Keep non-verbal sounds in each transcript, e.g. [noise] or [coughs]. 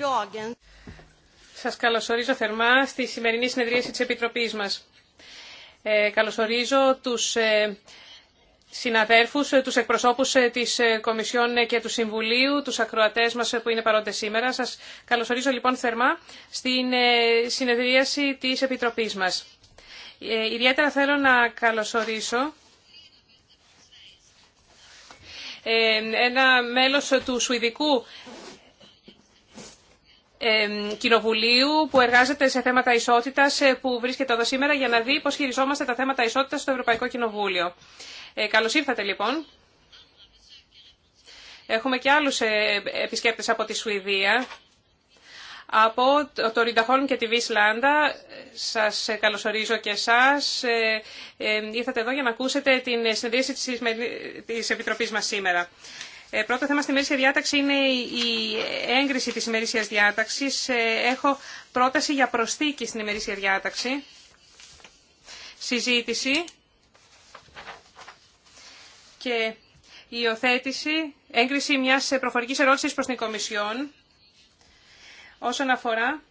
Σα Σας καλωσορίζω θερμά στη σημερινή συνεδρίαση της Επιτροπής μας. Ε, καλωσορίζω τους ε, συναδέρφους, ε, τους εκπροσώπους ε, της ε, Κομισιόν και του Συμβουλίου, τους ακροατές μας που είναι παρόντες σήμερα. Σας καλωσορίζω λοιπόν θερμά στην συνεδρίαση της Επιτροπής μας. ιδιαίτερα θέλω να καλωσορίσω ένα μέλος του Σουηδικού Κοινοβουλίου που εργάζεται σε θέματα ισότητας ε, που βρίσκεται εδώ σήμερα για να δει πώς χειριζόμαστε τα θέματα ισότητα στο Ευρωπαϊκό Κοινοβούλιο. Ε, καλώς ήρθατε λοιπόν. Έχουμε και άλλους ε, επισκέπτε από τη Σουηδία. Από το Ρινταχόλμ και τη Βίσλαντα, σας καλωσορίζω και εσάς. Ε, ήρθατε εδώ για να ακούσετε την συνεδρίαση της Επιτροπής μας σήμερα. Ε, πρώτο θέμα στην ημερήσια διάταξη είναι η έγκριση της ημερήσιας διάταξης. Ε, έχω πρόταση για προσθήκη στην ημερήσια διάταξη. Συζήτηση και υιοθέτηση, έγκριση μιας προφορικής ερώτησης προς την Κομισιόν όσον αφορά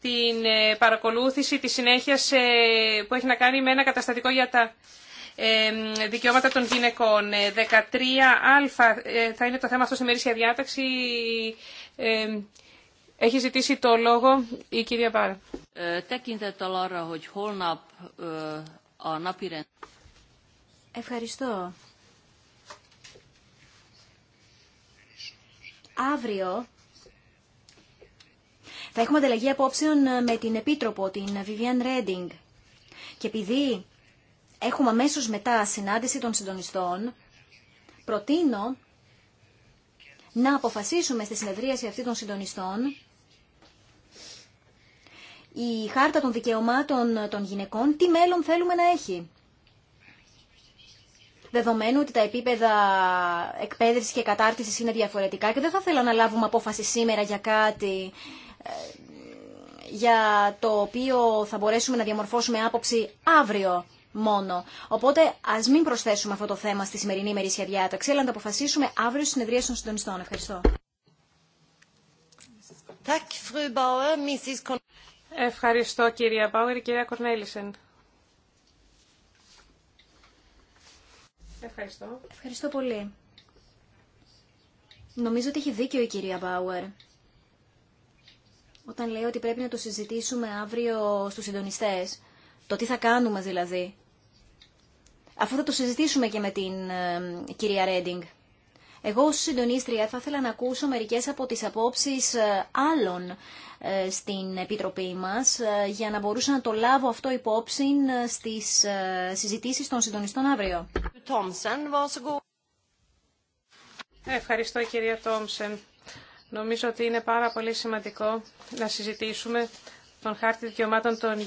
την ε, παρακολούθηση της συνέχειας που έχει να κάνει με ένα καταστατικό για τα δικαιώματα των γυναικών. 13α ε, ε, θα είναι το θέμα αυτό στη μερίσια διάταξη. Έχει ζητήσει το λόγο η κυρία Πάρα. Ε, Ευχαριστώ. Αύριο θα έχουμε ανταλλαγή απόψεων με την Επίτροπο, την Vivian Redding. Και επειδή έχουμε αμέσως μετά συνάντηση των συντονιστών, προτείνω να αποφασίσουμε στη συνεδρίαση αυτή των συντονιστών η χάρτα των δικαιωμάτων των γυναικών τι μέλλον θέλουμε να έχει. Δεδομένου ότι τα επίπεδα εκπαίδευσης και κατάρτισης είναι διαφορετικά και δεν θα θέλω να λάβουμε απόφαση σήμερα για κάτι ε, για το οποίο θα μπορέσουμε να διαμορφώσουμε άποψη αύριο μόνο. Οπότε α μην προσθέσουμε αυτό το θέμα στη σημερινή ημερήσια διάταξη, αλλά να το αποφασίσουμε αύριο στι συνεδρίε των συντονιστών. Ευχαριστώ. Ευχαριστώ κυρία Μπάουερ. Κυρία Κορνέλισεν. Ευχαριστώ. Ευχαριστώ πολύ. Νομίζω ότι έχει δίκιο η κυρία Μπάουερ. Όταν λέει ότι πρέπει να το συζητήσουμε αύριο στους συντονιστές. Το τι θα κάνουμε δηλαδή αφού θα το συζητήσουμε και με την ε, κυρία Ρέντινγκ. Εγώ ως συντονίστρια θα ήθελα να ακούσω μερικές από τις απόψεις ε, άλλων ε, στην Επιτροπή μας για να μπορούσα να το λάβω αυτό υπόψη στις συζητήσεις των συντονιστών αύριο. Ευχαριστώ κυρία Τόμσεν. Νομίζω ότι είναι πάρα πολύ σημαντικό να συζητήσουμε τον χάρτη δικαιωμάτων των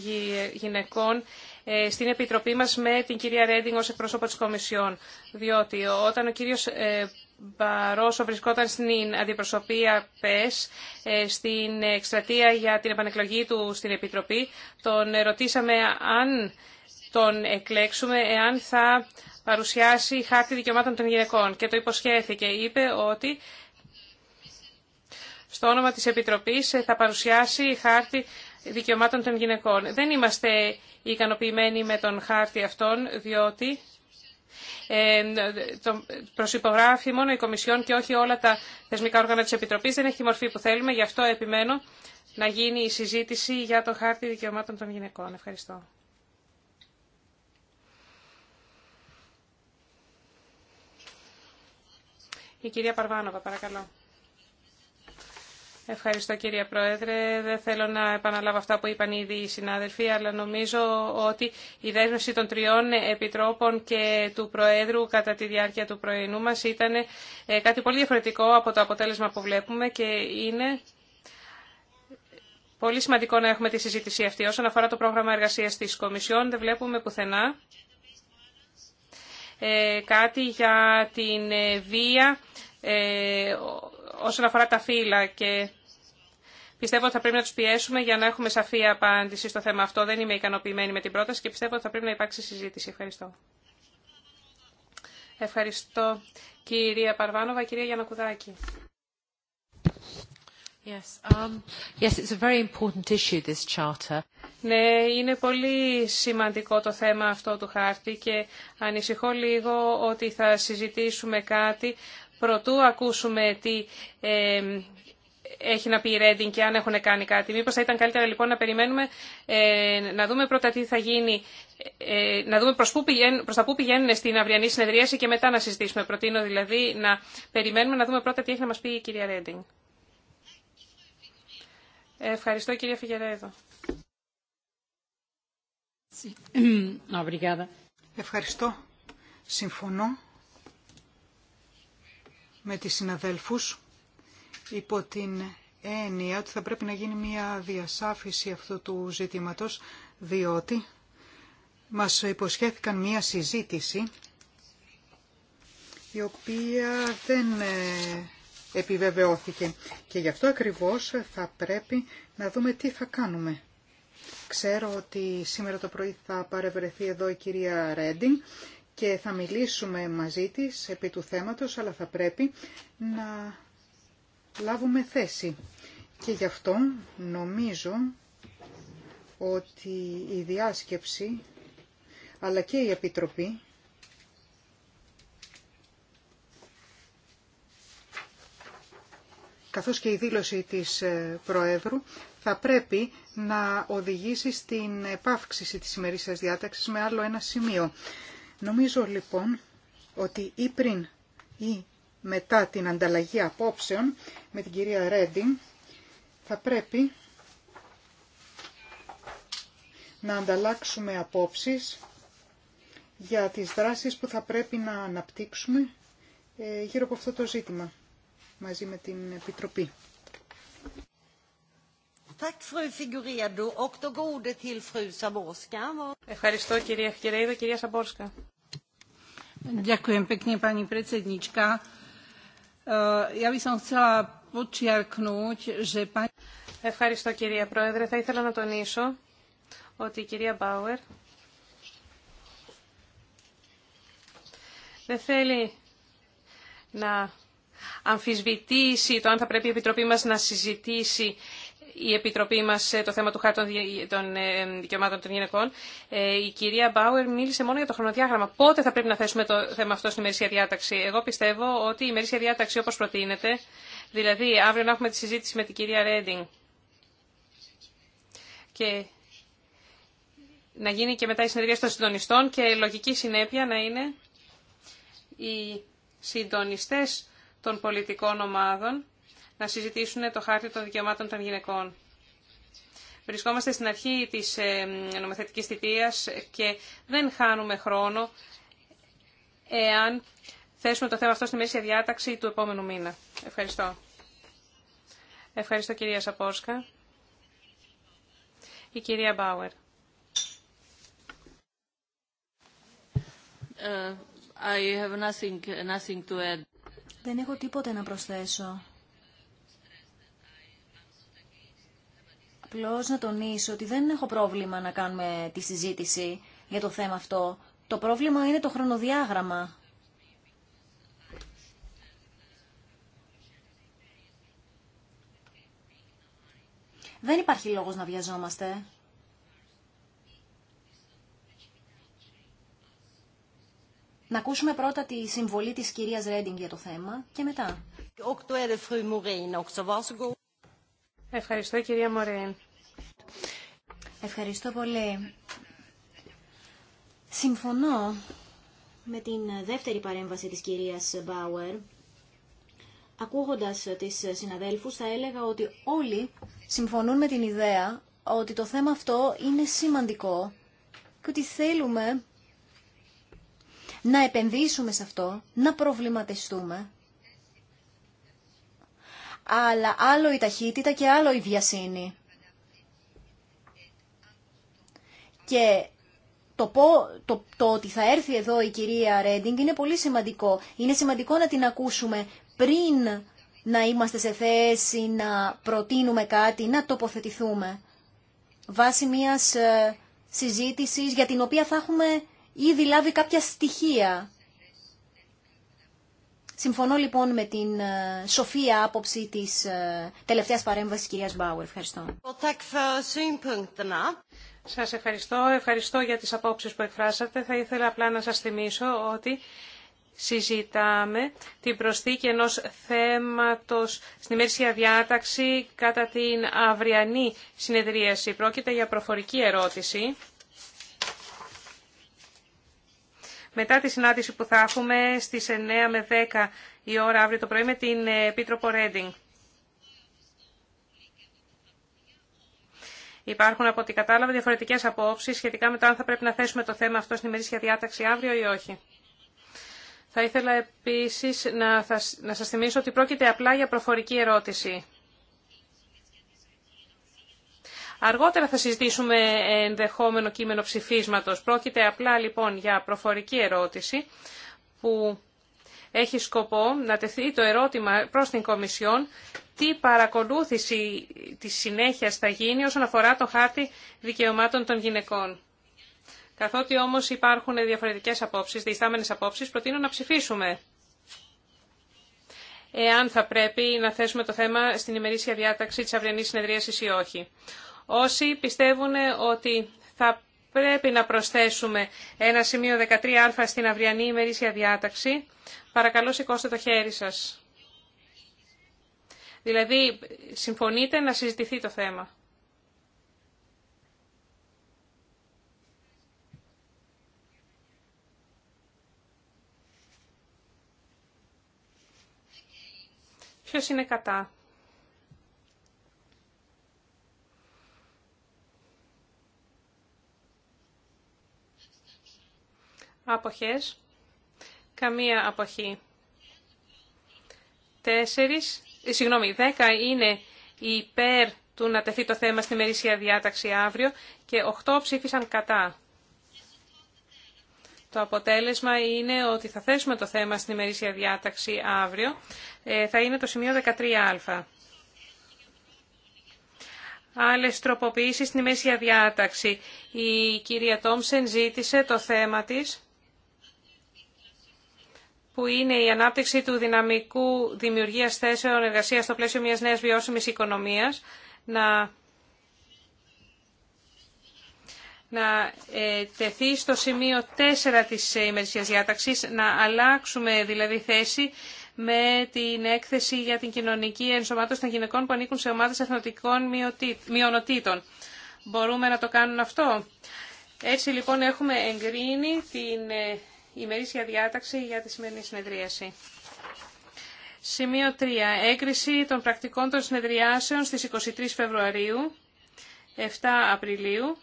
γυναικών ε, στην Επιτροπή μας με την κυρία Ρέντινγκ ως εκπρόσωπο της Κομισιόν. Διότι όταν ο κύριος ε, Μπαρόσο βρισκόταν στην αντιπροσωπεία ΠΕΣ ε, στην εκστρατεία για την επανεκλογή του στην Επιτροπή, τον ρωτήσαμε αν τον εκλέξουμε, εάν θα παρουσιάσει χάρτη δικαιωμάτων των γυναικών και το υποσχέθηκε. Είπε ότι στο όνομα της Επιτροπής θα παρουσιάσει χάρτη δικαιωμάτων των γυναικών. Δεν είμαστε ικανοποιημένοι με τον χάρτη αυτόν, διότι ε, το προσυπογράφει μόνο η Κομισιόν και όχι όλα τα θεσμικά όργανα της Επιτροπής. Δεν έχει τη μορφή που θέλουμε, γι' αυτό επιμένω να γίνει η συζήτηση για το χάρτη δικαιωμάτων των γυναικών. Ευχαριστώ. Η κυρία Παρβάνοβα, παρακαλώ. Ευχαριστώ κύριε Πρόεδρε. Δεν θέλω να επαναλάβω αυτά που είπαν ήδη οι συνάδελφοι, αλλά νομίζω ότι η δέσμευση των τριών επιτρόπων και του Προέδρου κατά τη διάρκεια του πρωινού μας ήταν ε, κάτι πολύ διαφορετικό από το αποτέλεσμα που βλέπουμε και είναι πολύ σημαντικό να έχουμε τη συζήτηση αυτή. Όσον αφορά το πρόγραμμα εργασίας της Κομισιόν, δεν βλέπουμε πουθενά ε, κάτι για την ε, βία όσον αφορά τα φύλλα και πιστεύω ότι θα πρέπει να του πιέσουμε για να έχουμε σαφή απάντηση στο θέμα αυτό. Δεν είμαι ικανοποιημένη με την πρόταση και πιστεύω ότι θα πρέπει να υπάρξει συζήτηση. Ευχαριστώ. Ευχαριστώ κυρία Παρβάνοβα, κυρία Γιανακουδάκη. Yes. Um, yes, it's a very important issue, this charter. Ναι, είναι πολύ σημαντικό το θέμα αυτό του χάρτη και ανησυχώ λίγο ότι θα συζητήσουμε κάτι Πρωτού ακούσουμε τι ε, έχει να πει η Ρέντινγκ και αν έχουν κάνει κάτι. Μήπως θα ήταν καλύτερα λοιπόν να περιμένουμε ε, να δούμε πρώτα τι θα γίνει, ε, να δούμε προς, τα πού πηγαίνουν στην αυριανή συνεδρίαση και μετά να συζητήσουμε. Προτείνω δηλαδή να περιμένουμε να δούμε πρώτα τι έχει να μας πει η κυρία Ρέντινγκ. Ευχαριστώ κυρία Φιγερέδο. Ευχαριστώ. Συμφωνώ με τις συναδέλφους υπό την έννοια ότι θα πρέπει να γίνει μια διασάφηση αυτού του ζητήματος διότι μας υποσχέθηκαν μια συζήτηση η οποία δεν ε, επιβεβαιώθηκε και γι' αυτό ακριβώς θα πρέπει να δούμε τι θα κάνουμε. Ξέρω ότι σήμερα το πρωί θα παρευρεθεί εδώ η κυρία Ρέντινγκ και θα μιλήσουμε μαζί της επί του θέματος, αλλά θα πρέπει να λάβουμε θέση. Και γι' αυτό νομίζω ότι η διάσκεψη, αλλά και η Επιτροπή, καθώς και η δήλωση της ε, Προέδρου, θα πρέπει να οδηγήσει στην επαύξηση της σημερινής διάταξης με άλλο ένα σημείο. Νομίζω λοιπόν ότι ή πριν ή μετά την ανταλλαγή απόψεων με την κυρία Ρέντιν θα πρέπει να ανταλλάξουμε απόψεις για τις δράσεις που θα πρέπει να αναπτύξουμε ε, γύρω από αυτό το ζήτημα μαζί με την Επιτροπή. Ευχαριστώ κυρία Φιγκερέιδο, κυρία Σαμπόρσκα. E, Ευχαριστώ κυρία Πρόεδρε. Θα ήθελα να τονίσω ότι η κυρία Μπάουερ δεν θέλει να αμφισβητήσει το αν θα πρέπει η Επιτροπή μας να συζητήσει η Επιτροπή μας το θέμα του χάρτη των ε, δικαιωμάτων των γυναικών. Ε, η κυρία Μπάουερ μίλησε μόνο για το χρονοδιάγραμμα. Πότε θα πρέπει να θέσουμε το θέμα αυτό στην ημερήσια διάταξη. Εγώ πιστεύω ότι η ημερήσια διάταξη όπως προτείνεται, δηλαδή αύριο να έχουμε τη συζήτηση με την κυρία Ρέντινγκ και να γίνει και μετά η συνεδρία των συντονιστών και λογική συνέπεια να είναι οι συντονιστές των πολιτικών ομάδων να συζητήσουν το χάρτη των δικαιωμάτων των γυναικών. Βρισκόμαστε στην αρχή της ε, νομοθετικής θητείας και δεν χάνουμε χρόνο εάν θέσουμε το θέμα αυτό στη μέση διάταξη του επόμενου μήνα. Ευχαριστώ. Ευχαριστώ κυρία Σαπόσκα. Η κυρία Μπάουερ. Ε, I have nothing, nothing to add. Δεν έχω τίποτε να προσθέσω. απλώ να τονίσω ότι δεν έχω πρόβλημα να κάνουμε τη συζήτηση για το θέμα αυτό. Το πρόβλημα είναι το χρονοδιάγραμμα. Δεν υπάρχει λόγος να βιαζόμαστε. Να ακούσουμε πρώτα τη συμβολή της κυρίας Ρέντινγκ για το θέμα και μετά. Ευχαριστώ κυρία Μωρέν. Ευχαριστώ πολύ. Συμφωνώ με την δεύτερη παρέμβαση της κυρίας Μπάουερ. Ακούγοντας τις συναδέλφους θα έλεγα ότι όλοι συμφωνούν με την ιδέα ότι το θέμα αυτό είναι σημαντικό και ότι θέλουμε να επενδύσουμε σε αυτό, να προβληματιστούμε αλλά άλλο η ταχύτητα και άλλο η βιασύνη. Και το, πω, το, το ότι θα έρθει εδώ η κυρία Ρέντινγκ είναι πολύ σημαντικό. Είναι σημαντικό να την ακούσουμε πριν να είμαστε σε θέση να προτείνουμε κάτι, να τοποθετηθούμε. Βάσει μιας ε, συζήτησης για την οποία θα έχουμε ήδη λάβει κάποια στοιχεία. Συμφωνώ λοιπόν με την ε, σοφία άποψη της ε, τελευταίας παρέμβασης κυρία Μπάουερ. Ευχαριστώ. Σα ευχαριστώ. Ευχαριστώ για τις απόψεις που εκφράσατε. Θα ήθελα απλά να σας θυμίσω ότι συζητάμε την προσθήκη ενός θέματος στην ημερήσια διάταξη κατά την αυριανή συνεδρίαση. Πρόκειται για προφορική ερώτηση μετά τη συνάντηση που θα έχουμε στις 9 με 10 η ώρα αύριο το πρωί με την Επίτροπο Ρέντινγκ. Υπάρχουν από ό,τι κατάλαβα διαφορετικέ απόψει σχετικά με το αν θα πρέπει να θέσουμε το θέμα αυτό στην ημερήσια διάταξη αύριο ή όχι. Θα ήθελα επίση να, να σα θυμίσω ότι πρόκειται απλά για προφορική ερώτηση. Αργότερα θα συζητήσουμε ενδεχόμενο κείμενο ψηφίσματος. Πρόκειται απλά λοιπόν για προφορική ερώτηση που έχει σκοπό να τεθεί το ερώτημα προς την Κομισιόν τι παρακολούθηση της συνέχεια θα γίνει όσον αφορά το χάρτη δικαιωμάτων των γυναικών. Καθότι όμως υπάρχουν διαφορετικές απόψεις, διστάμενες απόψεις, προτείνω να ψηφίσουμε. Εάν θα πρέπει να θέσουμε το θέμα στην ημερήσια διάταξη της αυριανής συνεδρίασης ή όχι. Όσοι πιστεύουν ότι θα πρέπει να προσθέσουμε ένα σημείο 13α στην αυριανή ημερήσια διάταξη, παρακαλώ σηκώστε το χέρι σας. Δηλαδή, συμφωνείτε να συζητηθεί το θέμα. Ποιος είναι κατά. Αποχές. Καμία αποχή. Τέσσερις, ε, συγγνώμη, δέκα είναι υπέρ του να τεθεί το θέμα στη μερίσια διάταξη αύριο και οχτώ ψήφισαν κατά. Το αποτέλεσμα είναι ότι θα θέσουμε το θέμα στην ημερήσια διάταξη αύριο. Ε, θα είναι το σημείο 13α. Άλλες τροποποιήσεις στην ημερήσια διάταξη. Η κυρία Τόμσεν ζήτησε το θέμα της που είναι η ανάπτυξη του δυναμικού δημιουργία θέσεων εργασία στο πλαίσιο μια νέα βιώσιμη οικονομία. να, να ε, τεθεί στο σημείο 4 τη ε, ημερησία διάταξη, να αλλάξουμε δηλαδή θέση με την έκθεση για την κοινωνική ενσωμάτωση των γυναικών που ανήκουν σε ομάδες εθνοτικών μειονοτήτων. Μπορούμε να το κάνουν αυτό. Έτσι λοιπόν έχουμε εγκρίνει την ε, ημερήσια διάταξη για τη σημερινή συνεδρίαση. Σημείο 3. Έγκριση των πρακτικών των συνεδριάσεων στις 23 Φεβρουαρίου, 7 Απριλίου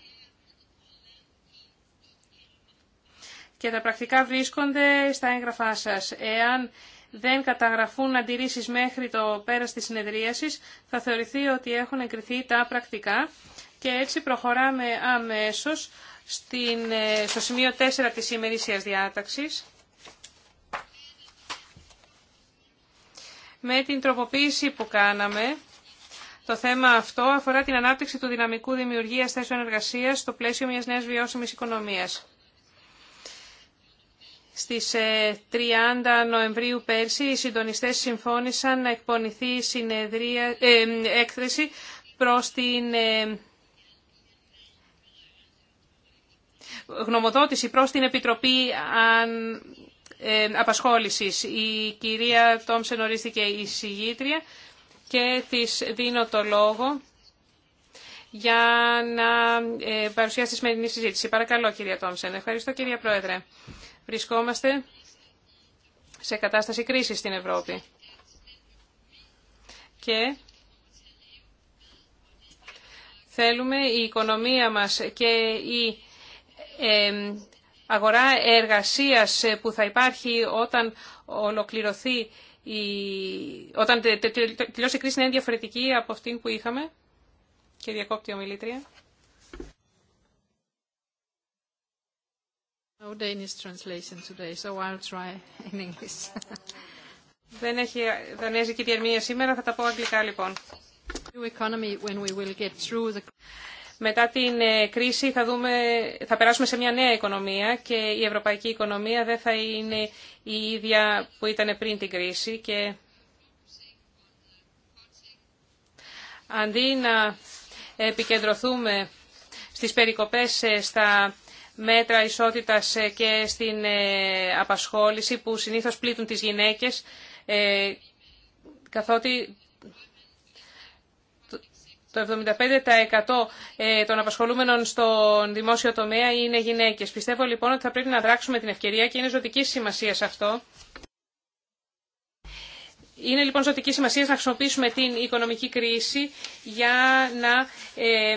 και τα πρακτικά βρίσκονται στα έγγραφά σας. Εάν δεν καταγραφούν αντιρρήσεις μέχρι το πέρας της συνεδρίασης, θα θεωρηθεί ότι έχουν εγκριθεί τα πρακτικά και έτσι προχωράμε αμέσως ε, στο σημείο 4 της ημερήσιας διάταξης με την τροποποίηση που κάναμε. Το θέμα αυτό αφορά την ανάπτυξη του δυναμικού δημιουργίας θέσεων εργασίας στο πλαίσιο μιας νέας βιώσιμης οικονομίας. Στις 30 ε, Νοεμβρίου πέρσι οι συντονιστές συμφώνησαν να εκπονηθεί συνεδρία, ε, έκθεση προς την γνωμοδότηση προς την Επιτροπή αν, ε, Απασχόλησης. Η κυρία Τόμσεν ορίστηκε η συγγήτρια και της δίνω το λόγο για να ε, παρουσιάσει τη σημερινή συζήτηση. Παρακαλώ κυρία Τόμσεν. Ευχαριστώ κυρία Πρόεδρε. Βρισκόμαστε σε κατάσταση κρίσης στην Ευρώπη. Και θέλουμε η οικονομία μας και η αγορά εργασίας ε, που θα υπάρχει όταν ολοκληρωθεί η... όταν τελειώσει η κρίση είναι διαφορετική από αυτήν που είχαμε. Και διακόπτει ομιλήτρια. No Danish translation today, so I'll try in English. Δεν έχει δανέζικη διερμηνία σήμερα, θα τα πω αγγλικά λοιπόν. New economy when we will get through the... Μετά την ε, κρίση θα, δούμε, θα περάσουμε σε μια νέα οικονομία και η ευρωπαϊκή οικονομία δεν θα είναι η ίδια που ήταν πριν την κρίση και αντί να επικεντρωθούμε στις περικοπές ε, στα μέτρα ισότητας ε, και στην απασχόληση που συνήθως πλήττουν τις γυναίκες καθότι το 75% ε, των απασχολούμενων στον δημόσιο τομέα είναι γυναίκες. Πιστεύω λοιπόν ότι θα πρέπει να δράξουμε την ευκαιρία και είναι ζωτική σημασία αυτό. Είναι λοιπόν ζωτική σημασία να χρησιμοποιήσουμε την οικονομική κρίση για να ε,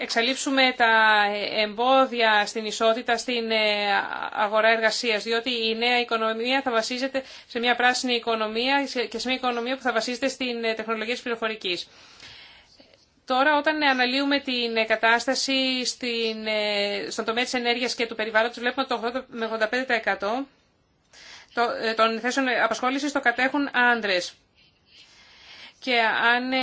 εξαλείψουμε τα εμπόδια στην ισότητα στην ε, αγορά εργασίας, διότι η νέα οικονομία θα βασίζεται σε μια πράσινη οικονομία και σε μια οικονομία που θα βασίζεται στην τεχνολογία της πληροφορικής. Τώρα όταν αναλύουμε την κατάσταση στην, ε, στον τομέα της ενέργειας και του περιβάλλοντος βλέπουμε το 80 με 85% ε, των θέσεων απασχόλησης το κατέχουν άντρες. Και αν ε,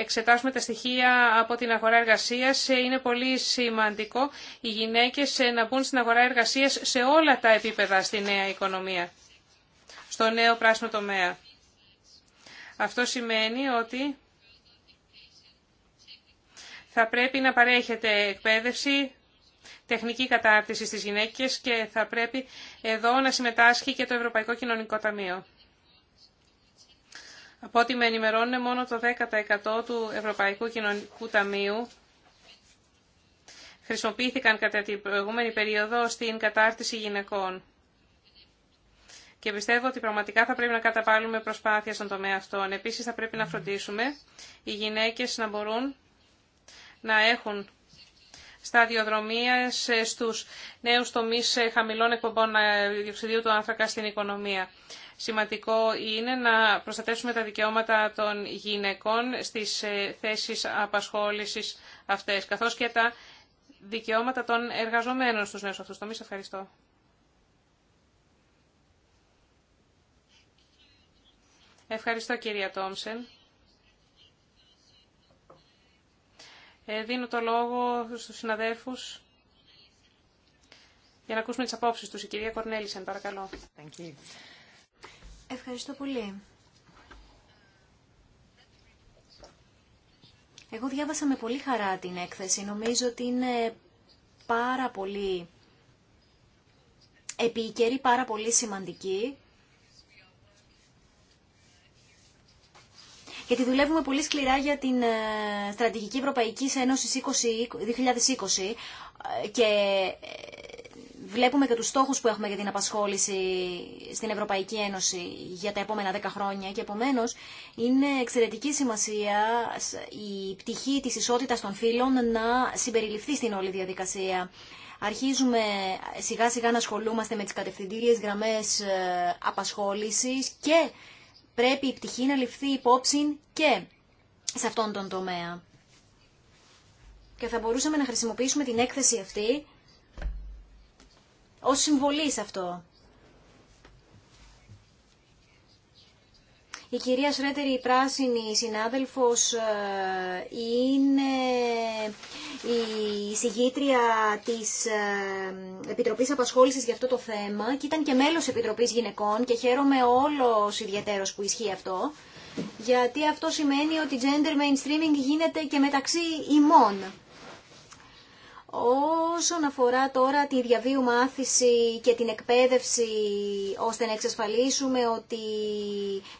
εξετάσουμε τα στοιχεία από την αγορά εργασίας, είναι πολύ σημαντικό οι γυναίκες να μπουν στην αγορά εργασίας σε όλα τα επίπεδα στη νέα οικονομία, στο νέο πράσινο τομέα. Αυτό σημαίνει ότι θα πρέπει να παρέχεται εκπαίδευση, τεχνική κατάρτιση στις γυναίκες και θα πρέπει εδώ να συμμετάσχει και το Ευρωπαϊκό Κοινωνικό Ταμείο. Από ό,τι με ενημερώνουν μόνο το 10% του Ευρωπαϊκού Κοινωνικού Ταμείου χρησιμοποιήθηκαν κατά την προηγούμενη περίοδο στην κατάρτιση γυναικών. Και πιστεύω ότι πραγματικά θα πρέπει να καταβάλουμε προσπάθεια στον τομέα αυτών. Επίσης θα πρέπει να φροντίσουμε οι γυναίκες να μπορούν να έχουν σταδιοδρομίες ε, στους νέους τομείς ε, χαμηλών εκπομπών ε, διοξιδίου του άνθρακα στην οικονομία. Σημαντικό είναι να προστατεύσουμε τα δικαιώματα των γυναικών στις θέσεις απασχόλησης αυτές, καθώς και τα δικαιώματα των εργαζομένων στους νέους αυτούς τομείς. Ευχαριστώ. Ευχαριστώ κυρία Τόμσεν. Ε, δίνω το λόγο στους συναδέλφους για να ακούσουμε τις απόψεις τους. Η κυρία Κορνέλησεν, παρακαλώ. Thank you. Ευχαριστώ πολύ. Εγώ διάβασα με πολύ χαρά την έκθεση. Νομίζω ότι είναι πάρα πολύ επίκαιρη, πάρα πολύ σημαντική γιατί δουλεύουμε πολύ σκληρά για την ε, Στρατηγική Ευρωπαϊκή Ένωση 2020 ε, και ε, βλέπουμε και τους στόχους που έχουμε για την απασχόληση στην Ευρωπαϊκή Ένωση για τα επόμενα 10 χρόνια και επομένως είναι εξαιρετική σημασία η πτυχή της ισότητας των φύλων να συμπεριληφθεί στην όλη διαδικασία. Αρχίζουμε σιγά σιγά να ασχολούμαστε με τις κατευθυντήριες γραμμές απασχόλησης και πρέπει η πτυχή να ληφθεί υπόψη και σε αυτόν τον τομέα. Και θα μπορούσαμε να χρησιμοποιήσουμε την έκθεση αυτή ως συμβολή σε αυτό. Η κυρία Σρέτερη, η πράσινη συνάδελφος, ε, είναι η συγγήτρια της ε, Επιτροπής Απασχόλησης για αυτό το θέμα και ήταν και μέλος Επιτροπής Γυναικών και χαίρομαι όλος ιδιαίτερος που ισχύει αυτό, γιατί αυτό σημαίνει ότι gender mainstreaming γίνεται και μεταξύ ημών. Όσον αφορά τώρα τη διαβίου μάθηση και την εκπαίδευση ώστε να εξασφαλίσουμε ότι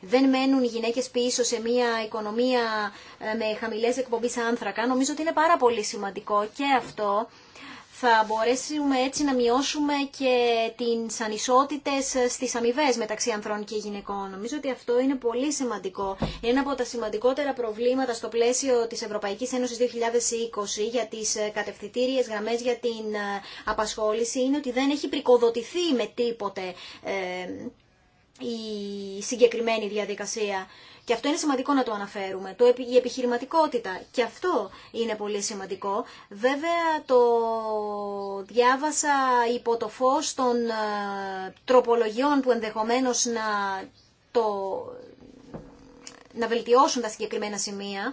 δεν μένουν οι γυναίκες πίσω σε μια οικονομία ε, με χαμηλές εκπομπές άνθρακα, νομίζω ότι είναι πάρα πολύ σημαντικό και αυτό θα μπορέσουμε έτσι να μειώσουμε και τις ανισότητες στις αμοιβέ μεταξύ ανδρών και γυναικών. Νομίζω ότι αυτό είναι πολύ σημαντικό. Είναι ένα από τα σημαντικότερα προβλήματα στο πλαίσιο της Ευρωπαϊκής Ένωσης 2020 για τις κατευθυντήριες γραμμές για την ε, απασχόληση είναι ότι δεν έχει πρικοδοτηθεί με τίποτε ε, η συγκεκριμένη διαδικασία. Και αυτό είναι σημαντικό να το αναφέρουμε. Το, η επιχειρηματικότητα. Και αυτό είναι πολύ σημαντικό. Βέβαια το διάβασα υπό το φως των ε, τροπολογιών που ενδεχομένως να, το, να βελτιώσουν τα συγκεκριμένα σημεία.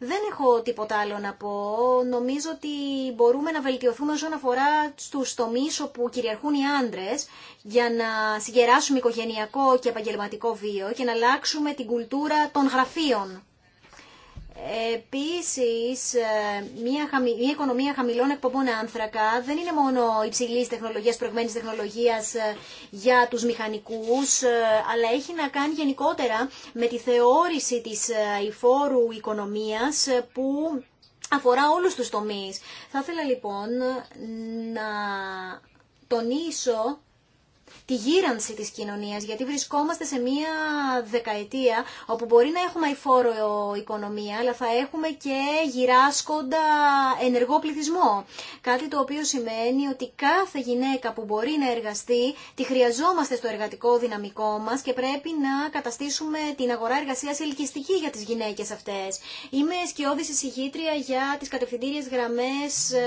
Δεν έχω τίποτα άλλο να πω. Νομίζω ότι μπορούμε να βελτιωθούμε όσον αφορά στου τομεί όπου κυριαρχούν οι άντρε για να συγκεράσουμε οικογενειακό και επαγγελματικό βίο και να αλλάξουμε την κουλτούρα των γραφείων. Επίση, ε, μια, χαμη... μια οικονομία χαμηλών εκπομπών άνθρακα δεν είναι μόνο υψηλή τεχνολογίας, προηγμένη τεχνολογίας ε, για τους μηχανικούς, ε, αλλά έχει να κάνει γενικότερα με τη θεώρηση της υφόρου οικονομία που αφορά όλους τους τομείς. Θα ήθελα λοιπόν να τονίσω τη γύρανση της κοινωνίας, γιατί βρισκόμαστε σε μία δεκαετία όπου μπορεί να έχουμε αηφόρο οικονομία, αλλά θα έχουμε και γυράσκοντα ενεργό πληθυσμό. Κάτι το οποίο σημαίνει ότι κάθε γυναίκα που μπορεί να εργαστεί, τη χρειαζόμαστε στο εργατικό δυναμικό μας και πρέπει να καταστήσουμε την αγορά εργασίας ελκυστική για τις γυναίκες αυτές. Είμαι σκιώδης εισηγήτρια για τις κατευθυντήριες γραμμές ε,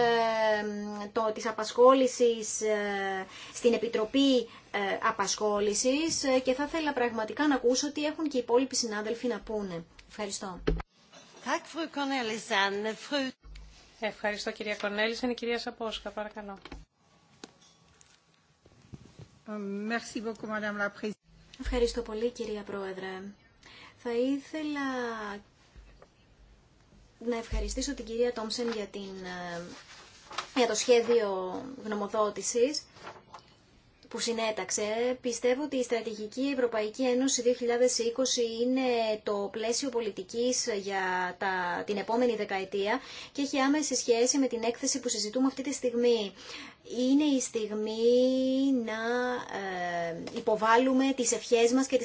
το, της απασχόλησης ε, στην Επιτροπή ε, απασχόλησης ε, και θα ήθελα πραγματικά να ακούσω τι έχουν και οι υπόλοιποι συνάδελφοι να πούνε. Ευχαριστώ. Ευχαριστώ κυρία Κονέλης. Είναι η κυρία Σαπόσκα, παρακαλώ. Ε, Ευχαριστώ πολύ κυρία Πρόεδρε. Θα ήθελα να ευχαριστήσω την κυρία Τόμσεν για, την, για το σχέδιο γνωμοδότησης που συνέταξε. Πιστεύω ότι η Στρατηγική Ευρωπαϊκή Ένωση 2020 είναι το πλαίσιο πολιτικής για τα, την επόμενη δεκαετία και έχει άμεση σχέση με την έκθεση που συζητούμε αυτή τη στιγμή. Είναι η στιγμή να ε, υποβάλουμε τις ευχές μας και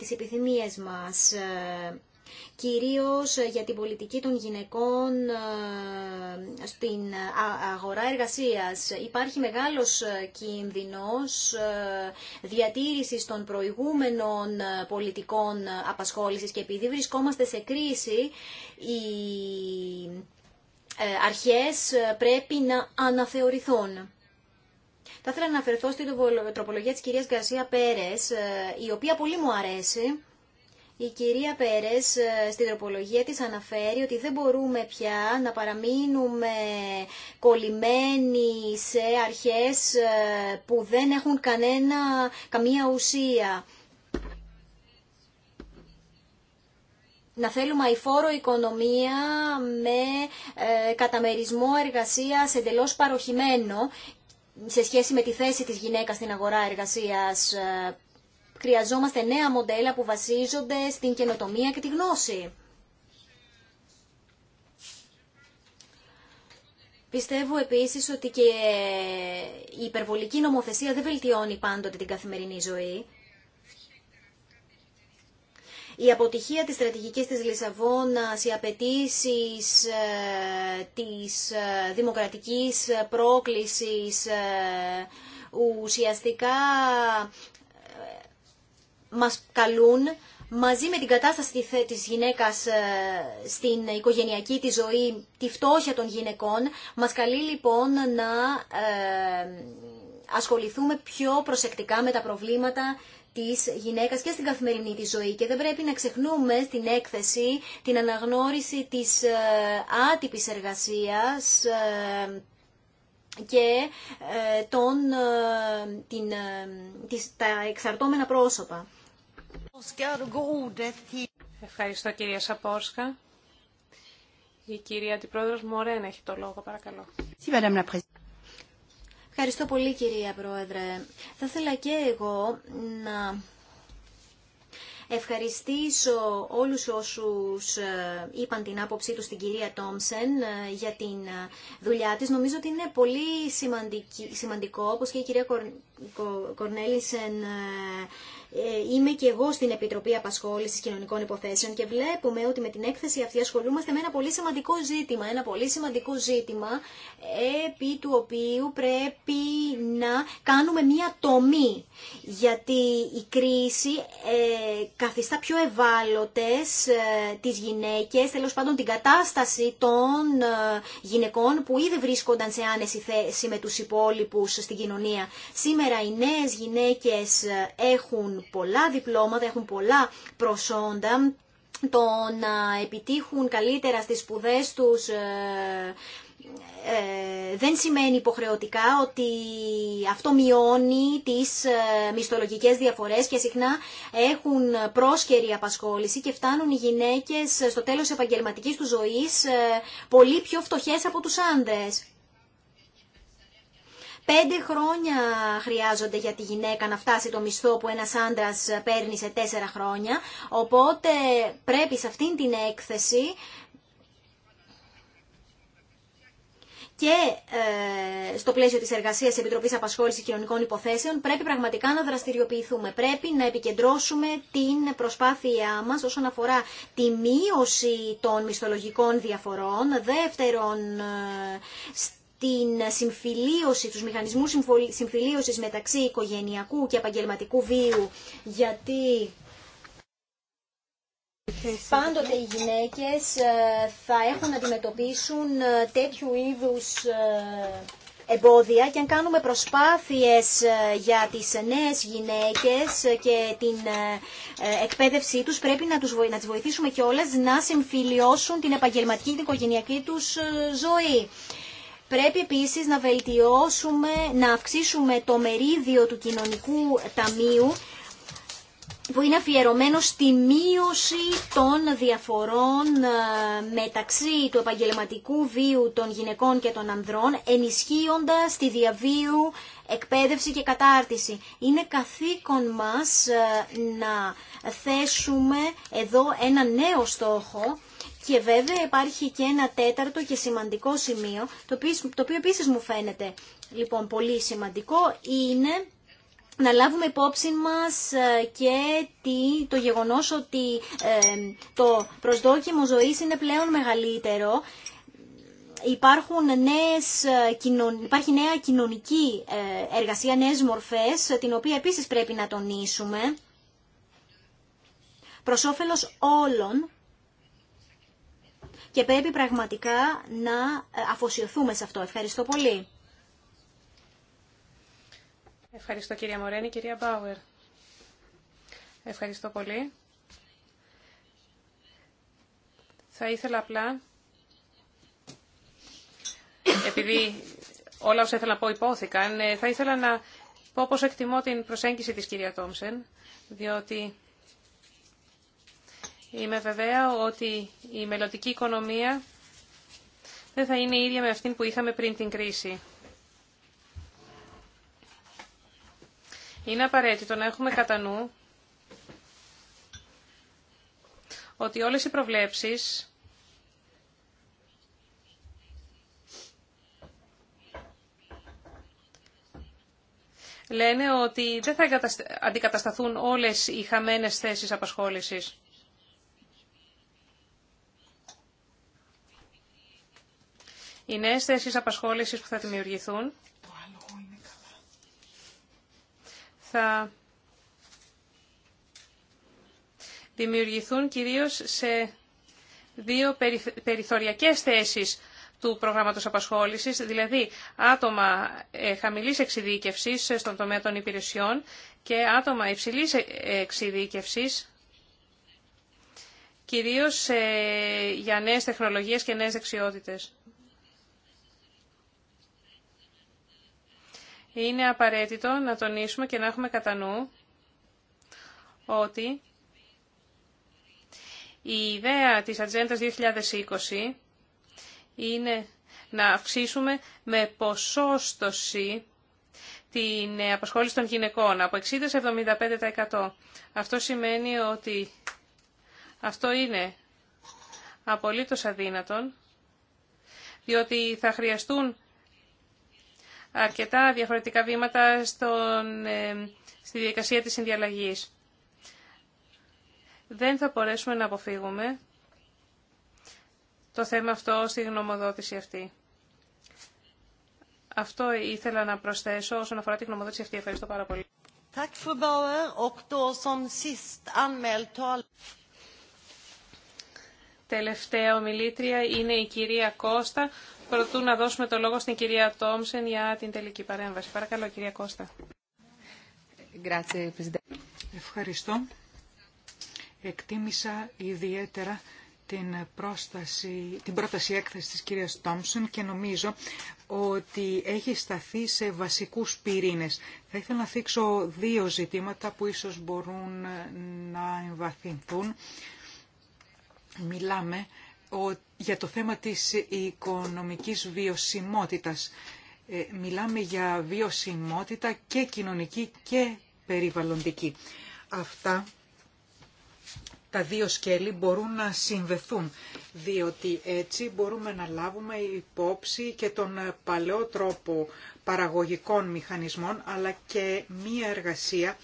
τις, επιθυμίες μας. Ε, κυρίως για την πολιτική των γυναικών ε, στην αγορά εργασίας. Υπάρχει μεγάλος ε, κίνδυνος ε, διατήρησης των προηγούμενων πολιτικών απασχόλησης και επειδή βρισκόμαστε σε κρίση, οι αρχές πρέπει να αναθεωρηθούν. Θα ήθελα να αναφερθώ στην τροπολογία της κυρίας Γκαρσία Πέρες, η οποία πολύ μου αρέσει η κυρία Πέρες ε, στην τροπολογία της αναφέρει ότι δεν μπορούμε πια να παραμείνουμε κολλημένοι σε αρχές ε, που δεν έχουν κανένα, καμία ουσία. Να θέλουμε αηφόρο οικονομία με ε, καταμερισμό εργασίας εντελώς παροχημένο σε σχέση με τη θέση της γυναίκας στην αγορά εργασίας Χρειαζόμαστε νέα μοντέλα που βασίζονται στην καινοτομία και τη γνώση. Πιστεύω επίσης ότι και η υπερβολική νομοθεσία δεν βελτιώνει πάντοτε την καθημερινή ζωή. Η αποτυχία της στρατηγικής της Λισαβόνας, οι απαιτήσει ε, της ε, δημοκρατικής πρόκλησης ε, ουσιαστικά μας καλούν μαζί με την κατάσταση της γυναίκας ε, στην οικογενειακή τη ζωή, τη φτώχεια των γυναικών, μας καλεί λοιπόν να ε, ασχοληθούμε πιο προσεκτικά με τα προβλήματα της γυναίκας και στην καθημερινή της ζωή και δεν πρέπει να ξεχνούμε στην έκθεση την αναγνώριση της ε, άτυπης εργασίας και τον, την, τα εξαρτώμενα πρόσωπα. Ευχαριστώ κυρία Σαπόρσκα. Η κυρία Αντιπρόεδρος Μωρέν έχει το λόγο, παρακαλώ. Ευχαριστώ πολύ κυρία Πρόεδρε. Θα ήθελα και εγώ να ευχαριστήσω όλους όσους ε, είπαν την άποψή τους στην κυρία Τόμσεν ε, για την ε, δουλειά της. Νομίζω ότι είναι πολύ σημαντικό, όπως και η κυρία Κορ... Ε, είμαι και εγώ στην Επιτροπή Απασχόλησης Κοινωνικών Υποθέσεων και βλέπουμε ότι με την έκθεση αυτή ασχολούμαστε με ένα πολύ σημαντικό ζήτημα, ένα πολύ σημαντικό ζήτημα επί του οποίου πρέπει να κάνουμε μία τομή, γιατί η κρίση ε, καθιστά πιο ευάλωτες ε, τις γυναίκες, τέλος πάντων την κατάσταση των ε, γυναικών που ήδη βρίσκονταν σε άνεση θέση με τους υπόλοιπου στην κοινωνία. Σήμερα οι νέες γυναίκες ε, έχουν πολλά διπλώματα, έχουν πολλά προσόντα, το να επιτύχουν καλύτερα στις σπουδές τους ε, ε, δεν σημαίνει υποχρεωτικά ότι αυτό μειώνει τις ε, μισθολογικές διαφορές και συχνά έχουν πρόσκαιρη απασχόληση και φτάνουν οι γυναίκες στο τέλος επαγγελματικής του ζωής πολύ πιο φτωχές από τους άνδρες. Πέντε χρόνια χρειάζονται για τη γυναίκα να φτάσει το μισθό που ένας άντρας παίρνει σε τέσσερα χρόνια. Οπότε πρέπει σε αυτήν την έκθεση και ε, στο πλαίσιο της εργασίας Επιτροπής Απασχόλησης Κοινωνικών Υποθέσεων πρέπει πραγματικά να δραστηριοποιηθούμε. Πρέπει να επικεντρώσουμε την προσπάθειά μας όσον αφορά τη μείωση των μισθολογικών διαφορών. Δεύτερον, ε, την συμφιλίωση, τους μηχανισμούς συμφιλίωσης μεταξύ οικογενειακού και επαγγελματικού βίου, γιατί πάντοτε οι γυναίκες ε, θα έχουν να αντιμετωπίσουν ε, τέτοιου είδους ε, εμπόδια και αν κάνουμε προσπάθειες για τις νέες γυναίκες και την εκπαίδευσή τους πρέπει να, τους, να τις βοηθήσουμε κιόλας να συμφιλιώσουν την επαγγελματική και την οικογενειακή τους ζωή. Πρέπει επίσης να βελτιώσουμε, να αυξήσουμε το μερίδιο του κοινωνικού ταμείου που είναι αφιερωμένο στη μείωση των διαφορών ε, μεταξύ του επαγγελματικού βίου των γυναικών και των ανδρών, ενισχύοντας τη διαβίου εκπαίδευση και κατάρτιση. Είναι καθήκον μας ε, να θέσουμε εδώ ένα νέο στόχο, και βέβαια υπάρχει και ένα τέταρτο και σημαντικό σημείο, το οποίο, το επίσης μου φαίνεται λοιπόν πολύ σημαντικό, είναι να λάβουμε υπόψη μας ε, και το γεγονός ότι ε, το προσδόκιμο ζωής είναι πλέον μεγαλύτερο. Υπάρχουν νέες, ε, υπάρχει νέα κοινωνική εργασία, νέες μορφές, την οποία επίσης πρέπει να τονίσουμε, προς όλων και πρέπει πραγματικά να ε, αφοσιωθούμε σε αυτό. Ευχαριστώ πολύ. Ευχαριστώ κυρία Μωρένη, κυρία Μπάουερ. Ευχαριστώ πολύ. Θα ήθελα απλά, επειδή όλα όσα ήθελα να πω υπόθηκαν, ε, θα ήθελα να πω πώς εκτιμώ την προσέγγιση της κυρία Τόμσεν, διότι Είμαι βεβαία ότι η μελλοντική οικονομία δεν θα είναι η ίδια με αυτήν που είχαμε πριν την κρίση. Είναι απαραίτητο να έχουμε κατά νου ότι όλες οι προβλέψεις λένε ότι δεν θα αντικατασταθούν όλες οι χαμένες θέσεις απασχόλησης. οι νέες θέσεις απασχόληση που θα δημιουργηθούν θα δημιουργηθούν κυρίως σε δύο περιθωριακές θέσεις του προγράμματος απασχόλησης, δηλαδή άτομα ε, χαμηλής εξειδίκευσης στον τομέα των υπηρεσιών και άτομα υψηλής ε, εξειδίκευσης, κυρίως ε, για νέες τεχνολογίες και νέες δεξιότητες. είναι απαραίτητο να τονίσουμε και να έχουμε κατά νου ότι η ιδέα της Ατζέντας 2020 είναι να αυξήσουμε με ποσόστοση την απασχόληση των γυναικών από 60 σε 75%. Αυτό σημαίνει ότι αυτό είναι απολύτως αδύνατον, διότι θα χρειαστούν αρκετά διαφορετικά βήματα στον, ε, στη διαδικασία της συνδιαλλαγής. Δεν θα μπορέσουμε να αποφύγουμε το θέμα αυτό στη γνωμοδότηση αυτή. Αυτό ήθελα να προσθέσω όσον αφορά τη γνωμοδότηση αυτή. Ευχαριστώ πάρα πολύ. Τελευταία ομιλήτρια είναι η κυρία Κώστα προτού να δώσουμε το λόγο στην κυρία Τόμσεν για την τελική παρέμβαση. Παρακαλώ, κυρία Κώστα. Ευχαριστώ. Εκτίμησα ιδιαίτερα την, πρόσταση, την πρόταση έκθεση της κυρίας Τόμσον και νομίζω ότι έχει σταθεί σε βασικούς πυρήνες. Θα ήθελα να θίξω δύο ζητήματα που ίσως μπορούν να εμβαθυνθούν. Μιλάμε ότι για το θέμα της οικονομικής βιωσιμότητας. Ε, μιλάμε για βιωσιμότητα και κοινωνική και περιβαλλοντική. Αυτά τα δύο σκέλη μπορούν να συνδεθούν, διότι έτσι μπορούμε να λάβουμε υπόψη και τον παλαιό τρόπο παραγωγικών μηχανισμών, αλλά και μία εργασία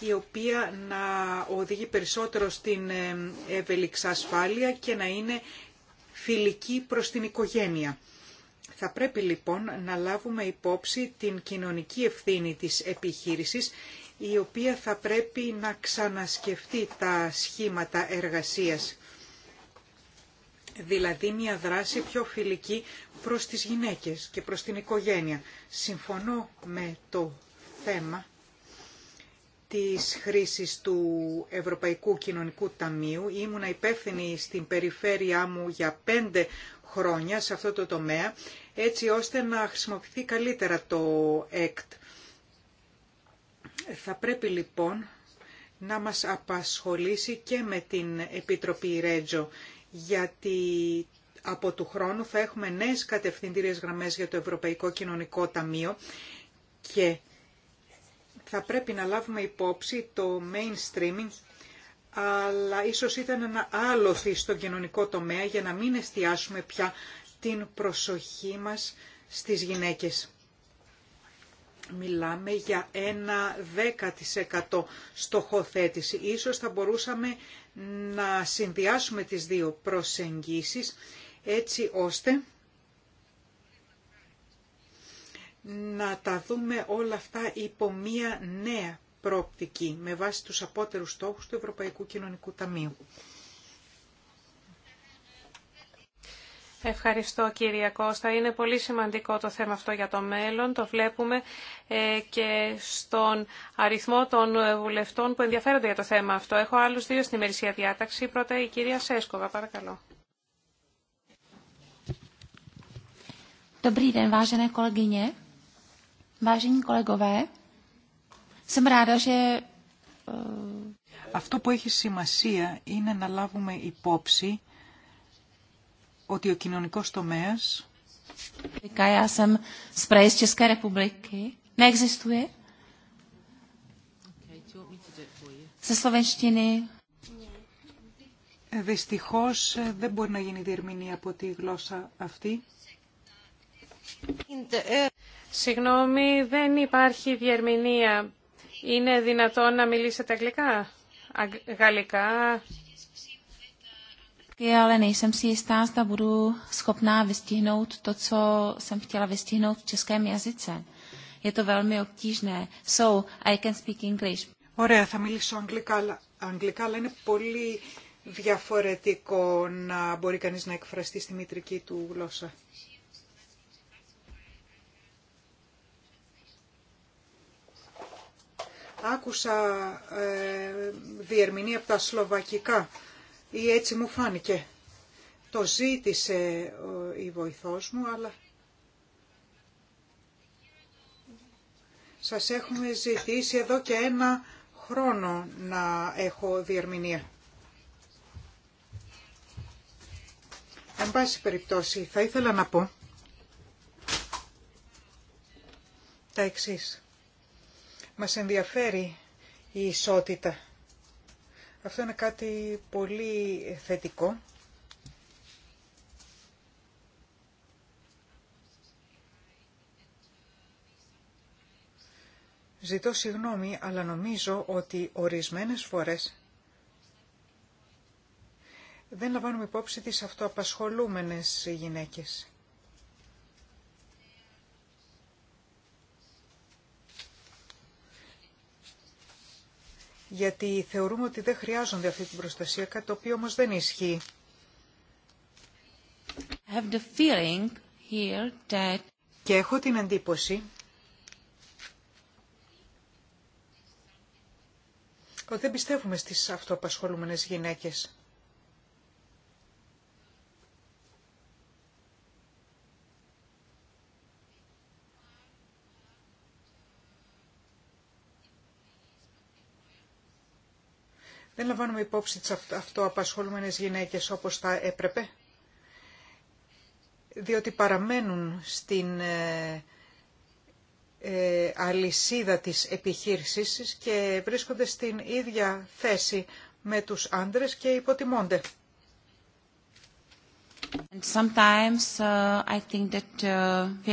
η οποία να οδηγεί περισσότερο στην ε, ευελιξασφάλεια και να είναι φιλική προς την οικογένεια. Θα πρέπει λοιπόν να λάβουμε υπόψη την κοινωνική ευθύνη της επιχείρησης, η οποία θα πρέπει να ξανασκεφτεί τα σχήματα εργασίας. Δηλαδή μια δράση πιο φιλική προς τις γυναίκες και προς την οικογένεια. Συμφωνώ με το θέμα της χρήσης του Ευρωπαϊκού Κοινωνικού Ταμείου. Ήμουνα υπεύθυνη στην περιφέρειά μου για πέντε χρόνια σε αυτό το τομέα, έτσι ώστε να χρησιμοποιηθεί καλύτερα το ΕΚΤ. Θα πρέπει λοιπόν να μας απασχολήσει και με την Επιτροπή Ρέτζο, γιατί από του χρόνου θα έχουμε νέες κατευθυντήριες γραμμές για το Ευρωπαϊκό Κοινωνικό Ταμείο και θα πρέπει να λάβουμε υπόψη το mainstreaming, αλλά ίσως ήταν ένα άλλο στο κοινωνικό τομέα για να μην εστιάσουμε πια την προσοχή μας στις γυναίκες. Μιλάμε για ένα 10% στοχοθέτηση. Ίσως θα μπορούσαμε να συνδυάσουμε τις δύο προσεγγίσεις έτσι ώστε να τα δούμε όλα αυτά υπό μία νέα προοπτική με βάση τους απότερους στόχους του Ευρωπαϊκού Κοινωνικού Ταμείου. Ευχαριστώ κύριε Κώστα. Είναι πολύ σημαντικό το θέμα αυτό για το μέλλον. Το βλέπουμε ε, και στον αριθμό των βουλευτών που ενδιαφέρονται για το θέμα αυτό. Έχω άλλους δύο στην ημερησία διάταξη. Πρώτα η κυρία Σέσκοβα, παρακαλώ. Ε, αυτό που έχει σημασία είναι να λάβουμε υπόψη ότι ο κοινωνικός τομέας... Δυστυχώ ε, Δυστυχώς ε, δεν μπορεί να γίνει διερμηνία από τη γλώσσα αυτή. Συγγνώμη, δεν υπάρχει διερμηνία. Είναι δυνατόν να μιλήσετε αγγλικά, γαλλικά. Ωραία, θα μιλήσω αγγλικά, αγγλικά, αλλά είναι πολύ διαφορετικό να μπορεί κανείς να εκφραστεί στη μητρική του γλώσσα. Άκουσα ε, διερμηνή από τα σλοβακικά ή έτσι μου φάνηκε. Το ζήτησε η βοηθός μου, αλλά σας έχουμε ζητήσει εδώ και ένα χρόνο να έχω διερμηνία. Εν πάση περιπτώσει, θα ήθελα να πω τα εξής. Μας ενδιαφέρει η ισότητα. Αυτό είναι κάτι πολύ θετικό. Ζητώ συγγνώμη, αλλά νομίζω ότι ορισμένες φορές δεν λαμβάνουμε υπόψη τις αυτοαπασχολούμενες γυναίκες. γιατί θεωρούμε ότι δεν χρειάζονται αυτή την προστασία, κάτι το οποίο όμως δεν ισχύει. Και έχω την εντύπωση ότι δεν πιστεύουμε στις αυτοαπασχολούμενες γυναίκες. Δεν λαμβάνουμε υπόψη τις αυτοαπασχολούμενες γυναίκες όπως θα έπρεπε, διότι παραμένουν στην ε, ε, αλυσίδα της επιχείρησης και βρίσκονται στην ίδια θέση με τους άντρες και υποτιμώνται. And sometimes uh, I think that uh, we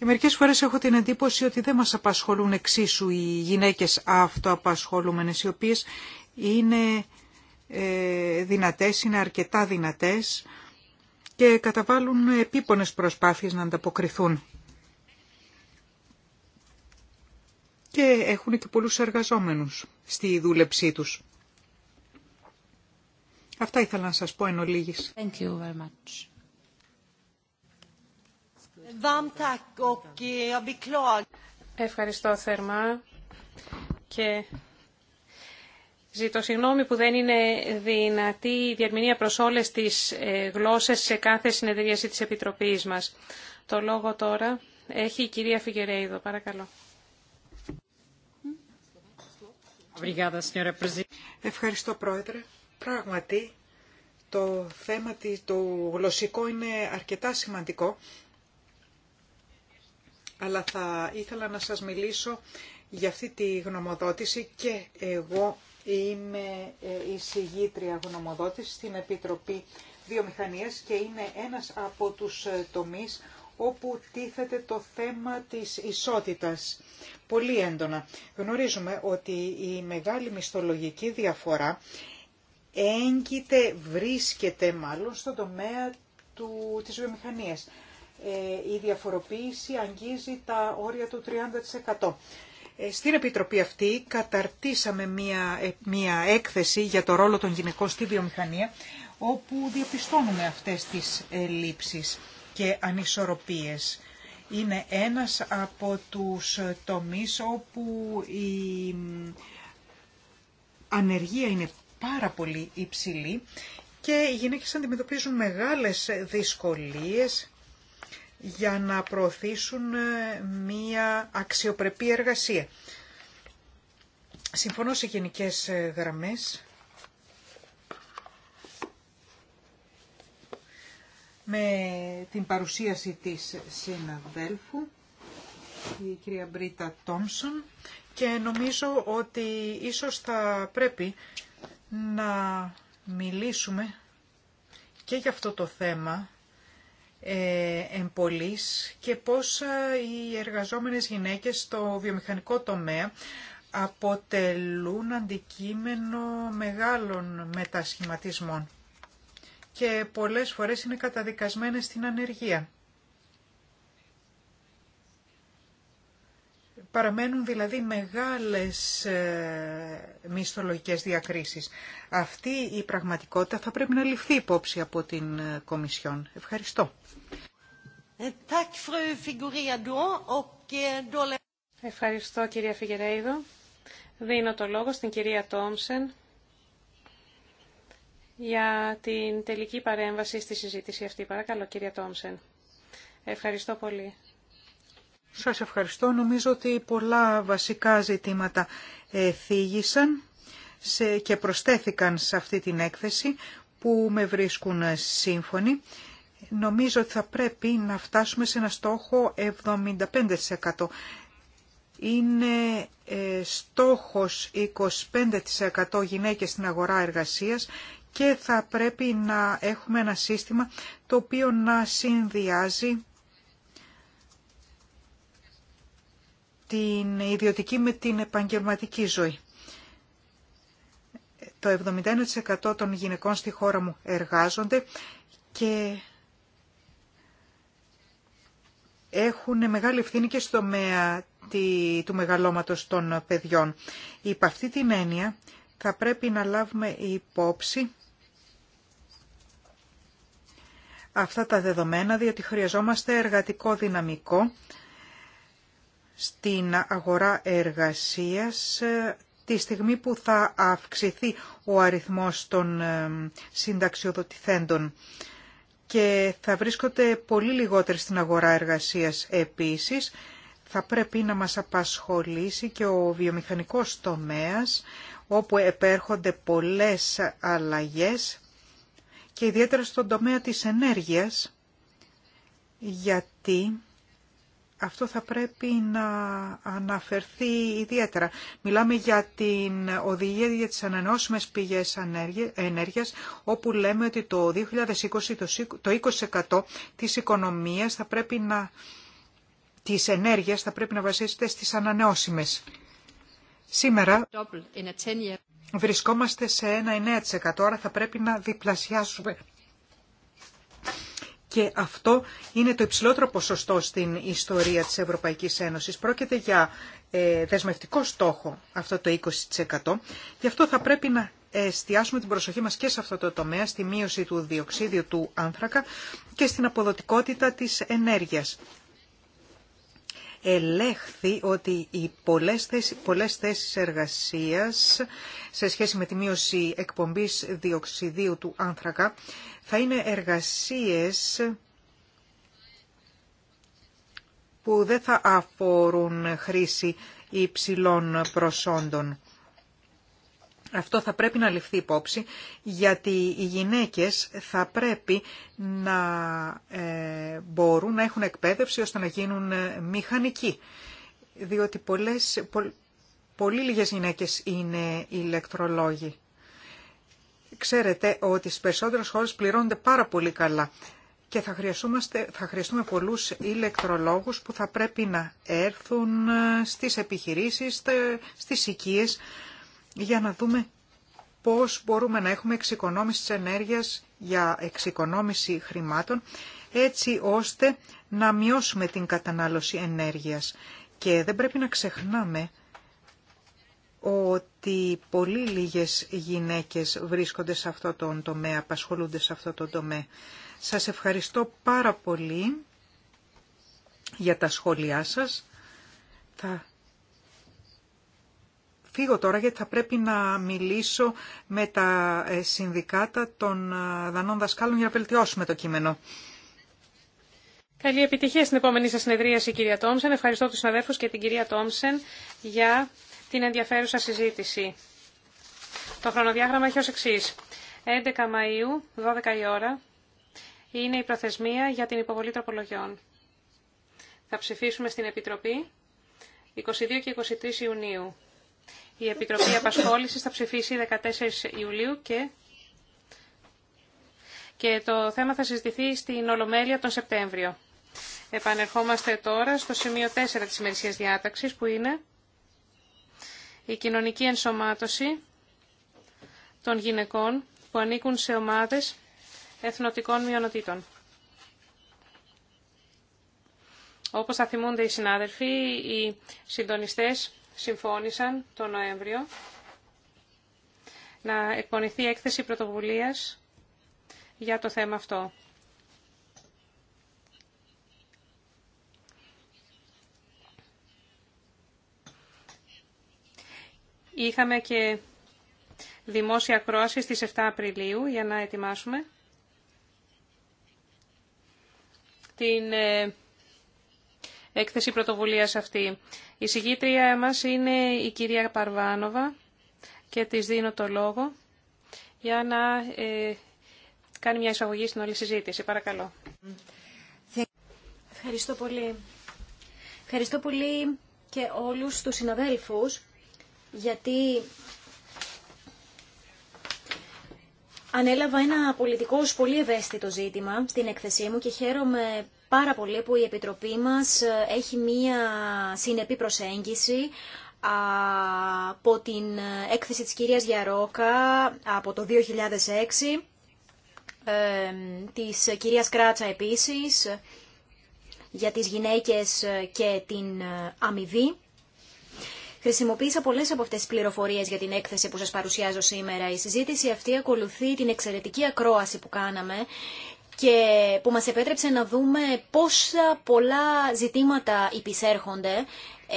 και μερικές φορές έχω την εντύπωση ότι δεν μας απασχολούν εξίσου οι γυναίκες αυτοαπασχολούμενες, οι οποίες είναι ε, δυνατές, είναι αρκετά δυνατές και καταβάλουν επίπονες προσπάθειες να ανταποκριθούν. Και έχουν και πολλούς εργαζόμενους στη δούλεψή τους. Αυτά ήθελα να σας πω εν ολίγης. Eh, Ευχαριστώ θερμά και ζητώ συγγνώμη που δεν είναι δυνατή η διερμηνία προς όλες τις ε, γλώσσες σε κάθε συνεδρίαση της Επιτροπής μας. Το λόγο τώρα έχει η κυρία Φιγερέιδο. Παρακαλώ. Ευχαριστώ Πρόεδρε. Πράγματι το θέμα του γλωσσικού είναι αρκετά σημαντικό αλλά θα ήθελα να σας μιλήσω για αυτή τη γνωμοδότηση και εγώ είμαι ε, η συγγήτρια γνωμοδότηση στην Επιτροπή Βιομηχανίας και είναι ένας από τους ε, τομείς όπου τίθεται το θέμα της ισότητας. Πολύ έντονα. Γνωρίζουμε ότι η μεγάλη μισθολογική διαφορά έγκυται, βρίσκεται μάλλον στον τομέα του, της βιομηχανίας. Ε, η διαφοροποίηση αγγίζει τα όρια του 30%. Ε, στην Επιτροπή αυτή καταρτήσαμε μία, ε, μία έκθεση για το ρόλο των γυναικών στη βιομηχανία, όπου διαπιστώνουμε αυτές τις λήψεις και ανισορροπίες. Είναι ένας από τους τομείς όπου η ανεργία είναι πάρα πολύ υψηλή και οι γυναίκες αντιμετωπίζουν μεγάλες δυσκολίες για να προωθήσουν ε, μία αξιοπρεπή εργασία. Συμφωνώ σε γενικές ε, γραμμές. με την παρουσίαση της συναδέλφου, η κυρία Μπρίτα Τόμσον, και νομίζω ότι ίσως θα πρέπει να μιλήσουμε και για αυτό το θέμα εμπολής και πώς οι εργαζόμενες γυναίκες στο βιομηχανικό τομέα αποτελούν αντικείμενο μεγάλων μετασχηματισμών και πολλές φορές είναι καταδικασμένες στην ανεργία. Παραμένουν δηλαδή μεγάλες ε, μισθολογικές διακρίσεις. Αυτή η πραγματικότητα θα πρέπει να ληφθεί υπόψη από την ε, Κομισιόν. Ευχαριστώ. Ευχαριστώ κυρία Φιγερέιδο. Δίνω το λόγο στην κυρία Τόμσεν για την τελική παρέμβαση στη συζήτηση αυτή. Παρακαλώ κυρία Τόμσεν. Ευχαριστώ πολύ. Σας ευχαριστώ. Νομίζω ότι πολλά βασικά ζητήματα θίγησαν και προστέθηκαν σε αυτή την έκθεση που με βρίσκουν σύμφωνοι. Νομίζω ότι θα πρέπει να φτάσουμε σε ένα στόχο 75%. Είναι ε, στόχος 25% γυναίκες στην αγορά εργασίας και θα πρέπει να έχουμε ένα σύστημα το οποίο να συνδυάζει την ιδιωτική με την επαγγελματική ζωή. Το 71% των γυναικών στη χώρα μου εργάζονται και έχουν μεγάλη ευθύνη και στο μέα του μεγαλώματος των παιδιών. Υπ' αυτή την έννοια θα πρέπει να λάβουμε υπόψη αυτά τα δεδομένα, διότι χρειαζόμαστε εργατικό δυναμικό στην αγορά εργασίας ε, τη στιγμή που θα αυξηθεί ο αριθμός των ε, συνταξιοδοτηθέντων και θα βρίσκονται πολύ λιγότεροι στην αγορά εργασίας επίσης, θα πρέπει να μας απασχολήσει και ο βιομηχανικός τομέας, όπου επέρχονται πολλές αλλαγές και ιδιαίτερα στον τομέα της ενέργειας, γιατί αυτό θα πρέπει να αναφερθεί ιδιαίτερα. Μιλάμε για την οδηγία για τις ανανεώσιμες πηγές ενέργειας, όπου λέμε ότι το 2020 το 20% της οικονομίας θα πρέπει να, της ενέργειας θα πρέπει να βασίζεται στις ανανεώσιμες. Σήμερα βρισκόμαστε σε ένα 9%, άρα θα πρέπει να διπλασιάσουμε και αυτό είναι το υψηλότερο ποσοστό στην ιστορία της Ευρωπαϊκής Ένωσης. Πρόκειται για ε, δεσμευτικό στόχο αυτό το 20%. Γι' αυτό θα πρέπει να εστιάσουμε την προσοχή μας και σε αυτό το τομέα, στη μείωση του διοξίδιου του άνθρακα και στην αποδοτικότητα της ενέργειας. Ελέχθη ότι οι πολλές θέσεις, πολλές θέσεις εργασίας σε σχέση με τη μείωση εκπομπής διοξιδίου του άνθρακα θα είναι εργασίες που δεν θα αφορούν χρήση υψηλών προσόντων. Αυτό θα πρέπει να ληφθεί υπόψη, γιατί οι γυναίκες θα πρέπει να ε, μπορούν να έχουν εκπαίδευση ώστε να γίνουν ε, μηχανικοί. Διότι πολλές, πολύ λίγες γυναίκες είναι ηλεκτρολόγοι. Ξέρετε ότι στις περισσότερες χώρες πληρώνονται πάρα πολύ καλά και θα, θα χρειαστούμε πολλούς ηλεκτρολόγους που θα πρέπει να έρθουν ε, στις επιχειρήσεις, στις οικίες, για να δούμε πώς μπορούμε να έχουμε εξοικονόμηση της ενέργειας για εξοικονόμηση χρημάτων, έτσι ώστε να μειώσουμε την κατανάλωση ενέργειας. Και δεν πρέπει να ξεχνάμε ότι πολύ λίγες γυναίκες βρίσκονται σε αυτό τον τομέα, απασχολούνται σε αυτό τον τομέα. Σας ευχαριστώ πάρα πολύ για τα σχόλιά σας. Θα φύγω τώρα γιατί θα πρέπει να μιλήσω με τα ε, συνδικάτα των ε, δανών δασκάλων για να βελτιώσουμε το κείμενο. Καλή επιτυχία στην επόμενη σας συνεδρίαση κυρία Τόμσεν. Ευχαριστώ τους συναδέλφους και την κυρία Τόμσεν για την ενδιαφέρουσα συζήτηση. Το χρονοδιάγραμμα έχει ως εξής. 11 Μαΐου, 12 η ώρα, είναι η προθεσμία για την υποβολή τροπολογιών. Θα ψηφίσουμε στην Επιτροπή 22 και 23 Ιουνίου. Η Επιτροπή Απασχόλησης θα ψηφίσει 14 Ιουλίου και... και το θέμα θα συζητηθεί στην Ολομέλεια τον Σεπτέμβριο. Επανερχόμαστε τώρα στο σημείο 4 της ημερησίας διάταξης που είναι η κοινωνική ενσωμάτωση των γυναικών που ανήκουν σε ομάδες εθνοτικών μειονοτήτων. Όπως θα θυμούνται οι συνάδελφοι, οι συντονιστές συμφώνησαν τον Νοέμβριο να εκπονηθεί έκθεση πρωτοβουλίας για το θέμα αυτό. Είχαμε και δημόσια κρόαση στις 7 Απριλίου για να ετοιμάσουμε την ε, έκθεση πρωτοβουλίας αυτή. Η συγγήτρια μας είναι η κυρία Παρβάνοβα και της δίνω το λόγο για να ε, κάνει μια εισαγωγή στην όλη συζήτηση. Παρακαλώ. Ευχαριστώ πολύ. Ευχαριστώ πολύ και όλους τους συναδέλφους γιατί ανέλαβα ένα πολιτικό πολύ ευαίσθητο ζήτημα στην εκθεσή μου και χαίρομαι πάρα πολύ που η Επιτροπή μας έχει μία συνεπή προσέγγιση από την έκθεση της κυρίας Γιαρόκα από το 2006, της κυρίας Κράτσα επίσης, για τις γυναίκες και την αμοιβή. Χρησιμοποίησα πολλές από αυτές τις πληροφορίες για την έκθεση που σας παρουσιάζω σήμερα. Η συζήτηση αυτή ακολουθεί την εξαιρετική ακρόαση που κάναμε και που μας επέτρεψε να δούμε πόσα πολλά ζητήματα υπησέρχονται.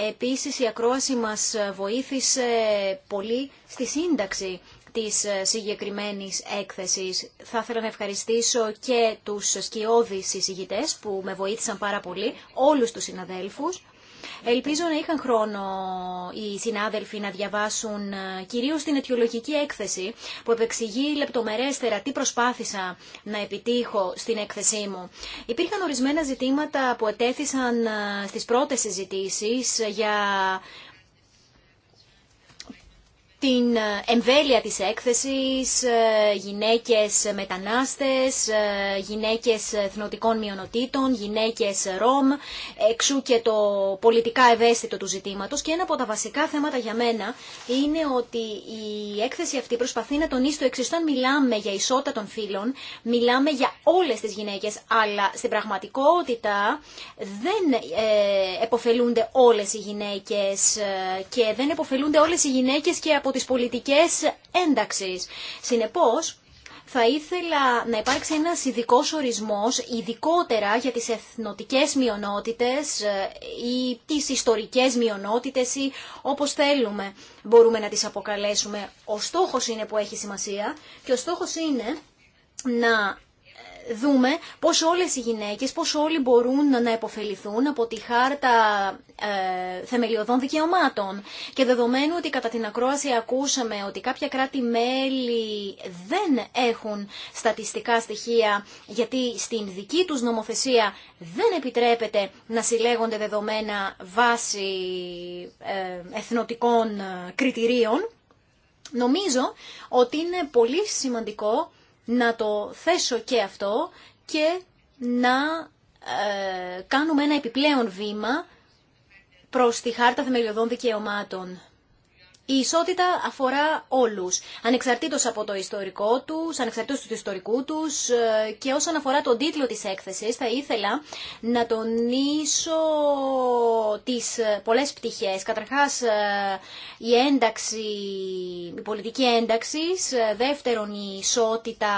Επίσης η ακρόαση μας βοήθησε πολύ στη σύνταξη της συγκεκριμένης έκθεσης. Θα ήθελα να ευχαριστήσω και τους σκιώδεις συζητητές που με βοήθησαν πάρα πολύ, όλους τους συναδέλφους. Ελπίζω να είχαν χρόνο οι συνάδελφοι να διαβάσουν ε, κυρίως την αιτιολογική έκθεση που επεξηγεί λεπτομερέστερα τι προσπάθησα να επιτύχω στην έκθεσή μου. Υπήρχαν ορισμένα ζητήματα που ετέθησαν ε, στις πρώτες συζητήσεις για την ε, εμβέλεια της έκθεσης, ε, γυναίκες μετανάστες, ε, γυναίκες εθνοτικών μειονοτήτων, γυναίκες ρομ, εξού και το πολιτικά ευαίσθητο του ζητήματος. Και ένα από τα βασικά θέματα για μένα είναι ότι η έκθεση αυτή προσπαθεί να τονίσει το εξής. Όταν μιλάμε για ισότητα των φίλων μιλάμε για όλες τις γυναίκες, αλλά στην πραγματικότητα δεν εποφελούνται όλες οι γυναίκες και δεν εποφελούνται όλες οι γυναίκες και από τις πολιτικές ένταξης. Συνεπώς, θα ήθελα να υπάρξει ένας ειδικό ορισμός, ειδικότερα για τις εθνοτικές μειονότητες ε, ή τις ιστορικές μειονότητες ή όπως θέλουμε μπορούμε να τις αποκαλέσουμε. Ο στόχος είναι που έχει σημασία και ο στόχος είναι να δούμε πώς όλες οι γυναίκες, πώς όλοι μπορούν να επωφεληθούν από τη χάρτα ε, θεμελιωδών δικαιωμάτων. Και δεδομένου ότι κατά την ακρόαση ακούσαμε ότι κάποια κράτη-μέλη δεν έχουν στατιστικά στοιχεία γιατί στην δική τους νομοθεσία δεν επιτρέπεται να συλλέγονται δεδομένα βάσει ε, εθνοτικών ε, κριτηρίων, νομίζω ότι είναι πολύ σημαντικό να το θέσω και αυτό και να ε, κάνουμε ένα επιπλέον βήμα προς τη Χάρτα Θεμελιωδών Δικαιωμάτων η ισότητα αφορά όλους, ανεξαρτήτως από το ιστορικό του, ανεξαρτήτως του ιστορικού του. Ε, και όσον αφορά τον τίτλο της έκθεσης θα ήθελα να τονίσω τις ε, πολλές πτυχέ. Καταρχά ε, η ένταξη, η πολιτική ένταξη, δεύτερον η ισότητα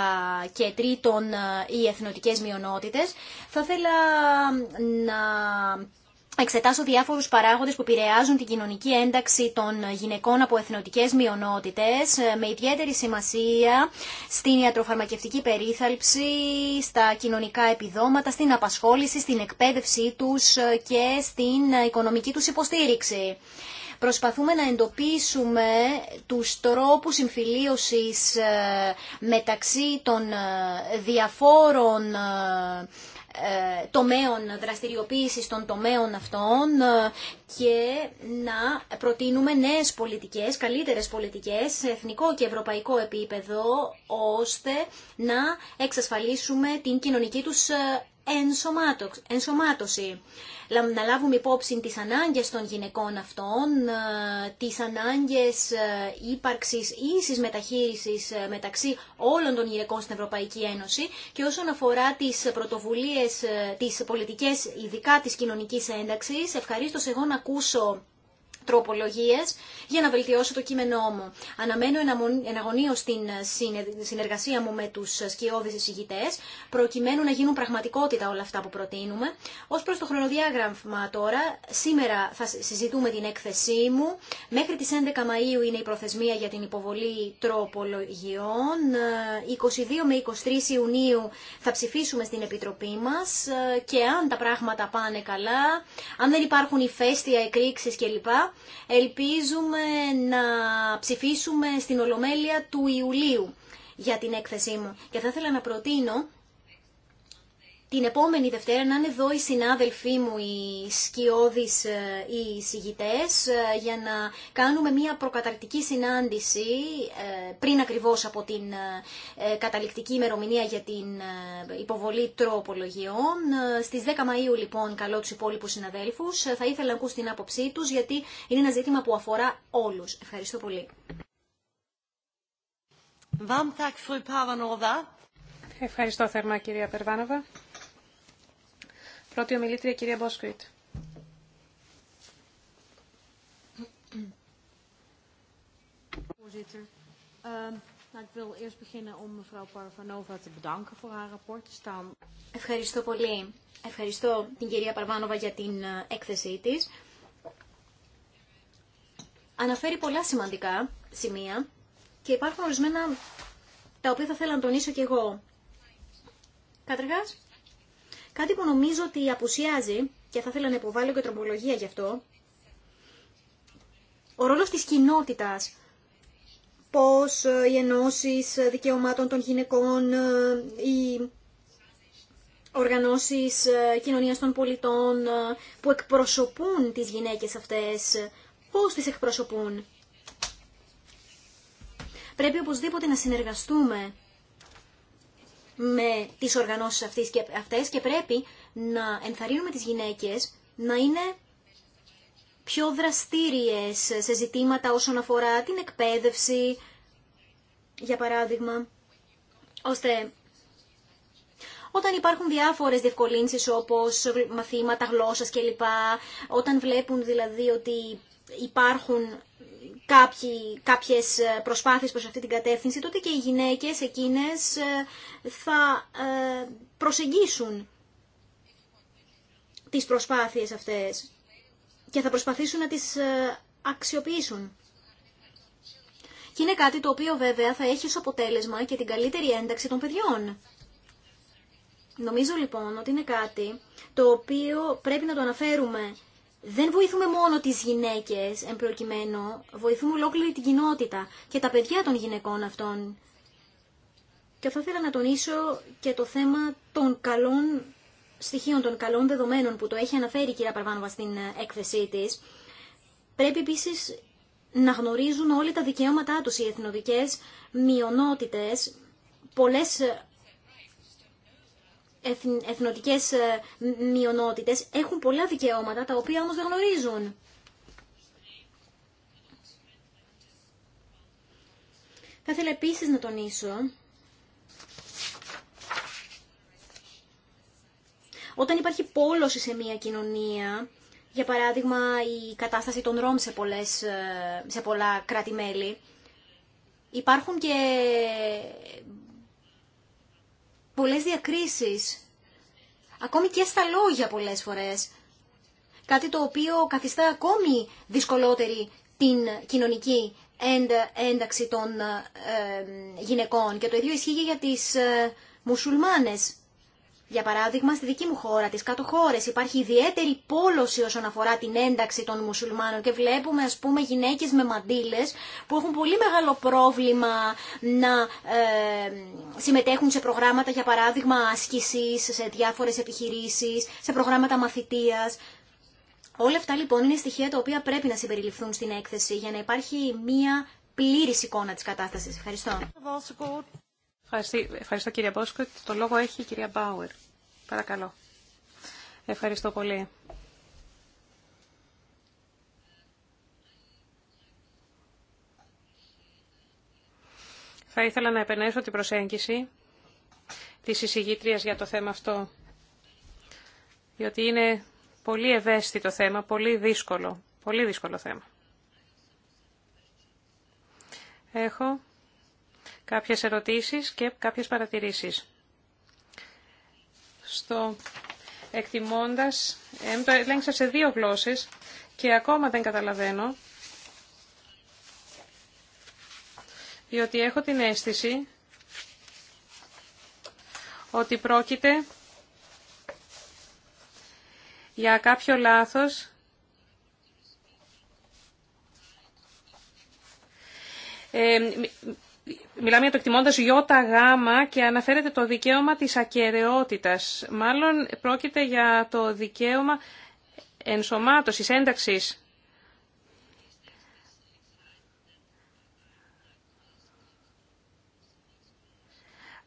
και τρίτον οι εθνοτικέ μειονότητε. Θα ήθελα να εξετάσω διάφορους παράγοντες που επηρεάζουν την κοινωνική ένταξη των γυναικών από εθνοτικές μειονότητες ε, με ιδιαίτερη σημασία στην ιατροφαρμακευτική περίθαλψη, στα κοινωνικά επιδόματα, στην απασχόληση, στην εκπαίδευσή τους ε, και στην οικονομική τους υποστήριξη. Προσπαθούμε να εντοπίσουμε τους τρόπους συμφιλίωσης ε, μεταξύ των διαφόρων ε, τομέων δραστηριοποίησης των τομέων αυτών ε, και να προτείνουμε νέες πολιτικές, καλύτερες πολιτικές σε εθνικό και ευρωπαϊκό επίπεδο ώστε να εξασφαλίσουμε την κοινωνική τους ε, ενσωμάτωση. Να λάβουμε υπόψη τις ανάγκες των γυναικών αυτών, ε, τις ανάγκες ε, ύπαρξης ίσης μεταχείρισης ε, μεταξύ όλων των γυναικών στην Ευρωπαϊκή Ένωση και όσον αφορά τις πρωτοβουλίες, τις πολιτικές, ειδικά της κοινωνικής ένταξης, ευχαρίστως εγώ να ακούσω Τροπολογίε για να βελτιώσω το κείμενό μου. Αναμένω εναγωνίω ε, την συνεργασία μου με του ε, σκιώδει εισηγητέ, προκειμένου να γίνουν πραγματικότητα όλα αυτά που προτείνουμε. Ω προ το χρονοδιάγραμμα τώρα, σήμερα θα συζητούμε την έκθεσή μου. Μέχρι τι 11 Μαου είναι η προθεσμία για την υποβολή τροπολογιών. 22 ε, με 23 Ιουνίου θα ψηφίσουμε στην Επιτροπή μα και αν τα πράγματα πάνε καλά, αν δεν υπάρχουν ηφαίστεια, εκρήξει κλπ, Ελπίζουμε να ψηφίσουμε στην Ολομέλεια του Ιουλίου για την έκθεσή μου. Και θα ήθελα να προτείνω την επόμενη Δευτέρα να είναι εδώ οι συνάδελφοί μου, οι σκιώδεις, ε, οι συγητές, ε, για να κάνουμε μια προκαταρκτική συνάντηση ε, πριν ακριβώς από την καταληκτική ημερομηνία για την υποβολή τροπολογιών. Στις 10 Μαΐου λοιπόν καλώ τους υπόλοιπους συναδέλφους. Θα ήθελα να ακούσω την άποψή τους γιατί είναι ένα ζήτημα που αφορά όλους. Ευχαριστώ πολύ. Ευχαριστώ θερμά κυρία Περβάνοβα. Πρώτη ομιλήτρια, κυρία Μπόσκουιτ. Ehm, Ευχαριστώ πολύ. Ευχαριστώ την κυρία Παρβάνοβα για την ε, έκθεσή της. Αναφέρει πολλά σημαντικά σημεία και υπάρχουν ορισμένα τα οποία θα θέλω να τονίσω κι εγώ. Καταρχάς, Κάτι που νομίζω ότι απουσιάζει, και θα ήθελα να υποβάλω και τροπολογία γι' αυτό, ο ρόλος της κοινότητας, πώς ε, οι ενώσεις ε, δικαιωμάτων των γυναικών, ε, οι οργανώσεις κοινωνίας των πολιτών που εκπροσωπούν τις γυναίκες αυτές, πώς τις εκπροσωπούν. Πρέπει οπωσδήποτε να συνεργαστούμε με τις οργανώσεις αυτές και, αυτές και πρέπει να ενθαρρύνουμε τις γυναίκες να είναι πιο δραστήριες σε ζητήματα όσον αφορά την εκπαίδευση, για παράδειγμα, ώστε όταν υπάρχουν διάφορες διευκολύνσεις όπως μαθήματα γλώσσας κλπ, όταν βλέπουν δηλαδή ότι υπάρχουν κάποιοι, κάποιες ε, προσπάθειες προς αυτή την κατεύθυνση, τότε και οι γυναίκες εκείνες ε, θα ε, προσεγγίσουν τις προσπάθειες αυτές και θα προσπαθήσουν να τις αξιοποιήσουν. Και είναι κάτι το οποίο βέβαια θα έχει ως αποτέλεσμα και την καλύτερη ένταξη των παιδιών. Νομίζω λοιπόν ότι είναι κάτι το οποίο πρέπει να το αναφέρουμε δεν βοηθούμε μόνο τις γυναίκες εν βοηθούμε ολόκληρη την κοινότητα και τα παιδιά των γυναικών αυτών. Και θα ήθελα να τονίσω και το θέμα των καλών στοιχείων, των καλών δεδομένων που το έχει αναφέρει η κυρία Παρβάνοβα στην ε, έκθεσή της. Πρέπει επίσης να γνωρίζουν όλοι τα δικαιώματά τους οι εθνοδικές μειονότητες. Πολλές ε, εθνοτικές ε, μειονότητες έχουν πολλά δικαιώματα τα οποία όμως δεν γνωρίζουν. Θα ήθελα επίσης να τονίσω όταν υπάρχει πόλωση σε μια κοινωνία, για παράδειγμα η κατάσταση των Ρώμ σε, πολλές, ε, σε πολλά κράτη-μέλη, υπάρχουν και πολλές διακρίσεις, ακόμη και στα λόγια πολλές φορές. Κάτι το οποίο καθιστά ακόμη δυσκολότερη την κοινωνική ένταξη των ε, ε, γυναικών. Και το ίδιο ισχύει για τις ε, μουσουλμάνες. Για παράδειγμα, στη δική μου χώρα, τις κάτω υπάρχει ιδιαίτερη πόλωση όσον αφορά την ένταξη των μουσουλμάνων και βλέπουμε, ας πούμε, γυναίκες με μαντήλες που έχουν πολύ μεγάλο πρόβλημα να ε, συμμετέχουν σε προγράμματα, για παράδειγμα, άσκησης, σε διάφορες επιχειρήσεις, σε προγράμματα μαθητείας. Όλα αυτά, λοιπόν, είναι στοιχεία τα οποία πρέπει να συμπεριληφθούν στην έκθεση για να υπάρχει μία πλήρης εικόνα της κατάστασης. Ευχαριστώ. Ευχαριστώ κύριε Μπόσκο. Το λόγο έχει η κυρία Μπάουερ. Παρακαλώ. Ευχαριστώ πολύ. Θα ήθελα να επενέσω την προσέγγιση της εισηγήτριας για το θέμα αυτό, διότι είναι πολύ ευαίσθητο θέμα, πολύ δύσκολο, πολύ δύσκολο θέμα. Έχω κάποιες ερωτήσεις και κάποιες παρατηρήσεις. Στο εκτιμώντας, ε, το ελέγξα σε δύο γλώσσες και ακόμα δεν καταλαβαίνω, διότι έχω την αίσθηση ότι πρόκειται για κάποιο λάθος Μιλάμε για το εκτιμώντας ΙΓ και αναφέρεται το δικαίωμα της ακαιρεότητα. Μάλλον πρόκειται για το δικαίωμα ενσωμάτωσης, ένταξης.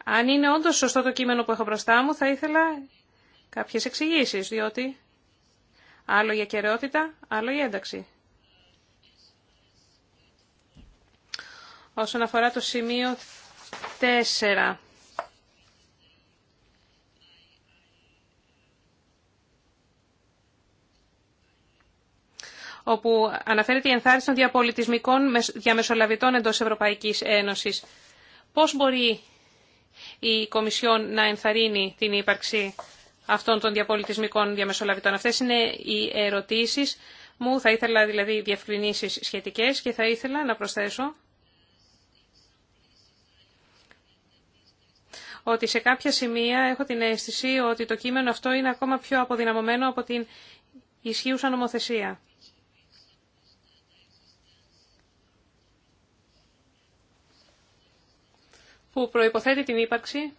Αν είναι όντω σωστό το κείμενο που έχω μπροστά μου, θα ήθελα κάποιες εξηγήσεις, διότι άλλο η ακαιρεότητα, άλλο η ένταξη. όσον αφορά το σημείο 4. όπου αναφέρεται η ενθάρρυνση των διαπολιτισμικών διαμεσολαβητών εντός Ευρωπαϊκής Ένωσης. Πώς μπορεί η Κομισιόν να ενθαρρύνει την ύπαρξη αυτών των διαπολιτισμικών διαμεσολαβητών. Αυτές είναι οι ερωτήσεις μου. Θα ήθελα δηλαδή διευκρινήσεις σχετικές και θα ήθελα να προσθέσω ότι σε κάποια σημεία έχω την αίσθηση ότι το κείμενο αυτό είναι ακόμα πιο αποδυναμωμένο από την ισχύουσα νομοθεσία. που προϋποθέτει την ύπαρξη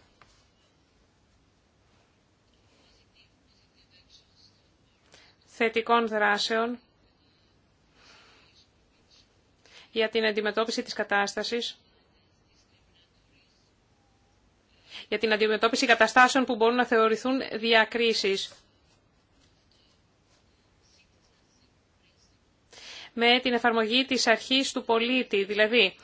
θετικών δράσεων για την αντιμετώπιση της κατάστασης για την αντιμετώπιση καταστάσεων που μπορούν να θεωρηθούν διακρίσεις. με την εφαρμογή της αρχής του πολίτη, δηλαδή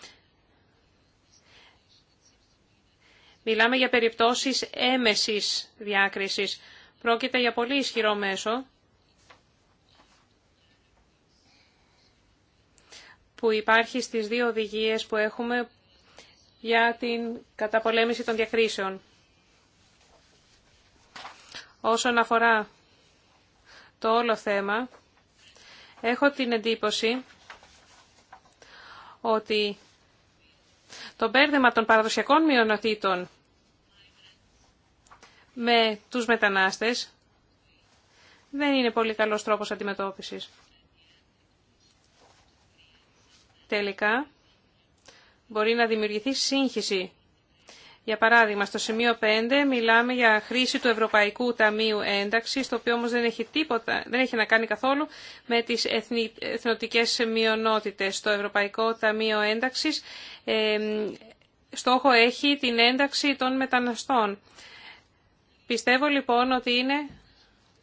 Μιλάμε για περιπτώσεις έμεσης διάκρισης. Πρόκειται για πολύ ισχυρό μέσο που υπάρχει στις δύο οδηγίες που έχουμε για την καταπολέμηση των διακρίσεων. Όσον αφορά το όλο θέμα, έχω την εντύπωση ότι το μπέρδεμα των παραδοσιακών μειονοτήτων με τους μετανάστες δεν είναι πολύ καλός τρόπος αντιμετώπισης. Τελικά, μπορεί να δημιουργηθεί σύγχυση. Για παράδειγμα, στο σημείο 5 μιλάμε για χρήση του Ευρωπαϊκού Ταμείου Ένταξη, το οποίο όμω δεν έχει, να κάνει καθόλου με τι εθνοτικέ μειονότητε. Το Ευρωπαϊκό Ταμείο Ένταξη, ε, στόχο έχει την ένταξη των μεταναστών. Πιστεύω λοιπόν ότι είναι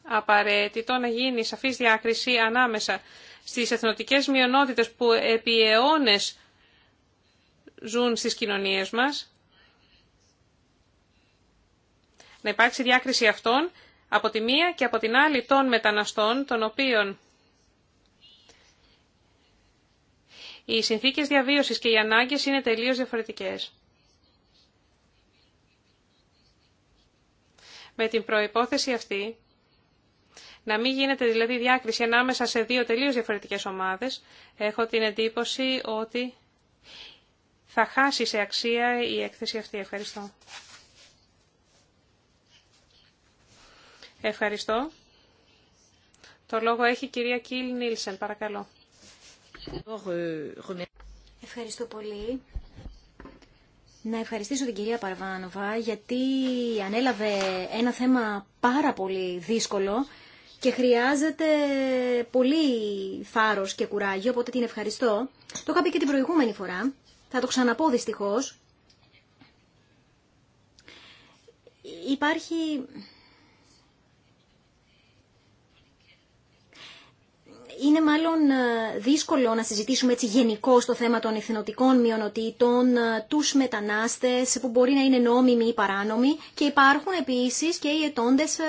απαραίτητο να γίνει σαφής διάκριση ανάμεσα στις εθνοτικέ μειονότητες που επί αιώνες ζουν στις κοινωνίες μας, να υπάρξει διάκριση αυτών από τη μία και από την άλλη των μεταναστών, των οποίων οι συνθήκες διαβίωσης και οι ανάγκες είναι τελείως διαφορετικές. Με την προϋπόθεση αυτή, να μην γίνεται δηλαδή διάκριση ανάμεσα σε δύο τελείως διαφορετικές ομάδες, έχω την εντύπωση ότι θα χάσει σε αξία η έκθεση αυτή. Ευχαριστώ. Ευχαριστώ. Το λόγο έχει η κυρία Κίλ Νίλσεν, παρακαλώ. Ευχαριστώ πολύ. Να ευχαριστήσω την κυρία Παρβάνοβα γιατί ανέλαβε ένα θέμα πάρα πολύ δύσκολο και χρειάζεται πολύ θάρρος και κουράγιο, οπότε την ευχαριστώ. Το είχα πει και την προηγούμενη φορά. Θα το ξαναπώ δυστυχώς. Υπάρχει... είναι μάλλον ε, δύσκολο να συζητήσουμε έτσι γενικό στο θέμα των εθνοτικών μειονοτήτων, ε, τους μετανάστες που μπορεί να είναι νόμιμοι ή παράνομοι και υπάρχουν επίσης και οι ετώντες, ε,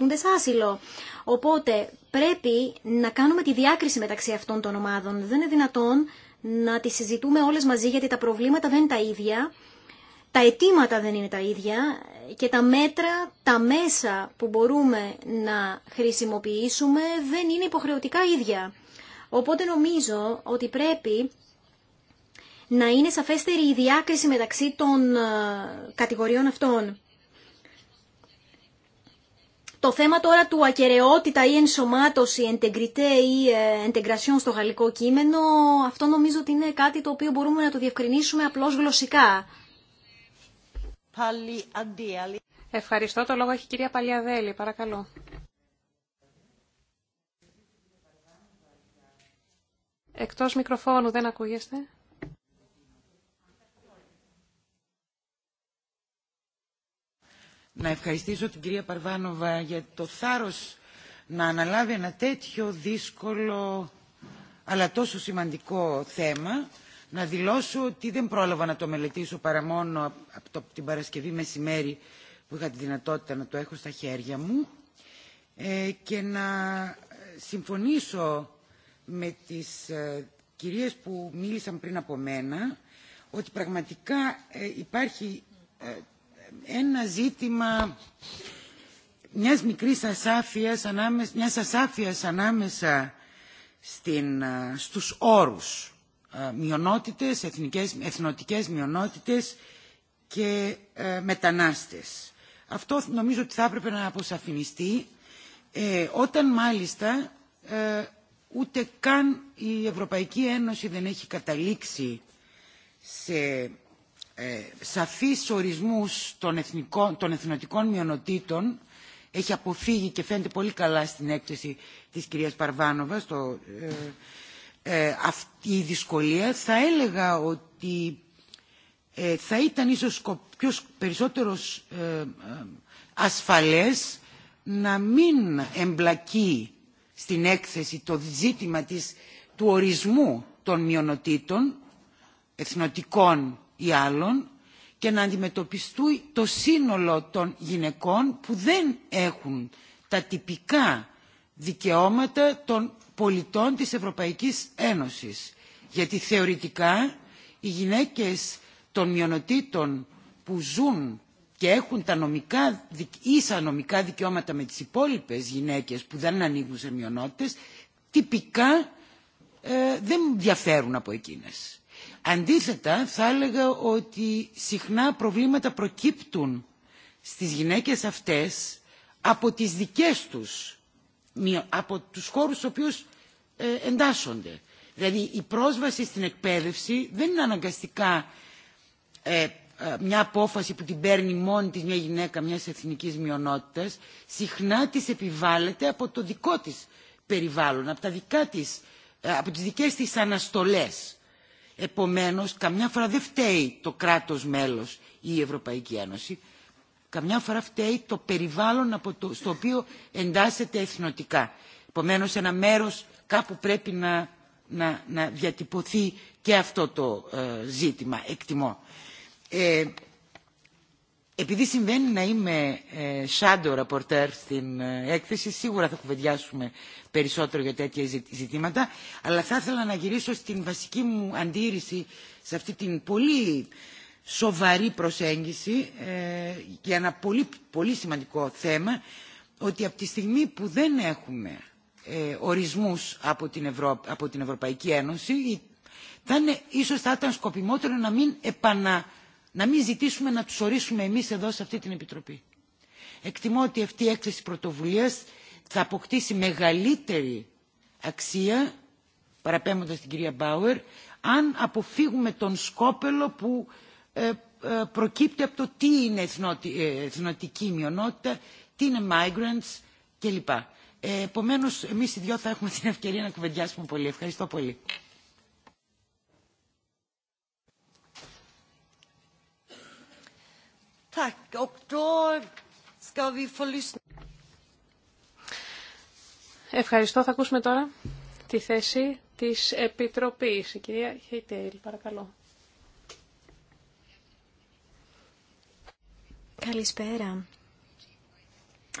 οι άσυλο. Οπότε πρέπει να κάνουμε τη διάκριση μεταξύ αυτών των ομάδων. Δεν είναι δυνατόν να τις συζητούμε όλες μαζί γιατί τα προβλήματα δεν είναι τα ίδια, τα αιτήματα δεν είναι τα ίδια και τα μέτρα, τα μέσα που μπορούμε να χρησιμοποιήσουμε δεν είναι υποχρεωτικά ίδια. Οπότε νομίζω ότι πρέπει να είναι σαφέστερη η διάκριση μεταξύ των ε, κατηγοριών αυτών. Το θέμα τώρα του ακαιρεότητα ή ενσωμάτωση, εντεγκριτέ ή ε, εντεγκρασιόν στο γαλλικό κείμενο, αυτό νομίζω ότι είναι κάτι το οποίο μπορούμε να το διευκρινίσουμε απλώς γλωσσικά. Ευχαριστώ. Το λόγο έχει η κυρία Παλιαδέλη. Παρακαλώ. Εκτός μικροφώνου δεν ακούγεστε. να ευχαριστήσω την κυρία Παρβάνοβα για το θάρρος να αναλάβει ένα τέτοιο δύσκολο αλλά τόσο σημαντικό θέμα. Να δηλώσω ότι δεν πρόλαβα να το μελετήσω παρά μόνο από την Παρασκευή μεσημέρι που είχα τη δυνατότητα να το έχω στα χέρια μου ε, και να συμφωνήσω με τις ε, κυρίες που μίλησαν πριν από μένα ότι πραγματικά ε, υπάρχει ένα ζήτημα μιας μικρής ασάφειας ανάμεσα, μιας ασάφειας ανάμεσα στην, στους όρους μειονότητες, εθνικές, εθνοτικές μειονότητες και ε, μετανάστες. Αυτό νομίζω ότι θα έπρεπε να αποσαφινιστεί ε, όταν μάλιστα ε, ούτε καν η Ευρωπαϊκή Ένωση δεν έχει καταλήξει σε ε, σαφείς ορισμούς των, εθνικών, εθνοτικών μειονοτήτων έχει αποφύγει και φαίνεται πολύ καλά στην έκθεση της κυρίας Παρβάνοβας το ε, ε, αυτή η δυσκολία θα έλεγα ότι θα ήταν ίσως πιο περισσότερος ασφαλές να μην εμπλακεί στην έκθεση το ζήτημα της, του ορισμού των μειονοτήτων εθνοτικών ή άλλων και να αντιμετωπιστούν το σύνολο των γυναικών που δεν έχουν τα τυπικά δικαιώματα των πολιτών της Ευρωπαϊκής Ένωσης. Γιατί θεωρητικά οι γυναίκες των μειονοτήτων που ζουν και έχουν τα νομικά, ίσα νομικά δικαιώματα με τις υπόλοιπες γυναίκες που δεν ανοίγουν σε μειονότητες, τυπικά ε, δεν διαφέρουν από εκείνες. Αντίθετα, θα έλεγα ότι συχνά προβλήματα προκύπτουν στις γυναίκες αυτές από τις δικές τους, από τους χώρους στους οποίους ε, εντάσσονται. Δηλαδή η πρόσβαση στην εκπαίδευση δεν είναι αναγκαστικά ε, ε, μια απόφαση που την παίρνει μόνη της μια γυναίκα μιας εθνικής μειονότητας, συχνά της επιβάλλεται από το δικό της περιβάλλον, από, τα δικά της, από τις δικές της αναστολές. Επομένως, καμιά φορά δεν φταίει το κράτος μέλος ή η Ευρωπαϊκή Ένωση, καμιά φορά φταίει το περιβάλλον από το, στο οποίο εντάσσεται εθνοτικά. Επομένως, ένα μέρος κάπου πρέπει να, να, διατυπωθεί και αυτό το ε, ζήτημα, εκτιμώ. Ε, επειδή συμβαίνει να είμαι ε, shadow reporter στην ε, έκθεση, σίγουρα θα κουβεντιάσουμε περισσότερο για τέτοια ζητήματα, αλλά θα ήθελα να γυρίσω στην βασική μου αντίρρηση σε αυτή την πολύ σοβαρή προσέγγιση για ε, ένα πολύ, σημαντικό θέμα, ότι από τη στιγμή που δεν έχουμε ορισμούς από την, από την Ευρωπαϊκή Ένωση, θα είναι, ίσως θα ήταν σκοπιμότερο να μην επανα να μην ζητήσουμε να τους ορίσουμε εμείς εδώ σε αυτή την Επιτροπή. Εκτιμώ ότι αυτή η έκθεση πρωτοβουλίας θα αποκτήσει μεγαλύτερη αξία, παραπέμποντας την κυρία Μπάουερ, αν αποφύγουμε τον σκόπελο που ε, ε, προκύπτει από το τι είναι ε, εθνοτική μειονότητα, τι είναι migrants κλπ. Επομένως, εμείς οι δυο θα έχουμε την ευκαιρία να κουβεντιάσουμε πολύ. Ευχαριστώ πολύ. Ευχαριστώ. Θα ακούσουμε τώρα τη θέση της Επιτροπής. Η κυρία Χέιτειλ, παρακαλώ. Καλησπέρα.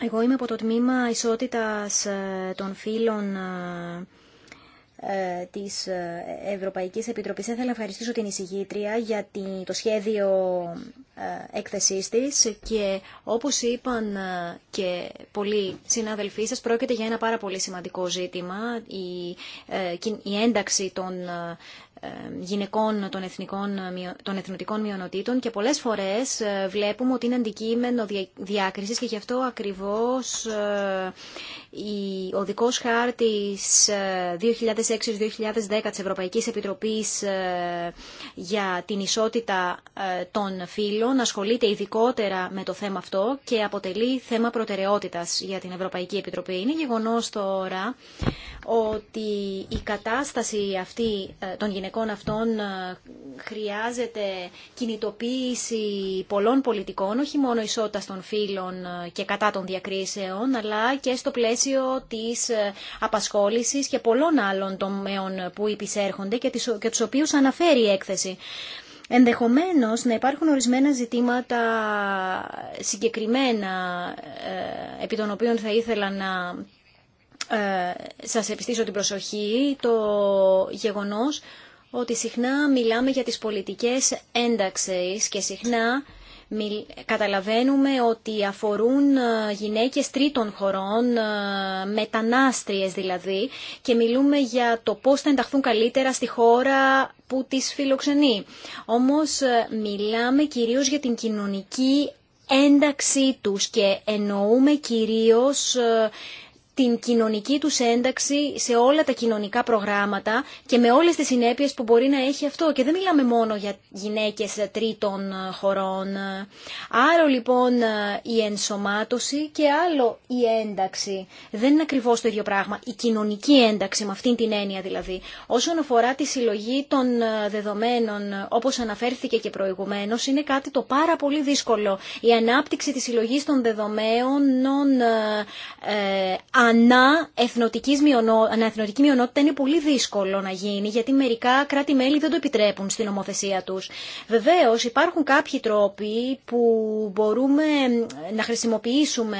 Εγώ είμαι από το τμήμα ισότητας ε, των φίλων ε, ε, της ε, Ευρωπαϊκής Επιτροπής. Θα ήθελα να ευχαριστήσω την εισηγήτρια για το σχέδιο ε, έκθεσής της και όπως είπαν και πολλοί συνάδελφοί σας πρόκειται για ένα πάρα πολύ σημαντικό ζήτημα η, η ένταξη των γυναικών των, εθνικών, των εθνοτικών μειονοτήτων και πολλές φορές ε, βλέπουμε ότι είναι αντικείμενο διάκρισης και γι' αυτό ακριβώς ε, ο δικός χάρτης 2006-2010 ε, της Ευρωπαϊκής Επιτροπής για την ισότητα των φύλων ασχολείται ειδικότερα με το θέμα αυτό και αποτελεί θέμα προτεραιότητας για την Ευρωπαϊκή Επιτροπή. Είναι γεγονός τώρα ότι η κατάσταση αυτή των γυναικών γυναικών αυτών ε, χρειάζεται κινητοποίηση πολλών πολιτικών, όχι μόνο ισότητα των φύλων ε, και κατά των διακρίσεων, αλλά και στο πλαίσιο της ε, απασχόλησης και πολλών άλλων τομέων που υπησέρχονται και τους οποίους αναφέρει η έκθεση. Ενδεχομένως να υπάρχουν ορισμένα ζητήματα συγκεκριμένα επί των οποίων θα ήθελα να σας επιστήσω την προσοχή το γεγονός ότι συχνά μιλάμε για τις πολιτικές ένταξης και συχνά καταλαβαίνουμε ότι αφορούν ε, γυναίκες τρίτων χωρών, ε, μετανάστριες δηλαδή, και μιλούμε για το πώς θα ενταχθούν καλύτερα στη χώρα που τις φιλοξενεί. Όμως ε, μιλάμε κυρίως για την κοινωνική ένταξή τους και εννοούμε κυρίως την κοινωνική τους ένταξη σε όλα τα κοινωνικά προγράμματα και με όλες τις συνέπειες που μπορεί να έχει αυτό. Και δεν μιλάμε μόνο για γυναίκες τρίτων χωρών. Άρα λοιπόν η ενσωμάτωση και άλλο η ένταξη. Δεν είναι ακριβώς το ίδιο πράγμα. Η κοινωνική ένταξη με αυτήν την έννοια δηλαδή. Όσον αφορά τη συλλογή των ε, δεδομένων όπως αναφέρθηκε και προηγουμένως είναι κάτι το πάρα πολύ δύσκολο. Η ανάπτυξη της συλλογής των δεδομένων ε, ανά εθνοτική μειονότητα είναι πολύ δύσκολο να γίνει, γιατί μερικά κράτη-μέλη δεν το επιτρέπουν στην ομοθεσία του. Βεβαίω, υπάρχουν κάποιοι τρόποι που μπορούμε να χρησιμοποιήσουμε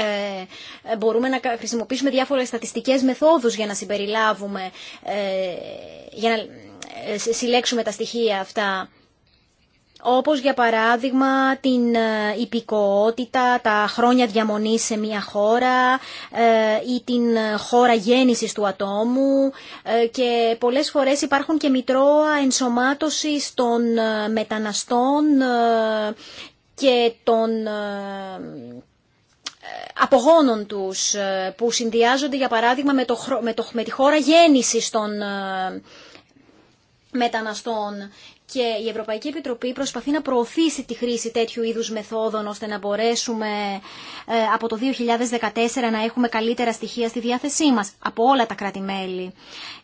ε, μπορούμε να χρησιμοποιήσουμε διάφορες στατιστικές μεθόδους για να συμπεριλάβουμε, ε, για να ε, συλλέξουμε τα στοιχεία αυτά όπως για παράδειγμα την ε, υπηκότητα, τα χρόνια διαμονής σε μια χώρα ε, ή την ε, χώρα γέννησης του ατόμου και πολλές φορές υπάρχουν και μητρώα ενσωμάτωσης των μεταναστών και των απογόνων τους που συνδυάζονται για παράδειγμα με, το, με, το, τη χώρα γέννησης των μεταναστών και η Ευρωπαϊκή Επιτροπή προσπαθεί να προωθήσει τη χρήση τέτοιου είδους μεθόδων ώστε να μπορέσουμε ε, από το 2014 να έχουμε καλύτερα στοιχεία στη διάθεσή μας από όλα τα κράτη-μέλη.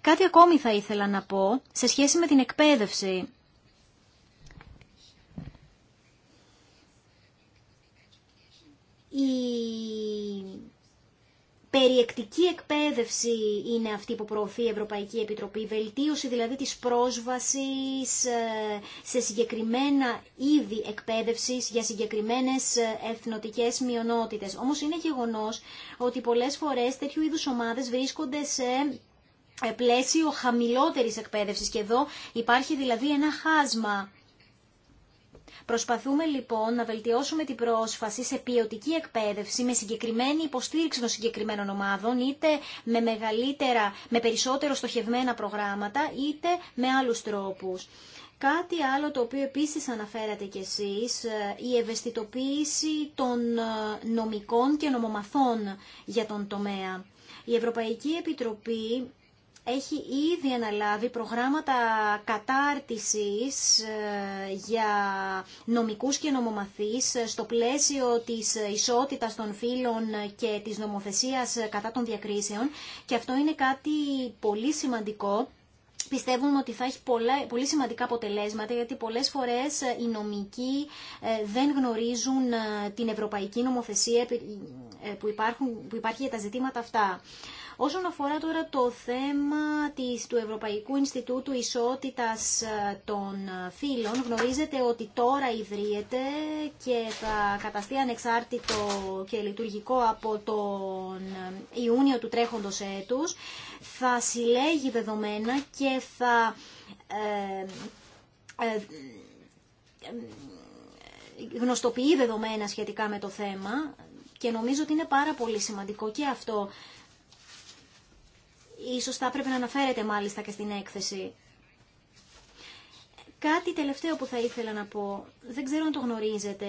Κάτι ακόμη θα ήθελα να πω σε σχέση με την εκπαίδευση. Η Περιεκτική εκπαίδευση είναι αυτή που προωθεί η Ευρωπαϊκή Επιτροπή, βελτίωση δηλαδή της πρόσβασης ε, σε συγκεκριμένα είδη εκπαίδευσης για συγκεκριμένες ε, εθνοτικές μειονότητες. Όμως είναι γεγονός ότι πολλές φορές τέτοιου είδους ομάδες βρίσκονται σε ε, πλαίσιο χαμηλότερης εκπαίδευσης και εδώ υπάρχει δηλαδή ένα χάσμα Προσπαθούμε λοιπόν να βελτιώσουμε την πρόσφαση σε ποιοτική εκπαίδευση με συγκεκριμένη υποστήριξη των συγκεκριμένων ομάδων, είτε με μεγαλύτερα, με περισσότερο στοχευμένα προγράμματα, είτε με άλλους τρόπους. Κάτι άλλο το οποίο επίσης αναφέρατε κι εσείς, ε, η ευαισθητοποίηση των ε, νομικών και νομομαθών για τον τομέα. Η Ευρωπαϊκή Επιτροπή έχει ήδη αναλάβει προγράμματα κατάρτισης ε, για νομικούς και νομομαθείς ε, στο πλαίσιο της ισότητας των φύλων και της νομοθεσίας ε, κατά των διακρίσεων και αυτό είναι κάτι πολύ σημαντικό πιστεύουμε ότι θα έχει πολλά, πολύ σημαντικά αποτελέσματα γιατί πολλές φορές οι νομικοί δεν γνωρίζουν την ευρωπαϊκή νομοθεσία που, υπάρχουν, που υπάρχει για τα ζητήματα αυτά. Όσον αφορά τώρα το θέμα της, του Ευρωπαϊκού Ινστιτούτου Ισότητας ε, των ε, Φύλων, γνωρίζετε ότι τώρα ιδρύεται και θα καταστεί ανεξάρτητο και λειτουργικό από τον ε, Ιούνιο του τρέχοντος έτους. Θα συλλέγει δεδομένα και θα... Ε, ε, γνωστοποιεί δεδομένα σχετικά με το θέμα και νομίζω ότι είναι πάρα πολύ σημαντικό και αυτό Ίσως θα έπρεπε να αναφέρεται μάλιστα και στην έκθεση. Κάτι τελευταίο που θα ήθελα να πω, δεν ξέρω αν το γνωρίζετε,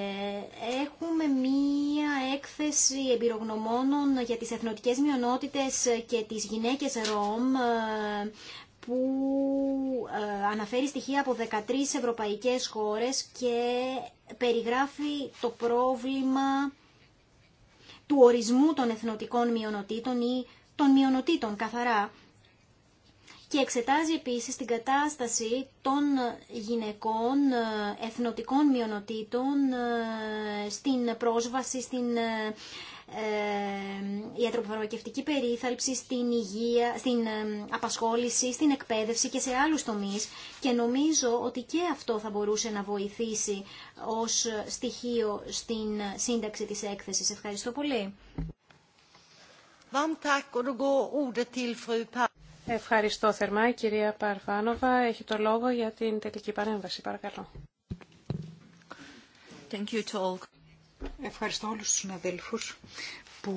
έχουμε μία έκθεση εμπειρογνωμόνων για τις εθνοτικές μειονότητες και τις γυναίκες ΡΟΜ που ε, αναφέρει στοιχεία από 13 ευρωπαϊκές χώρες και περιγράφει το πρόβλημα του ορισμού των εθνοτικών μειονοτήτων ή των μειονοτήτων καθαρά και εξετάζει επίσης την κατάσταση των γυναικών εθνοτικών μειονοτήτων ε, στην πρόσβαση στην ε, ιατροφαρμακευτική ε, περίθαλψη, στην υγεία, στην ε, απασχόληση, στην εκπαίδευση και σε άλλους τομείς και νομίζω ότι και αυτό θα μπορούσε να βοηθήσει ως στοιχείο στην σύνταξη της έκθεσης. Ευχαριστώ πολύ. Ευχαριστώ θερμά η κυρία Παρφάνοβα Έχει το λόγο για την τελική παρέμβαση. Παρακαλώ. Ευχαριστώ όλους τους συναδέλφους που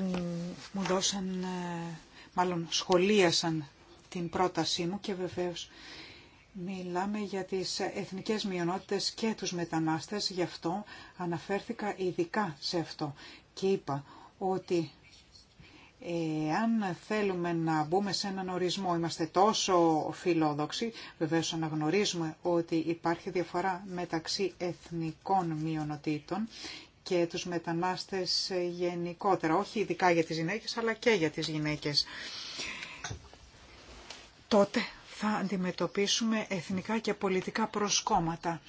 μου δώσαν, ε, μάλλον σχολίασαν την πρότασή μου και βεβαίως Μιλάμε για τις εθνικές μειονότητες και τους μετανάστες, γι' αυτό αναφέρθηκα ειδικά σε αυτό και είπα ότι αν θέλουμε να μπούμε σε έναν ορισμό, είμαστε τόσο φιλόδοξοι, βεβαίως αναγνωρίζουμε ότι υπάρχει διαφορά μεταξύ εθνικών μειονοτήτων και τους μετανάστες γενικότερα, όχι ειδικά για τις γυναίκες, αλλά και για τις γυναίκες. Τότε θα αντιμετωπίσουμε εθνικά και πολιτικά προσκόμματα.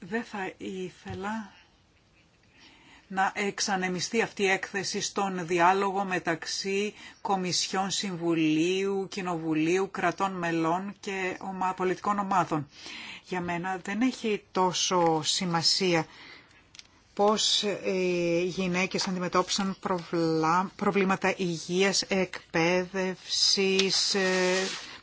Δεν θα ήθελα να εξανεμιστεί αυτή η έκθεση στον διάλογο μεταξύ Κομισιών Συμβουλίου, Κοινοβουλίου, Κρατών Μελών και πολιτικών ομάδων. Για μένα δεν έχει τόσο σημασία πώς ε, οι γυναίκες αντιμετώπισαν προβλήματα υγείας, εκπαίδευσης, ε,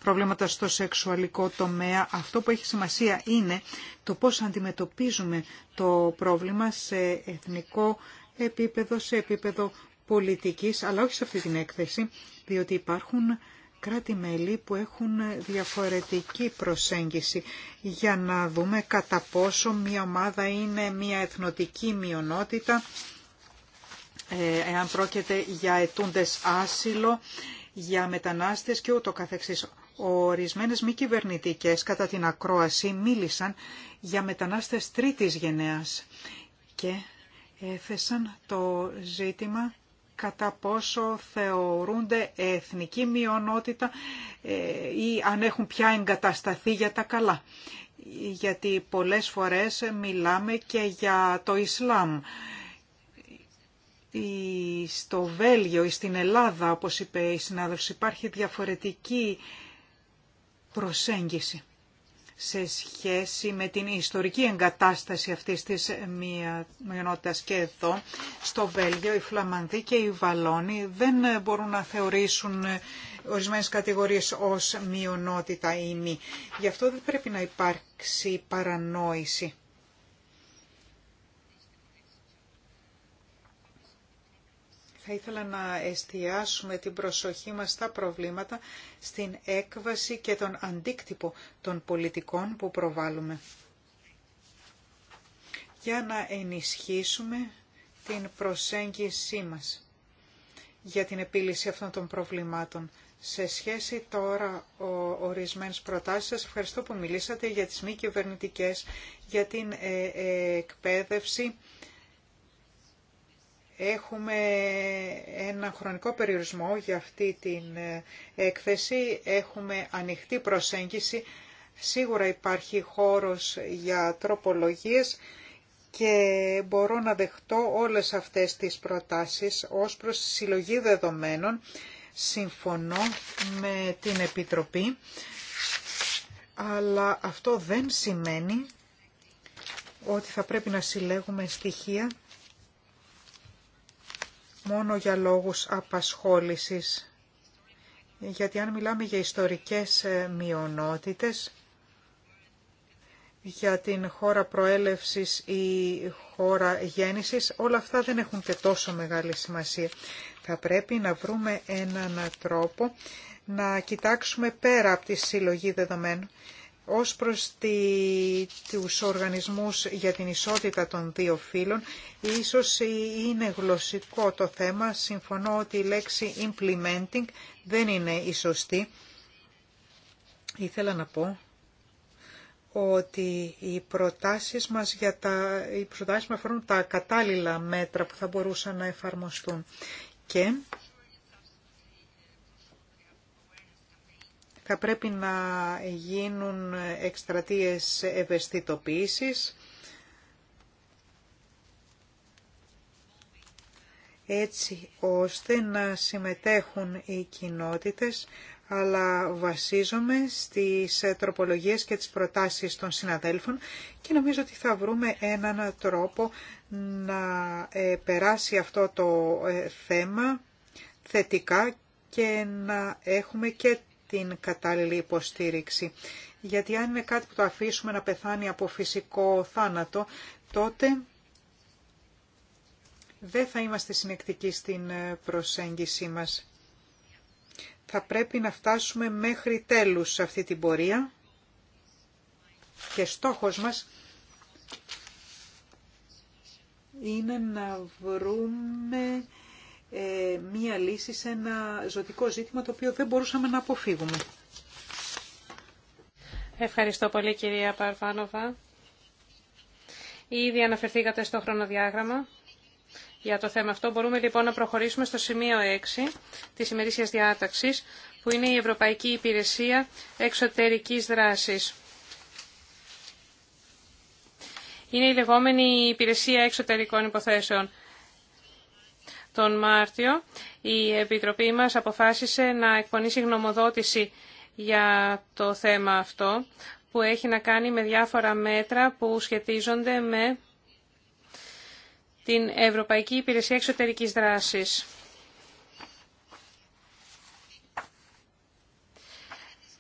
προβλήματα στο σεξουαλικό τομέα. Αυτό που έχει σημασία είναι το πώς αντιμετωπίζουμε το πρόβλημα σε εθνικό επίπεδο, σε επίπεδο πολιτικής, αλλά όχι σε αυτή την έκθεση, διότι υπάρχουν κράτη-μέλη που έχουν διαφορετική προσέγγιση για να δούμε κατά πόσο μια ομάδα είναι μια εθνοτική μειονότητα, ε, εάν πρόκειται για ετούντες άσυλο, για μετανάστες και ούτω καθεξής. Ορισμένες μη κυβερνητικέ κατά την ακρόαση μίλησαν για μετανάστες τρίτης γενεάς και έθεσαν το ζήτημα κατά πόσο θεωρούνται εθνική μειονότητα ε, ή αν έχουν πια εγκατασταθεί για τα καλά. Γιατί πολλές φορές μιλάμε και για το Ισλάμ. Στο Βέλγιο ή στην Ελλάδα, όπως είπε η συνάδελφος, υπάρχει διαφορετική προσέγγιση σε σχέση με την ιστορική εγκατάσταση αυτής της μειονότητας και εδώ στο Βέλγιο οι Φλαμανδοί και οι Βαλόνοι δεν μπορούν να θεωρήσουν ορισμένες κατηγορίες ως μειονότητα ή μη. Γι' αυτό δεν πρέπει να υπάρξει παρανόηση. θα ήθελα να εστιάσουμε την προσοχή μας στα προβλήματα, στην έκβαση και τον αντίκτυπο των πολιτικών που προβάλλουμε. Για να ενισχύσουμε την προσέγγιση μας για την επίλυση αυτών των προβλημάτων. Σε σχέση τώρα ο, ορισμένες προτάσεις, σας ευχαριστώ που μιλήσατε για τις μη κυβερνητικέ, για την ε, ε, εκπαίδευση, Έχουμε ένα χρονικό περιορισμό για αυτή την ε, έκθεση. Έχουμε ανοιχτή προσέγγιση. Σίγουρα υπάρχει χώρος για τροπολογίες και μπορώ να δεχτώ όλες αυτές τις προτάσεις ως προς τη συλλογή δεδομένων. Συμφωνώ με την Επιτροπή, αλλά αυτό δεν σημαίνει ότι θα πρέπει να συλλέγουμε στοιχεία μόνο για λόγους απασχόλησης. Γιατί αν μιλάμε για ιστορικές ε, μειονότητες, για την χώρα προέλευσης ή χώρα γέννησης, όλα αυτά δεν έχουν και τόσο μεγάλη σημασία. Θα πρέπει να βρούμε έναν τρόπο να κοιτάξουμε πέρα από τη συλλογή δεδομένων ως προς τη, τους οργανισμούς για την ισότητα των δύο φύλων, ίσως είναι γλωσσικό το θέμα. Συμφωνώ ότι η λέξη implementing δεν είναι η σωστή. Ήθελα να πω ότι οι προτάσεις μας, για τα, οι προτάσεις μας αφορούν τα κατάλληλα μέτρα που θα μπορούσαν να εφαρμοστούν. Και θα πρέπει να γίνουν εκστρατείες ευαισθητοποίησης έτσι ώστε να συμμετέχουν οι κοινότητες, αλλά βασίζομαι στις τροπολογίες και τις προτάσεις των συναδέλφων και νομίζω ότι θα βρούμε έναν τρόπο να ε, περάσει αυτό το ε, θέμα θετικά και να έχουμε και την κατάλληλη υποστήριξη. Γιατί αν είναι κάτι που το αφήσουμε να πεθάνει από φυσικό θάνατο, τότε δεν θα είμαστε συνεκτικοί στην ε, προσέγγιση μας. Θα πρέπει να φτάσουμε μέχρι τέλους σε αυτή την πορεία και στόχος μας είναι να βρούμε ε, μία λύση σε ένα ζωτικό ζήτημα το οποίο δεν μπορούσαμε να αποφύγουμε. Ευχαριστώ πολύ κυρία Παρβάνοβα. Ήδη αναφερθήκατε στο χρονοδιάγραμμα. Για το θέμα αυτό μπορούμε λοιπόν να προχωρήσουμε στο σημείο 6 της ημερήσιας διάταξης που είναι η Ευρωπαϊκή Υπηρεσία Εξωτερικής Δράσης. Είναι η λεγόμενη Υπηρεσία Εξωτερικών Υποθέσεων. Τον Μάρτιο η Επιτροπή μας αποφάσισε να εκπονήσει γνωμοδότηση για το θέμα αυτό που έχει να κάνει με διάφορα μέτρα που σχετίζονται με την Ευρωπαϊκή Υπηρεσία Εξωτερικής Δράσης.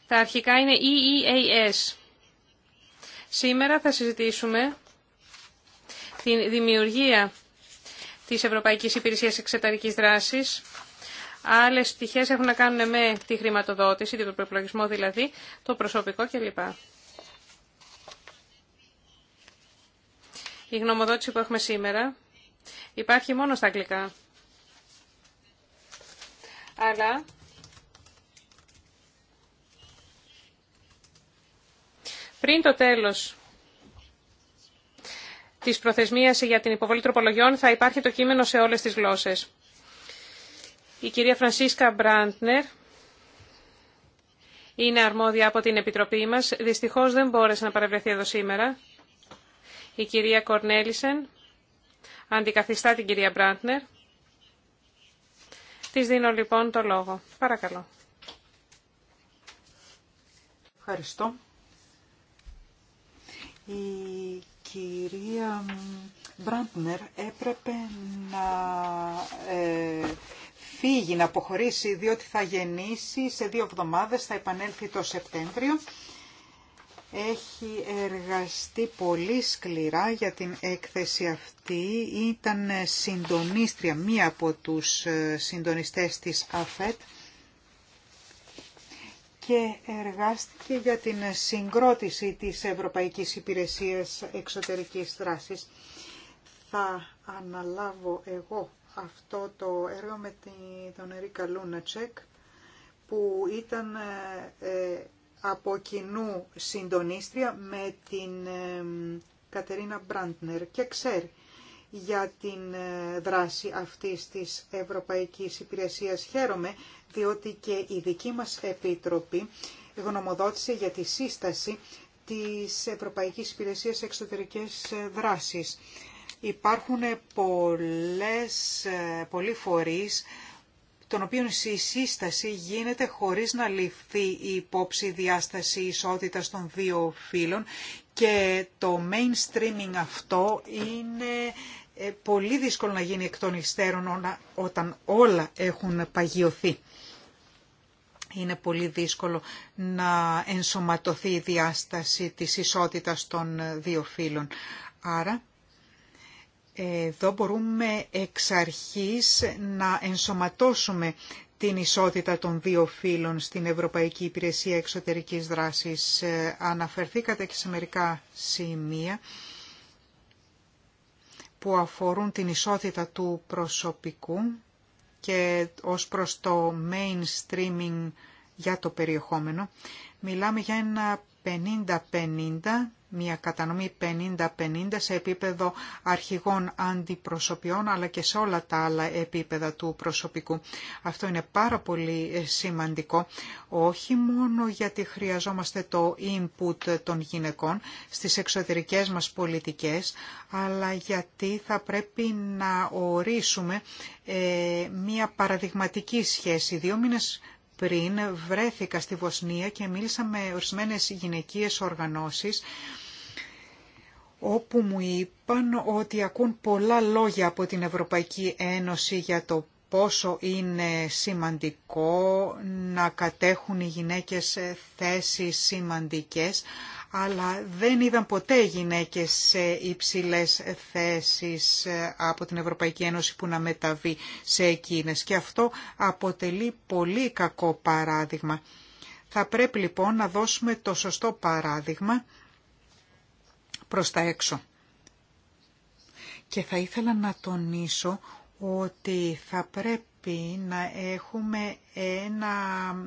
Τα αρχικά είναι EEAS. Σήμερα θα συζητήσουμε την δημιουργία Τη Ευρωπαϊκή Υπηρεσία Εξεταρικής δράση. Άλλε πτυχέ έχουν να κάνουν με τη χρηματοδότηση, τον προπολογισμό δηλαδή, το προσωπικό κλπ. Η γνωμοδότηση που έχουμε σήμερα υπάρχει μόνο στα αγγλικά. Αλλά πριν το τέλος της προθεσμίας για την υποβολή τροπολογιών θα υπάρχει το κείμενο σε όλες τις γλώσσες. Η κυρία Φρανσίσκα Μπραντνερ είναι αρμόδια από την Επιτροπή μας. Δυστυχώς δεν μπόρεσε να παρευρεθεί εδώ σήμερα. Η κυρία Κορνέλισεν αντικαθιστά την κυρία Μπραντνερ. Της δίνω λοιπόν το λόγο. Παρακαλώ. Ευχαριστώ κυρία Μπραντνερ έπρεπε να ε, φύγει, να αποχωρήσει, διότι θα γεννήσει σε δύο εβδομάδες, θα επανέλθει το Σεπτέμβριο. Έχει εργαστεί πολύ σκληρά για την έκθεση αυτή. Ήταν συντονίστρια, μία από τους ε, συντονιστές της ΑΦΕΤ και εργάστηκε για την συγκρότηση της Ευρωπαϊκής Υπηρεσίας Εξωτερικής Δράσης. Θα αναλάβω εγώ αυτό το έργο με τον Ερίκα Λούνατσεκ που ήταν ε, ε, από κοινού συντονίστρια με την ε, Κατερίνα Μπραντνερ και ξέρει για την δράση αυτής της Ευρωπαϊκής Υπηρεσίας. Χαίρομαι διότι και η δική μας Επιτροπή γνωμοδότησε για τη σύσταση της Ευρωπαϊκής Υπηρεσίας Εξωτερικές Δράσεις. Υπάρχουν πολλές, πολλοί φορείς των οποίων η σύσταση γίνεται χωρίς να ληφθεί η υπόψη διάσταση ισότητας των δύο φύλων και το mainstreaming αυτό είναι ε, πολύ δύσκολο να γίνει εκ των υστέρων όταν όλα έχουν παγιωθεί είναι πολύ δύσκολο να ενσωματωθεί η διάσταση της ισότητας των δύο φύλων. Άρα, εδώ μπορούμε εξ αρχής να ενσωματώσουμε την ισότητα των δύο φύλων στην Ευρωπαϊκή Υπηρεσία Εξωτερικής Δράσης. Ε, αναφερθήκατε και σε μερικά σημεία που αφορούν την ισότητα του προσωπικού και ως προς το mainstreaming για το περιεχόμενο. Μιλάμε για ένα 50-50 μια κατανομή 50-50 σε επίπεδο αρχηγών αντιπροσωπιών αλλά και σε όλα τα άλλα επίπεδα του προσωπικού. Αυτό είναι πάρα πολύ σημαντικό, όχι μόνο γιατί χρειαζόμαστε το input των γυναικών στις εξωτερικές μας πολιτικές, αλλά γιατί θα πρέπει να ορίσουμε ε, μια παραδειγματική σχέση. Δύο μήνες πριν βρέθηκα στη Βοσνία και μίλησα με ορισμένες γυναικείες οργανώσεις όπου μου είπαν ότι ακούν πολλά λόγια από την Ευρωπαϊκή Ένωση για το πόσο είναι σημαντικό να κατέχουν οι γυναίκες θέσεις σημαντικές, αλλά δεν είδαν ποτέ γυναίκες σε υψηλές θέσεις ε, από την Ευρωπαϊκή Ένωση που να μεταβεί σε εκείνες. Και αυτό αποτελεί πολύ κακό παράδειγμα. Θα πρέπει λοιπόν να δώσουμε το σωστό παράδειγμα προς τα έξω. Και θα ήθελα να τονίσω ότι θα πρέπει να έχουμε ένα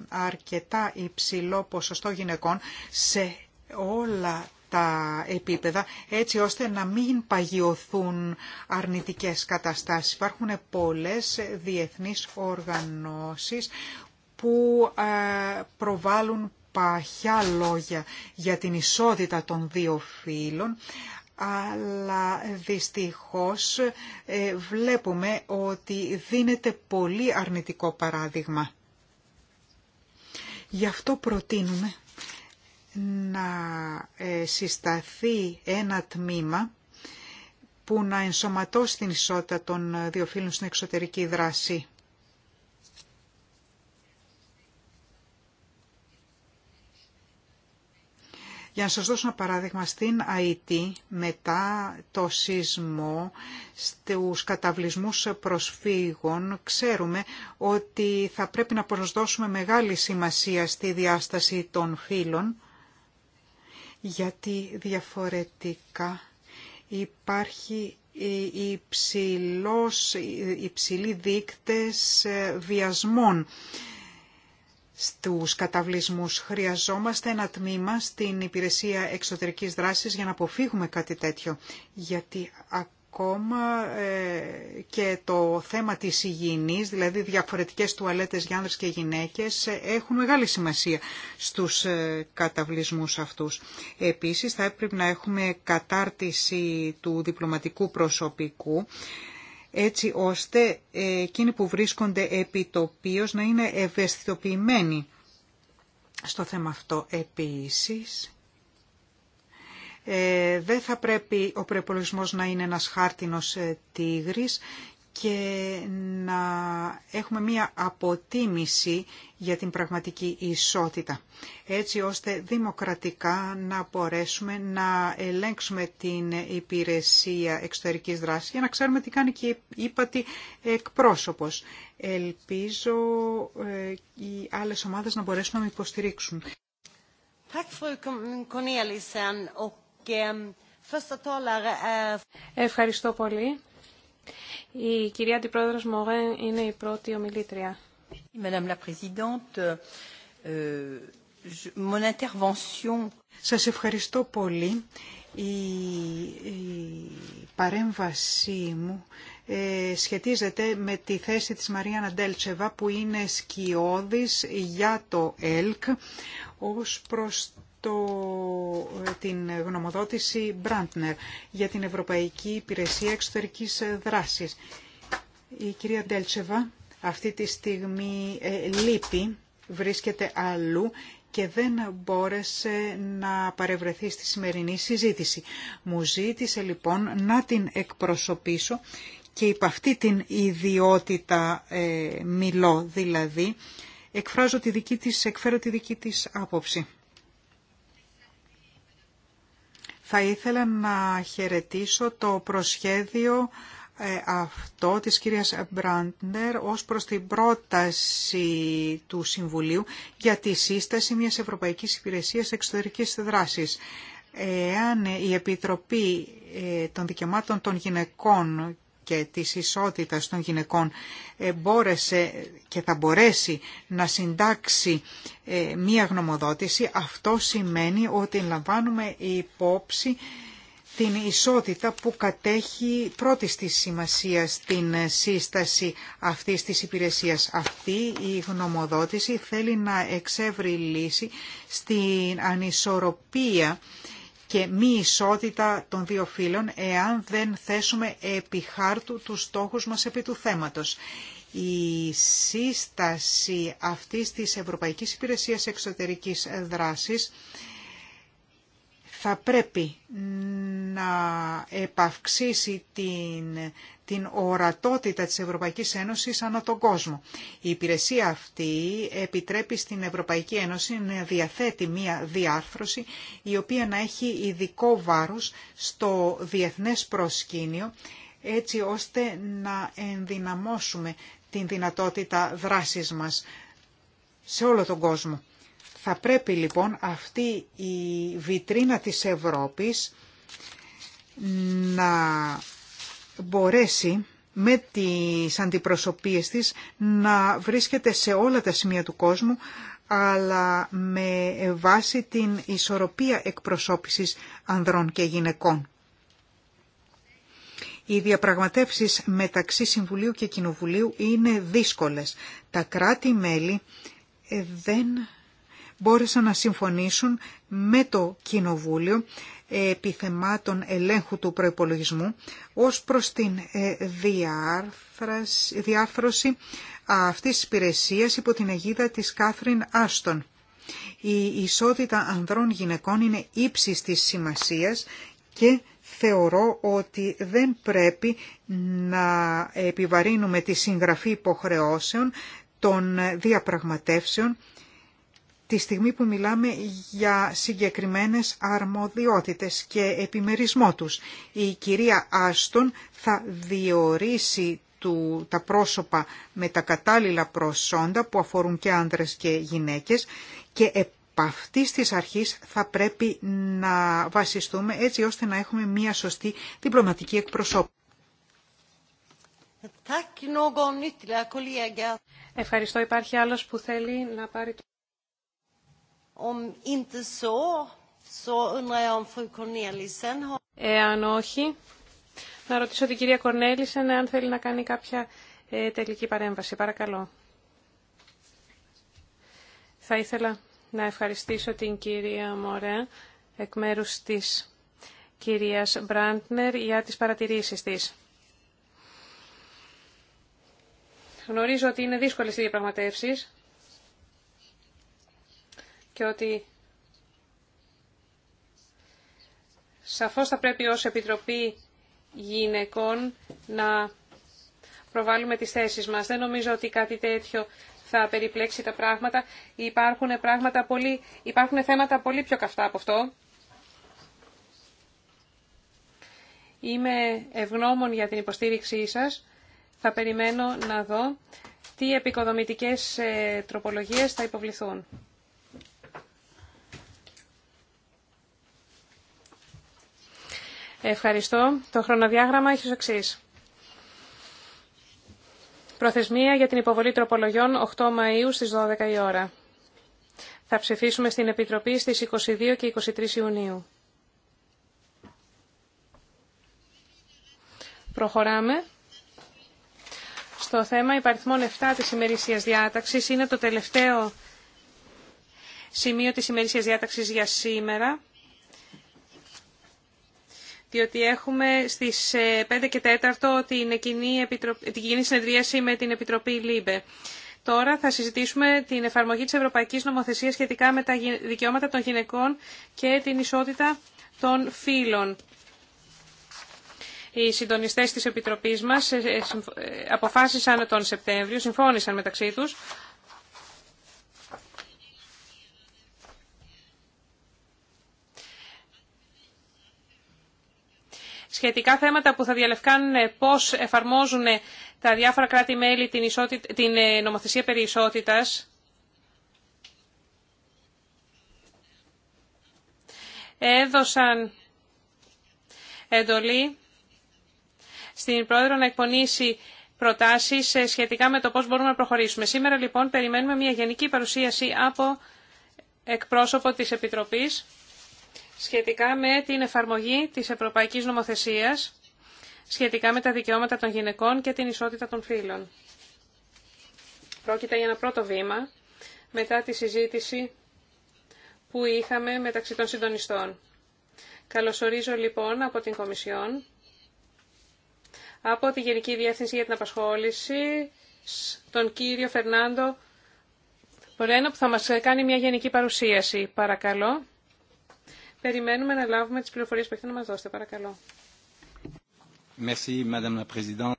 αρκετά υψηλό ποσοστό γυναικών σε όλα τα επίπεδα, έτσι ώστε να μην παγιωθούν αρνητικές καταστάσεις. Υπάρχουν πολλές διεθνείς οργανώσεις που ε, προβάλλουν παχιά λόγια για την ισότητα των δύο φίλων, αλλά δυστυχώς ε, βλέπουμε ότι δίνεται πολύ αρνητικό παράδειγμα. Γι' αυτό προτείνουμε να ε, συσταθεί ένα τμήμα που να ενσωματώσει την ισότητα των ε, δύο φίλων στην εξωτερική δράση. Για να σας δώσω ένα παράδειγμα, στην Αϊτή μετά το σεισμό στους καταβλισμούς προσφύγων ξέρουμε ότι θα πρέπει να προσδώσουμε μεγάλη σημασία στη διάσταση των φύλων γιατί διαφορετικά υπάρχει ε, υψηλός, υψηλοί δείκτες ε, βιασμών στους καταβλισμούς. Χρειαζόμαστε ένα τμήμα στην υπηρεσία εξωτερικής δράσης για να αποφύγουμε κάτι τέτοιο. Γιατί ακόμα ε, και το θέμα της υγιεινής, δηλαδή διαφορετικές τουαλέτες για άνδρες και γυναίκες, έχουν μεγάλη σημασία στους ε, καταβλισμούς αυτούς. Επίσης θα έπρεπε να έχουμε κατάρτιση του διπλωματικού προσωπικού έτσι ώστε ε, εκείνοι που βρίσκονται επί να είναι ευαισθητοποιημένοι στο θέμα αυτό. Επίσης, ε, δεν θα πρέπει ο προπολογισμό να είναι ένας χάρτινος ε, τίγρης και να έχουμε μία αποτίμηση για την πραγματική ισότητα, έτσι ώστε δημοκρατικά να μπορέσουμε να ελέγξουμε την υπηρεσία εξωτερικής δράσης για να ξέρουμε τι κάνει και η ύπατη εκπρόσωπος. Ελπίζω ε, οι άλλες ομάδες να μπορέσουν να με υποστηρίξουν. Ehm, Ευχαριστώ πολύ. Η κυρία Αντιπρόεδρο Μωρέν είναι η πρώτη ομιλήτρια. Euh, Σα ευχαριστώ πολύ. Η, η παρέμβασή μου ε, σχετίζεται με τη θέση της Μαρία Ναντέλτσεβα που είναι σκιώδης για το ΕΛΚ ως προς το, ε, την γνωμοδότηση Μπράντνερ για την Ευρωπαϊκή Υπηρεσία Εξωτερικής Δράσης. Η κυρία Ντέλτσεβα αυτή τη στιγμή ε, λείπει, βρίσκεται αλλού και δεν μπόρεσε να παρευρεθεί στη σημερινή συζήτηση. Μου ζήτησε λοιπόν να την εκπροσωπήσω και υπ' αυτή την ιδιότητα ε, μιλώ δηλαδή, εκφράζω τη δική της, εκφέρω τη δική της άποψη. Θα ήθελα να χαιρετήσω το προσχέδιο ε, αυτό της κυρίας Μπραντνερ ως προς την πρόταση του Συμβουλίου για τη σύσταση μιας Ευρωπαϊκής Υπηρεσίας Εξωτερικής Δράσης. Εάν η Επιτροπή ε, των Δικαιωμάτων των Γυναικών και της ισότητας των γυναικών ε, μπόρεσε και θα μπορέσει να συντάξει ε, μία γνωμοδότηση, αυτό σημαίνει ότι λαμβάνουμε υπόψη την ισότητα που κατέχει πρώτη τη σημασία στην ε, σύσταση αυτής της υπηρεσίας. Αυτή η γνωμοδότηση θέλει να εξεύρει λύση στην ανισορροπία και μη ισότητα των δύο φύλων εάν δεν θέσουμε επί χάρτου τους στόχους μας επί του θέματος. Η σύσταση αυτής της Ευρωπαϊκής Υπηρεσίας Εξωτερικής Δράσης θα πρέπει να επαυξήσει την την ορατότητα της Ευρωπαϊκής Ένωσης ανά τον κόσμο. Η υπηρεσία αυτή επιτρέπει στην Ευρωπαϊκή Ένωση να διαθέτει μία διάρθρωση η οποία να έχει ειδικό βάρος στο διεθνές προσκήνιο έτσι ώστε να ενδυναμώσουμε την δυνατότητα δράσης μας σε όλο τον κόσμο. Θα πρέπει λοιπόν αυτή η βιτρίνα της Ευρώπης να μπορέσει με τις αντιπροσωπείες της να βρίσκεται σε όλα τα σημεία του κόσμου αλλά με βάση την ισορροπία εκπροσώπησης ανδρών και γυναικών. Οι διαπραγματεύσεις μεταξύ Συμβουλίου και Κοινοβουλίου είναι δύσκολες. Τα κράτη-μέλη δεν μπόρεσαν να συμφωνήσουν με το Κοινοβούλιο επιθεμάτων ελέγχου του προϋπολογισμού ως προς την ε, διάφραση αυτής της υπηρεσία υπό την αιγίδα της Κάθριν Άστον. Η ισότητα ανδρών γυναικών είναι ύψης της σημασίας και θεωρώ ότι δεν πρέπει να επιβαρύνουμε τη συγγραφή υποχρεώσεων των διαπραγματεύσεων τη στιγμή που μιλάμε για συγκεκριμένες αρμοδιότητες και επιμερισμό τους. Η κυρία Άστον θα διορίσει του, τα πρόσωπα με τα κατάλληλα προσόντα που αφορούν και άνδρες και γυναίκες και επ' αυτής της αρχής θα πρέπει να βασιστούμε έτσι ώστε να έχουμε μία σωστή διπλωματική εκπροσώπηση. Ευχαριστώ. Υπάρχει άλλος που θέλει να πάρει το... Om Εάν όχι, να ρωτήσω την κυρία Κορνέλησεν αν θέλει να κάνει κάποια ε, τελική παρέμβαση. Παρακαλώ. Θα ήθελα να ευχαριστήσω την κυρία Μωρέ εκ μέρους της κυρίας Μπραντνερ για τις παρατηρήσεις της. Γνωρίζω ότι είναι δύσκολες οι διαπραγματεύσεις και ότι σαφώς θα πρέπει ως Επιτροπή Γυναικών να προβάλλουμε τις θέσεις μας. Δεν νομίζω ότι κάτι τέτοιο θα περιπλέξει τα πράγματα. Υπάρχουν, πράγματα πολύ, υπάρχουν θέματα πολύ πιο καυτά από αυτό. Είμαι ευγνώμων για την υποστήριξή σας. Θα περιμένω να δω τι επικοδομητικές ε, τροπολογίες θα υποβληθούν. Ευχαριστώ. Το χρονοδιάγραμμα έχει ως εξής. Προθεσμία για την υποβολή τροπολογιών 8 Μαΐου στις 12 η ώρα. Θα ψηφίσουμε στην Επιτροπή στις 22 και 23 Ιουνίου. Προχωράμε. Στο θέμα υπαριθμών 7 της ημερησίας διάταξης είναι το τελευταίο σημείο της ημερησίας διάταξης για σήμερα διότι έχουμε στις 5 ε, και 4 την κοινή, την κοινή συνεδρίαση με την Επιτροπή ΛΥΜΠΕ. Τώρα θα συζητήσουμε την εφαρμογή της Ευρωπαϊκής Νομοθεσίας σχετικά με τα δικαιώματα των γυναικών και την ισότητα των φύλων. Οι συντονιστές της Επιτροπής μας ε, ε, αποφάσισαν τον Σεπτέμβριο, συμφώνησαν μεταξύ τους, σχετικά θέματα που θα διαλευκάνουν πώς εφαρμόζουν τα διάφορα κράτη-μέλη την, την ε, νομοθεσία περί ισότητας. Έδωσαν εντολή στην Πρόεδρο να εκπονήσει προτάσεις ε, σχετικά με το πώς μπορούμε να προχωρήσουμε. Σήμερα λοιπόν περιμένουμε μια γενική παρουσίαση από εκπρόσωπο της Επιτροπής σχετικά με την εφαρμογή της Ευρωπαϊκής Νομοθεσίας σχετικά με τα δικαιώματα των γυναικών και την ισότητα των φύλων. Πρόκειται για ένα πρώτο βήμα μετά τη συζήτηση που είχαμε μεταξύ των συντονιστών. Καλωσορίζω λοιπόν από την Κομισιόν, από τη Γενική Διεύθυνση για την Απασχόληση, τον κύριο Φερνάντο Μπορένα που θα μας κάνει μια γενική παρουσίαση. Παρακαλώ. Περιμένουμε να λάβουμε τις πληροφορίες που έχετε να μας δώσετε. Παρακαλώ. Merci, Madame la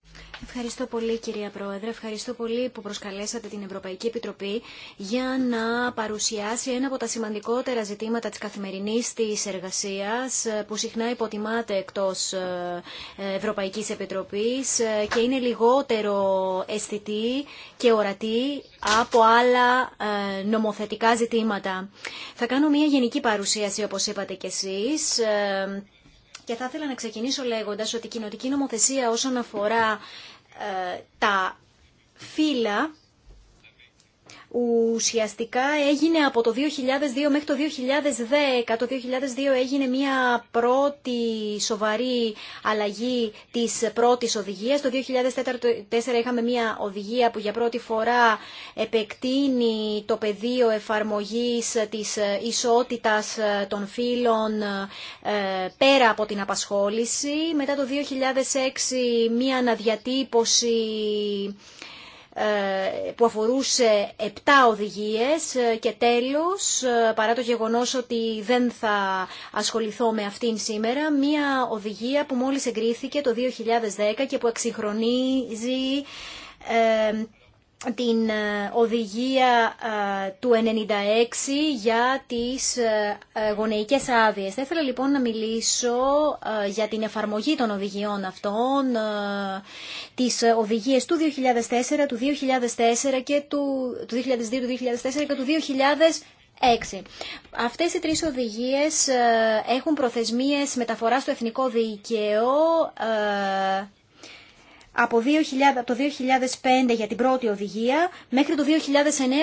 Ευχαριστώ πολύ κυρία Πρόεδρε, ευχαριστώ πολύ που προσκαλέσατε την Ευρωπαϊκή Επιτροπή για να παρουσιάσει ένα από τα σημαντικότερα ζητήματα της καθημερινής της εργασίας ε, που συχνά υποτιμάται εκτός ε, Ευρωπαϊκής Επιτροπής ε, και είναι λιγότερο αισθητή και ορατή από άλλα νομοθετικά ζητήματα. Θα κάνω μια γενική παρουσίαση όπως είπατε κι εσείς και θα ήθελα να ξεκινήσω λέγοντας ότι η κοινοτική νομοθεσία όσον αφορά τα φύλλα ουσιαστικά έγινε από το 2002 μέχρι το 2010. Το 2002 έγινε μια πρώτη σοβαρή αλλαγή της πρώτης οδηγίας. Το 2004 είχαμε μια οδηγία που για πρώτη φορά επεκτείνει το πεδίο εφαρμογής της ισότητας των φύλων ε, πέρα από την απασχόληση. Μετά το 2006 μια αναδιατύπωση που αφορούσε 7 οδηγίες ε, και τέλος, ε, παρά το γεγονός ότι δεν θα ασχοληθώ με αυτήν σήμερα, μία οδηγία που μόλις εγκρίθηκε το 2010 και που εξυγχρονίζει ε, την ε, οδηγία ε, του 96 για τις ε, γονεϊκές άδειες. Θα ήθελα λοιπόν να μιλήσω για την εφαρμογή των οδηγιών αυτών, τις οδηγίες του 2004, του 2004 και του, του 2002, του 2004 και του 2006. Αυτές οι τρεις οδηγίες έχουν προθεσμίες μεταφοράς στο εθνικό δίκαιο από 2000, το 2005 για την πρώτη οδηγία μέχρι το 2009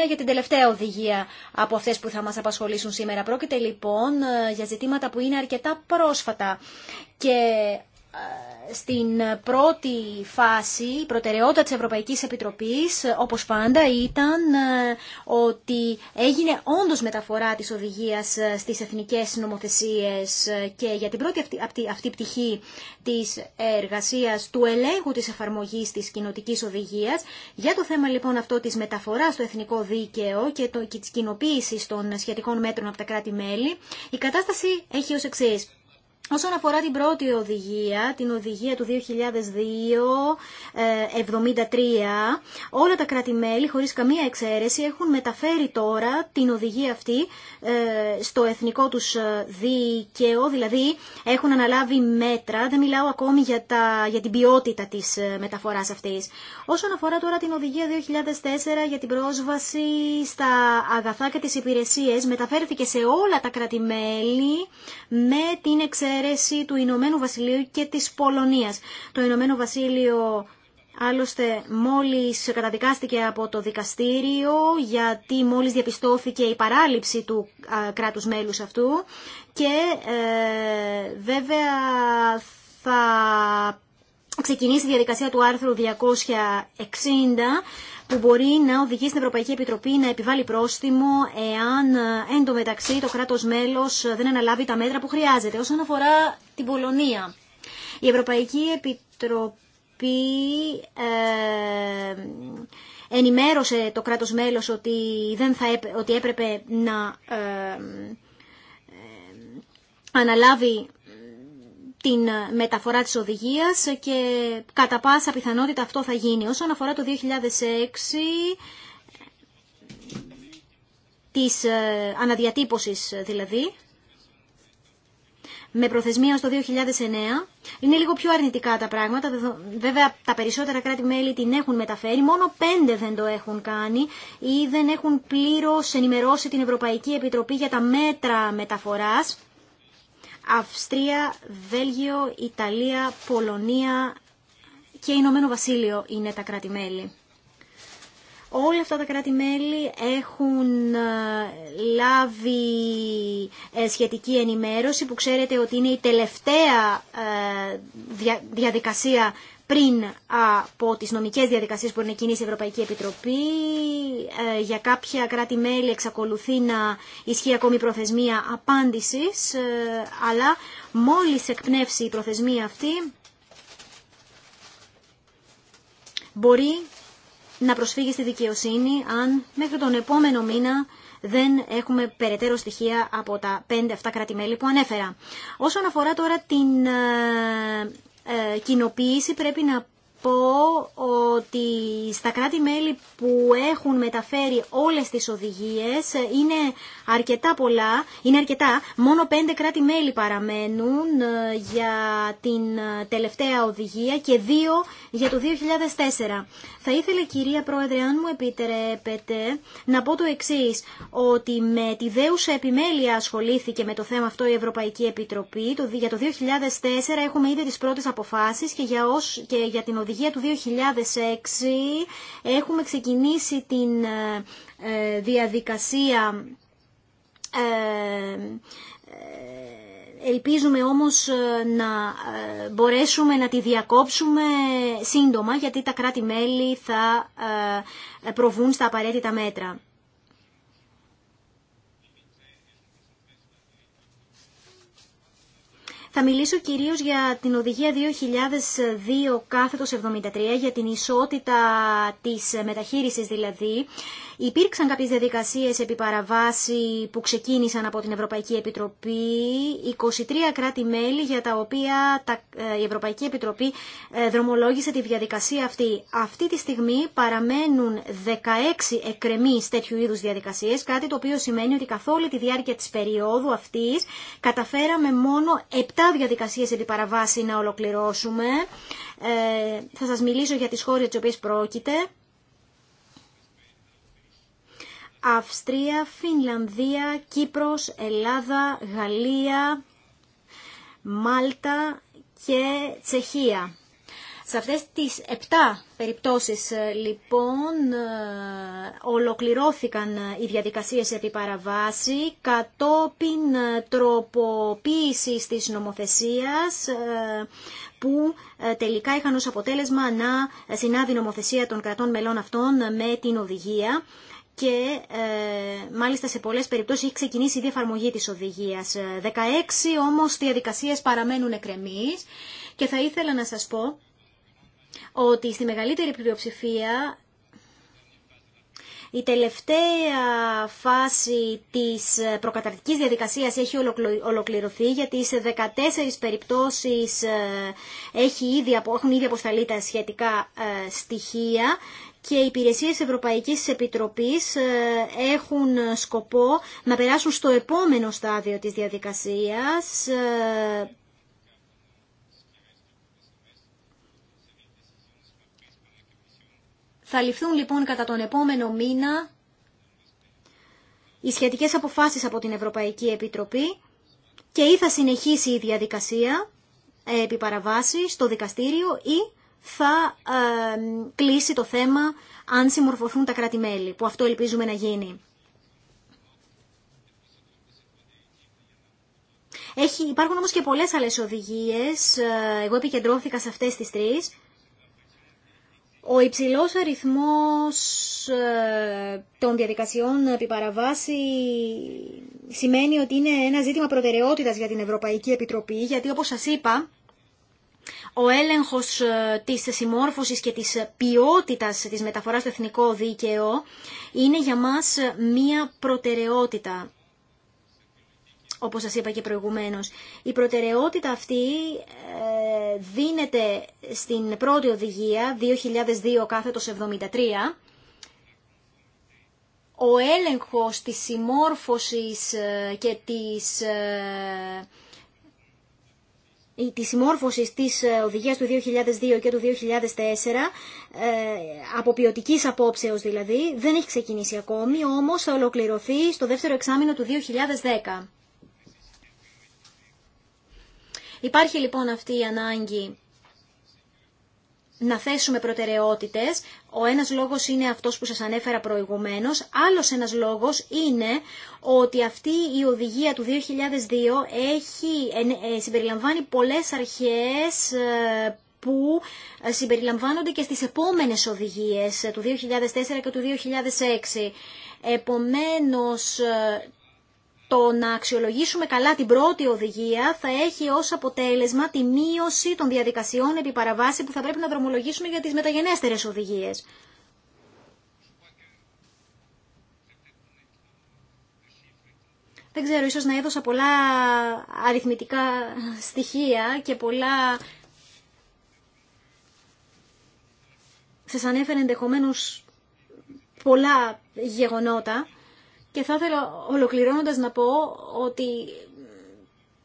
για την τελευταία οδηγία από αυτές που θα μας απασχολήσουν σήμερα. Πρόκειται λοιπόν ε, για ζητήματα που είναι αρκετά πρόσφατα και στην πρώτη φάση η προτεραιότητα της Ευρωπαϊκής Επιτροπής όπως πάντα ήταν ε, ότι έγινε όντως μεταφορά της οδηγίας ε, στις εθνικές νομοθεσίες ε, και για την πρώτη αυτή, αυτή, αυτή πτυχή της εργασίας του ελέγχου της εφαρμογής της κοινοτικής οδηγίας για το θέμα λοιπόν αυτό της μεταφοράς στο εθνικό δίκαιο και, το, της κοινοποίηση των σχετικών μέτρων από τα κράτη-μέλη η κατάσταση έχει ως εξής. Όσον αφορά την πρώτη οδηγία, την οδηγία του 2002-73, ε, όλα τα κράτη-μέλη, χωρίς καμία εξαίρεση, έχουν μεταφέρει τώρα την οδηγία αυτή ε, στο εθνικό τους ε, δίκαιο, δηλαδή έχουν αναλάβει μέτρα, δεν μιλάω ακόμη για, τα, για την ποιότητα της μεταφοράς αυτής. Όσον αφορά τώρα την οδηγία 2004 για την πρόσβαση στα αγαθά και τις υπηρεσίες, μεταφέρθηκε σε όλα τα κράτη-μέλη με την εξαίρεση εξαίρεση του Ηνωμένου Βασιλείου και της Πολωνίας. Το Ηνωμένο Βασίλειο Άλλωστε, μόλις καταδικάστηκε από το δικαστήριο, γιατί μόλις διαπιστώθηκε η παράληψη του κράτους μέλους αυτού και ε, βέβαια θα ξεκινήσει η διαδικασία του άρθρου 260 που μπορεί να οδηγεί στην Ευρωπαϊκή Επιτροπή να επιβάλλει πρόστιμο εάν εντωμεταξύ το κράτος μέλος δεν αναλάβει τα μέτρα που χρειάζεται. Όσον αφορά την Πολωνία, η Ευρωπαϊκή Επιτροπή ε, ενημέρωσε το κράτος μέλος ότι, δεν θα, ότι έπρεπε να ε, ε, αναλάβει την ε, μεταφορά της οδηγίας και κατά πάσα πιθανότητα αυτό θα γίνει. Όσον αφορά το 2006, της ε, αναδιατύπωσης ε, δηλαδή, με προθεσμία στο 2009. Είναι λίγο πιο αρνητικά τα πράγματα. Βέβαια, τα περισσότερα κράτη-μέλη την έχουν μεταφέρει. Μόνο πέντε δεν το έχουν κάνει ή δεν έχουν πλήρως ενημερώσει την Ευρωπαϊκή Επιτροπή για τα μέτρα μεταφοράς. Αυστρία, Βέλγιο, Ιταλία, Πολωνία και Ηνωμένο Βασίλειο είναι τα κράτη-μέλη. Όλα αυτά τα κράτη-μέλη έχουν ε, λάβει ε, σχετική ενημέρωση που ξέρετε ότι είναι η τελευταία ε, διαδικασία πριν από τις νομικές διαδικασίες που είναι να η Ευρωπαϊκή Επιτροπή. Ε, για κάποια κράτη-μέλη εξακολουθεί να ισχύει ακόμη προθεσμία απάντησης, ε, αλλά μόλις εκπνεύσει η προθεσμία αυτή, μπορεί να προσφύγει στη δικαιοσύνη αν μέχρι τον επόμενο μήνα δεν έχουμε περαιτέρω στοιχεία από τα 5-7 κράτη-μέλη που ανέφερα. Όσον αφορά τώρα την ε, ε, κοινοποίηση πρέπει να πω ότι στα κράτη-μέλη που έχουν μεταφέρει όλες τις οδηγίες είναι αρκετά πολλά, είναι αρκετά, μόνο πέντε κράτη-μέλη παραμένουν ε, για την ε, τελευταία οδηγία και δύο για το 2004. Θα ήθελα κυρία Πρόεδρε, αν μου επιτρέπετε, να πω το εξής, ότι με τη δέουσα επιμέλεια ασχολήθηκε με το θέμα αυτό η Ευρωπαϊκή Επιτροπή, για το 2004 έχουμε ήδη τις πρώτες αποφάσεις και για, και για την οδηγία οδηγία του 2006 έχουμε ξεκινήσει την ε, ε, διαδικασία ε, Ελπίζουμε όμως να μπορέσουμε να τη διακόψουμε σύντομα γιατί τα κράτη-μέλη θα προβούν στα απαραίτητα μέτρα. Θα μιλήσω κυρίως για την οδηγία 2002 κάθετος 73 για την ισότητα της μεταχείρισης δηλαδή Υπήρξαν κάποιες διαδικασίες επί παραβάση που ξεκίνησαν από την Ευρωπαϊκή Επιτροπή, 23 κράτη-μέλη για τα οποία ε, η Ευρωπαϊκή Επιτροπή ε, δρομολόγησε τη διαδικασία αυτή. Αυτή τη στιγμή παραμένουν 16 εκκρεμείς τέτοιου είδους διαδικασίες, κάτι το οποίο σημαίνει ότι καθ' όλη τη διάρκεια της περίοδου αυτής καταφέραμε μόνο 7 διαδικασίες επί παραβάση να ολοκληρώσουμε. Ε, θα σας μιλήσω για τις χώρες τις οποίες πρόκειται. Αυστρία, Φινλανδία, Κύπρος, Ελλάδα, Γαλλία, Μάλτα και Τσεχία. Σε αυτές τις επτά περιπτώσεις ε, λοιπόν ε, ολοκληρώθηκαν ε, οι διαδικασίες επί παραβάση κατόπιν τροποποίησης της νομοθεσίας που τελικά είχαν ως αποτέλεσμα να συνάδει νομοθεσία των κρατών μελών αυτών με την οδηγία και ε, μάλιστα σε πολλές περιπτώσεις έχει ξεκινήσει η διαφαρμογή της οδηγίας. 16 ε, όμως διαδικασίες παραμένουν εκρεμείς και θα ήθελα να σας πω ότι στη μεγαλύτερη πλειοψηφία η τελευταία φάση της προκαταρτικής διαδικασίας έχει ολοκληρωθεί γιατί σε 14 περιπτώσεις ε, έχει έχουν ήδη αποσταλεί τα σχετικά στοιχεία και οι υπηρεσίες Ευρωπαϊκής Επιτροπής ε, έχουν σκοπό να περάσουν στο επόμενο στάδιο της διαδικασίας ε, Θα ληφθούν λοιπόν κατά τον επόμενο μήνα οι σχετικές αποφάσεις από την Ευρωπαϊκή Επιτροπή και ή θα συνεχίσει η διαδικασία ε, επί παραβάση στο δικαστήριο ή θα κλείσει το θέμα αν συμμορφωθούν τα κράτη-μέλη, που αυτό ελπίζουμε να γίνει. Έχει, υπάρχουν όμως και πολλές άλλες οδηγίες, ε, εγώ επικεντρώθηκα σε αυτές τις τρεις. Ο υψηλός αριθμός ε, των διαδικασιών επί παραβάση σημαίνει ότι είναι ένα ζήτημα προτεραιότητας για την Ευρωπαϊκή Επιτροπή, γιατί όπως σας είπα, ο έλεγχος ε, της συμμόρφωσης και της ποιότητας της μεταφοράς στο εθνικό δίκαιο είναι για μας μία προτεραιότητα. Όπως σας είπα και προηγουμένως, η προτεραιότητα αυτή ε, δίνεται στην πρώτη οδηγία 2002 κάθετος 73 ο έλεγχος της συμμόρφωσης ε, και της τη συμμόρφωση τη ε, οδηγία του 2002 και του 2004, ε, από ποιοτική απόψεως δηλαδή, δεν έχει ξεκινήσει ακόμη, όμω θα ολοκληρωθεί στο δεύτερο εξάμεινο του 2010. Υπάρχει λοιπόν αυτή η ανάγκη να θέσουμε προτεραιότητες. Ο ένας λόγος είναι αυτός που σας ανέφερα προηγουμένως. Άλλος ένας λόγος είναι ότι αυτή η οδηγία του 2002 έχει, ε, συμπεριλαμβάνει πολλές αρχές ε, που ε, συμπεριλαμβάνονται και στις επόμενες οδηγίες του 2004 και του 2006. Επομένως, το να αξιολογήσουμε καλά την πρώτη οδηγία θα έχει ως αποτέλεσμα τη μείωση των διαδικασιών επί παραβάση που θα πρέπει να δρομολογήσουμε για τις μεταγενέστερες οδηγίες. Δεν ξέρω, ίσως να έδωσα πολλά αριθμητικά στοιχεία και πολλά... Σας ανέφερε ενδεχομένως πολλά γεγονότα. Και θα ήθελα ολοκληρώνοντας να πω ότι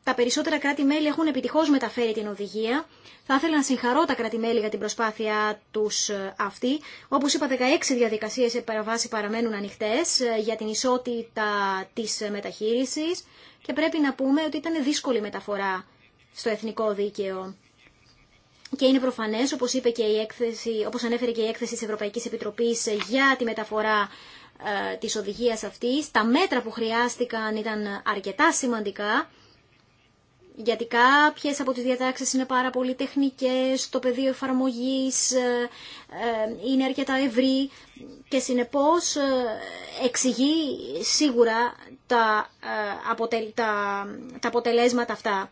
τα περισσότερα κράτη-μέλη έχουν επιτυχώς μεταφέρει την οδηγία. Θα ήθελα να συγχαρώ τα κράτη-μέλη για την προσπάθεια τους ε, αυτή. Όπως είπα, 16 διαδικασίες σε παραμένουν ανοιχτές ε, για την ισότητα της ε, μεταχείρισης και πρέπει να πούμε ότι ήταν δύσκολη μεταφορά στο εθνικό δίκαιο. Και είναι προφανές, όπω είπε και η έκθεση, όπως ανέφερε και η έκθεση της Ευρωπαϊκής Επιτροπής για τη μεταφορά ε, της οδηγίας αυτής. Τα μέτρα που χρειάστηκαν ήταν αρκετά σημαντικά, γιατί κάποιες από τις διατάξεις είναι πάρα πολύ τεχνικές, το πεδίο εφαρμογής ε, ε, είναι αρκετά ευρύ και συνεπώς εξηγεί σίγουρα τα, τα αποτελέσματα αυτά.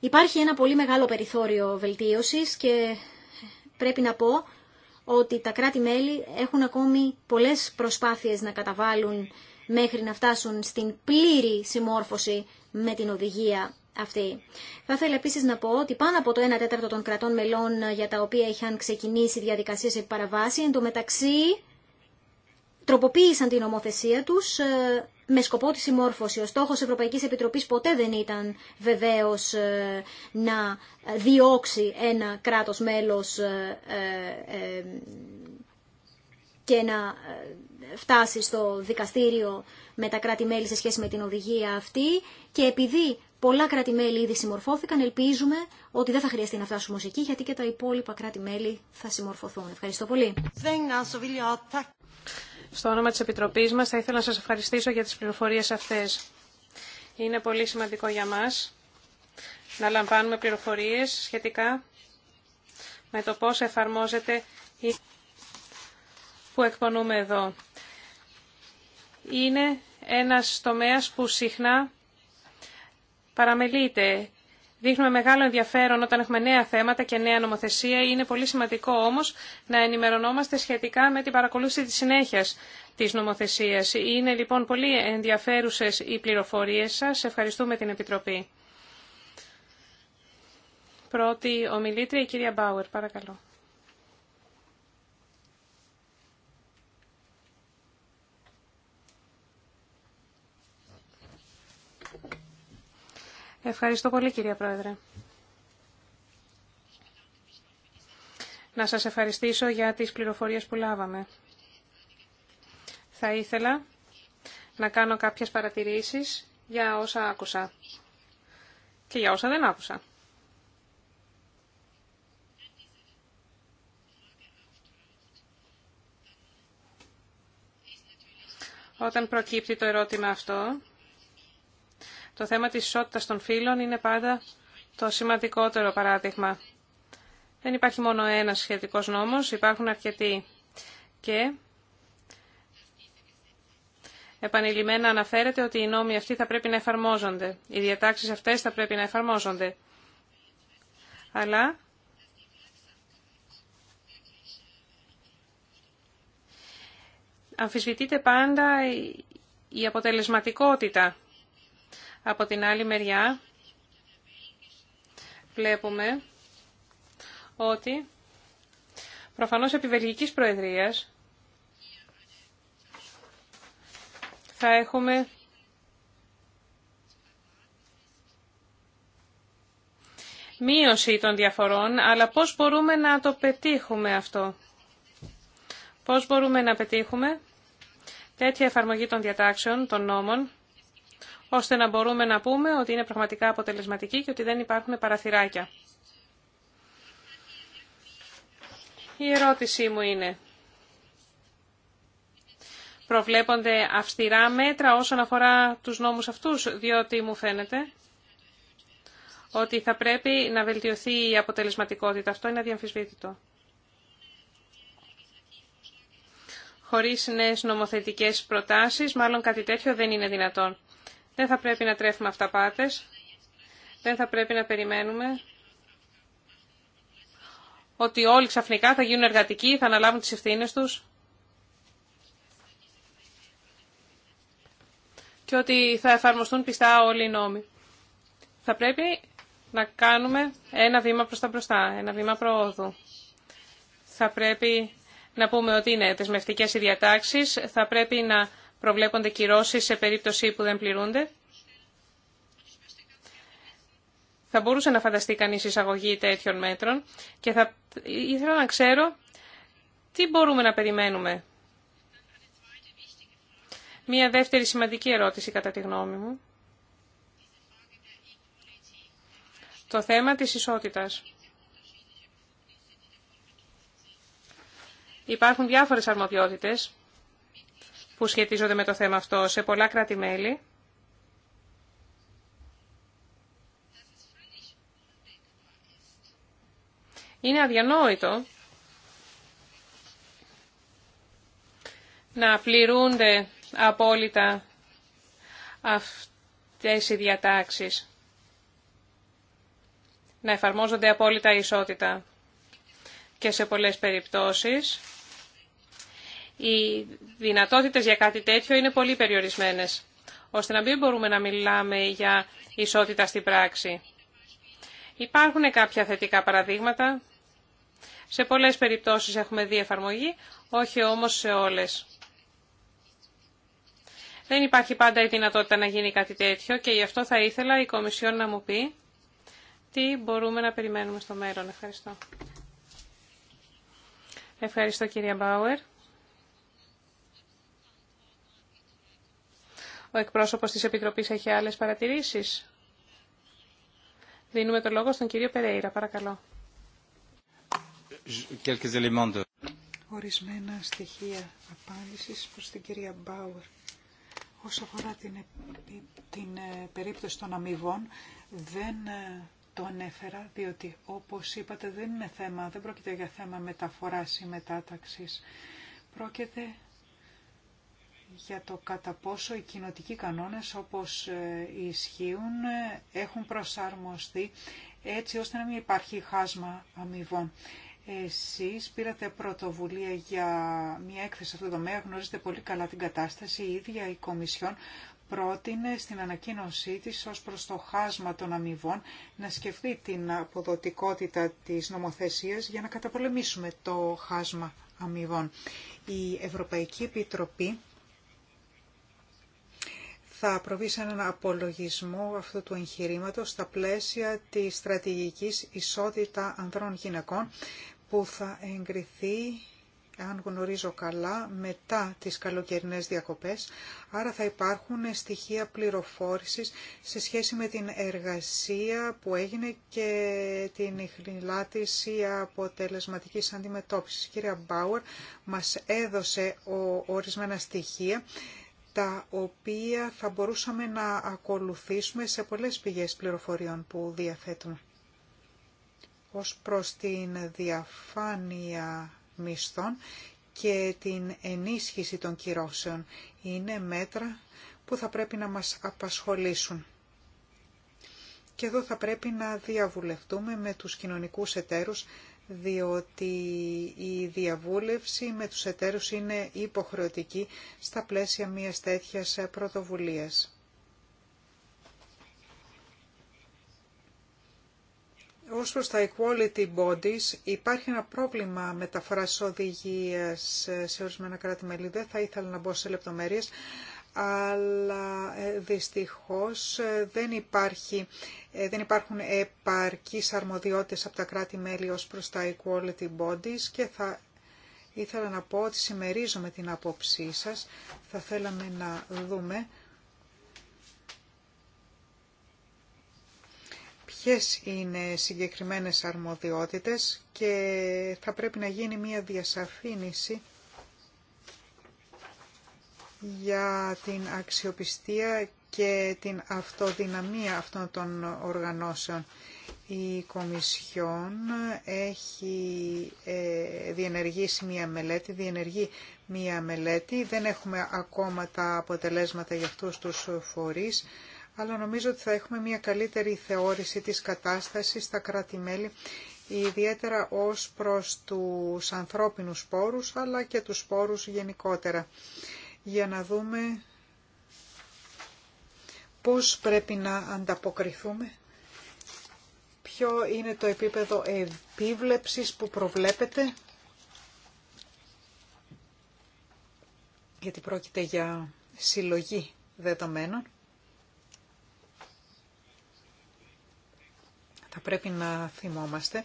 Υπάρχει ένα πολύ μεγάλο περιθώριο βελτίωσης και πρέπει να πω ότι τα κράτη-μέλη έχουν ακόμη πολλές προσπάθειες να καταβάλουν μέχρι να φτάσουν στην πλήρη συμμόρφωση με την οδηγία αυτή. Θα ήθελα επίση να πω ότι πάνω από το 1 τέταρτο των κρατών μελών ε, για τα οποία είχαν ξεκινήσει διαδικασίε επί παραβάση, εντωμεταξύ τροποποίησαν την ομοθεσία τους ε, με σκοπό τη συμμόρφωση. Ο στόχος της Ευρωπαϊκής Επιτροπής ποτέ δεν ήταν βεβαίως ε, να διώξει ένα κράτος μέλος ε, ε, και να φτάσει στο δικαστήριο με τα κράτη-μέλη σε σχέση με την οδηγία αυτή και επειδή πολλά κράτη-μέλη ήδη συμμορφώθηκαν, ελπίζουμε ότι δεν θα χρειαστεί να φτάσουμε ως εκεί γιατί και τα υπόλοιπα κράτη-μέλη θα συμμορφωθούν. Ευχαριστώ πολύ. Στο όνομα της Επιτροπής μας θα ήθελα να σας ευχαριστήσω για τις πληροφορίες αυτές. Είναι πολύ σημαντικό για μας να λαμβάνουμε πληροφορίες σχετικά με το πώς εφαρμόζεται η που εκπονούμε εδώ. Είναι ένας τομέας που συχνά παραμελείται. Δείχνουμε μεγάλο ενδιαφέρον όταν έχουμε νέα θέματα και νέα νομοθεσία. Είναι πολύ σημαντικό όμως να ενημερωνόμαστε σχετικά με την παρακολούθηση της συνέχειας της νομοθεσίας. Είναι λοιπόν πολύ ενδιαφέρουσες οι πληροφορίες σας. Ευχαριστούμε την Επιτροπή. Πρώτη ομιλήτρια, η κυρία Μπάουερ, παρακαλώ. Ευχαριστώ πολύ κυρία Πρόεδρε. Να σας ευχαριστήσω για τις πληροφορίες που λάβαμε. Θα ήθελα να κάνω κάποιες παρατηρήσεις για όσα άκουσα και για όσα δεν άκουσα. Όταν προκύπτει το ερώτημα αυτό, το θέμα της ισότητας των φύλων είναι πάντα το σημαντικότερο παράδειγμα. Δεν υπάρχει μόνο ένας σχετικός νόμος, υπάρχουν αρκετοί. Και επανειλημμένα αναφέρεται ότι οι νόμοι αυτοί θα πρέπει να εφαρμόζονται. Οι διατάξεις αυτές θα πρέπει να εφαρμόζονται. Αλλά αμφισβητείται πάντα η αποτελεσματικότητα από την άλλη μεριά βλέπουμε ότι προφανώς επί Βελγικής Προεδρίας θα έχουμε μείωση των διαφορών, αλλά πώς μπορούμε να το πετύχουμε αυτό. Πώς μπορούμε να πετύχουμε τέτοια εφαρμογή των διατάξεων, των νόμων, ώστε να μπορούμε να πούμε ότι είναι πραγματικά αποτελεσματική και ότι δεν υπάρχουν παραθυράκια. Η ερώτησή μου είναι, προβλέπονται αυστηρά μέτρα όσον αφορά τους νόμους αυτούς, διότι μου φαίνεται ότι θα πρέπει να βελτιωθεί η αποτελεσματικότητα. Αυτό είναι αδιαμφισβήτητο. Χωρίς νέες νομοθετικές προτάσεις, μάλλον κάτι τέτοιο δεν είναι δυνατόν. Δεν θα πρέπει να τρέφουμε αυταπάτες. Δεν θα πρέπει να περιμένουμε ότι όλοι ξαφνικά θα γίνουν εργατικοί, θα αναλάβουν τις ευθύνες τους και ότι θα εφαρμοστούν πιστά όλοι οι νόμοι. Θα πρέπει να κάνουμε ένα βήμα προς τα μπροστά, ένα βήμα προόδου. Θα πρέπει να πούμε ότι είναι δεσμευτικές οι διατάξεις, θα πρέπει να προβλέπονται κυρώσει σε περίπτωση που δεν πληρούνται. Θα μπορούσε να φανταστεί κανείς εισαγωγή τέτοιων μέτρων και θα ήθελα να ξέρω τι μπορούμε να περιμένουμε. Μία δεύτερη σημαντική ερώτηση κατά τη γνώμη μου. Το θέμα της ισότητας. Υπάρχουν διάφορες αρμοδιότητες που σχετίζονται με το θέμα αυτό σε πολλά κράτη-μέλη. Είναι αδιανόητο να πληρούνται απόλυτα αυτές οι διατάξεις, να εφαρμόζονται απόλυτα ισότητα και σε πολλές περιπτώσεις οι δυνατότητες για κάτι τέτοιο είναι πολύ περιορισμένες, ώστε να μην μπορούμε να μιλάμε για ισότητα στην πράξη. Υπάρχουν κάποια θετικά παραδείγματα. Σε πολλές περιπτώσεις έχουμε δει εφαρμογή, όχι όμως σε όλες. Δεν υπάρχει πάντα η δυνατότητα να γίνει κάτι τέτοιο και γι' αυτό θα ήθελα η Κομισιόν να μου πει τι μπορούμε να περιμένουμε στο μέλλον. Ευχαριστώ. Ευχαριστώ κυρία Μπάουερ. Ο εκπρόσωπος της Επιτροπής έχει άλλες παρατηρήσεις. Δίνουμε το λόγο στον κύριο Περέιρα, παρακαλώ. Ορισμένα στοιχεία απάντησης προς την κυρία Μπάουερ. Όσο αφορά την, την ε, περίπτωση των αμοιβών, δεν ε, το ανέφερα, διότι όπως είπατε δεν είναι θέμα, δεν πρόκειται για θέμα μεταφοράς ή μετάταξης. Πρόκειται για το κατά πόσο οι κοινοτικοί κανόνες όπως ε, ισχύουν έχουν προσαρμοστεί έτσι ώστε να μην υπάρχει χάσμα αμοιβών. Εσείς πήρατε πρωτοβουλία για μια έκθεση σε αυτό το τομέα, γνωρίζετε πολύ καλά την κατάσταση, η ίδια η Κομισιόν πρότεινε στην ανακοίνωσή της ως προς το χάσμα των αμοιβών να σκεφτεί την αποδοτικότητα της νομοθεσίας για να καταπολεμήσουμε το χάσμα αμοιβών. Η Ευρωπαϊκή Επιτροπή θα προβεί σε έναν απολογισμό αυτού του εγχειρήματος στα πλαίσια της στρατηγικής ισότητα ανδρών γυναικών που θα εγκριθεί, αν γνωρίζω καλά, μετά τις καλοκαιρινές διακοπές. Άρα θα υπάρχουν στοιχεία πληροφόρησης σε σχέση με την εργασία που έγινε και την ειχνηλάτηση αποτελεσματικής αντιμετώπισης. Η κυρία Μπάουερ μας έδωσε ορισμένα στοιχεία τα οποία θα μπορούσαμε να ακολουθήσουμε σε πολλές πηγές πληροφοριών που διαθέτουμε. Ως προς την διαφάνεια μισθών και την ενίσχυση των κυρώσεων είναι μέτρα που θα πρέπει να μας απασχολήσουν. Και εδώ θα πρέπει να διαβουλευτούμε με τους κοινωνικούς εταίρους διότι η διαβούλευση με τους εταίρους είναι υποχρεωτική στα πλαίσια μιας τέτοιας πρωτοβουλίας. Ως προς τα equality bodies υπάρχει ένα πρόβλημα μεταφοράς οδηγίας σε ορισμένα κράτη-μέλη. Δεν θα ήθελα να μπω σε λεπτομέρειες, αλλά ε, δυστυχώς ε, δεν, υπάρχει, ε, δεν υπάρχουν επαρκείς αρμοδιότητες από τα κράτη-μέλη ως προς τα equality bodies και θα ήθελα να πω ότι συμμερίζομαι την απόψή σας. Θα θέλαμε να δούμε ποιες είναι συγκεκριμένες αρμοδιότητες και θα πρέπει να γίνει μια διασαφήνιση για την αξιοπιστία και την αυτοδυναμία αυτών των οργανώσεων. Η Κομισιόν έχει ε, διενεργήσει μία μελέτη, διενεργεί μία μελέτη. Δεν έχουμε ακόμα τα αποτελέσματα για αυτούς τους φορείς, αλλά νομίζω ότι θα έχουμε μία καλύτερη θεώρηση της κατάστασης στα κράτη-μέλη, ιδιαίτερα ως προς τους ανθρώπινους σπόρους, αλλά και τους σπόρους γενικότερα για να δούμε πώς πρέπει να ανταποκριθούμε, ποιο είναι το επίπεδο επίβλεψης που προβλέπετε, γιατί πρόκειται για συλλογή δεδομένων. Θα πρέπει να θυμόμαστε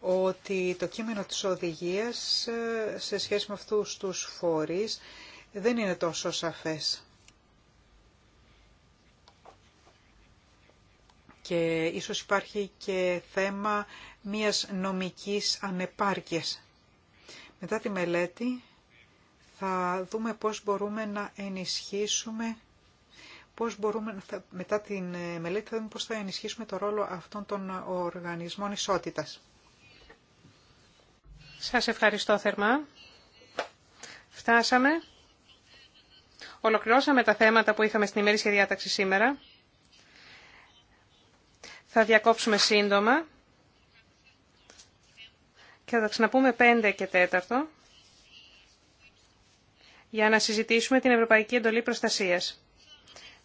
ότι το κείμενο της οδηγίας ε, σε σχέση με αυτούς τους φορείς δεν είναι τόσο σαφές. Και ίσως υπάρχει και θέμα μιας νομικής ανεπάρκειας. Μετά τη μελέτη θα δούμε πώς μπορούμε να ενισχύσουμε πώς μπορούμε, μετά την ε, μελέτη θα δούμε πώς θα ενισχύσουμε το ρόλο αυτών των οργανισμών ισότητας. Σας ευχαριστώ θερμά. Φτάσαμε Ολοκληρώσαμε τα θέματα που είχαμε στην ημερήσια διάταξη σήμερα. Θα διακόψουμε σύντομα και θα τα ξαναπούμε 5 και 4 για να συζητήσουμε την Ευρωπαϊκή Εντολή Προστασίας.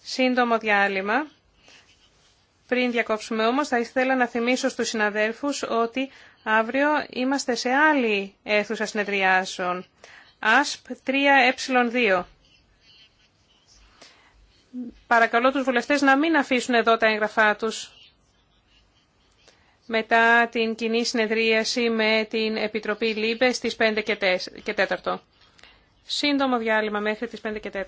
Σύντομο διάλειμμα. Πριν διακόψουμε όμως θα ήθελα να θυμίσω στους συναδέλφους ότι αύριο είμαστε σε άλλη αίθουσα συνεδριάσεων. ΑΣΠ 3Ε2 παρακαλώ τους βουλευτές να μην αφήσουν εδώ τα έγγραφά τους μετά την κοινή συνεδρίαση με την Επιτροπή ΛΥΜΠΕ στις 5 και 4. Σύντομο διάλειμμα μέχρι τις 5 και 4.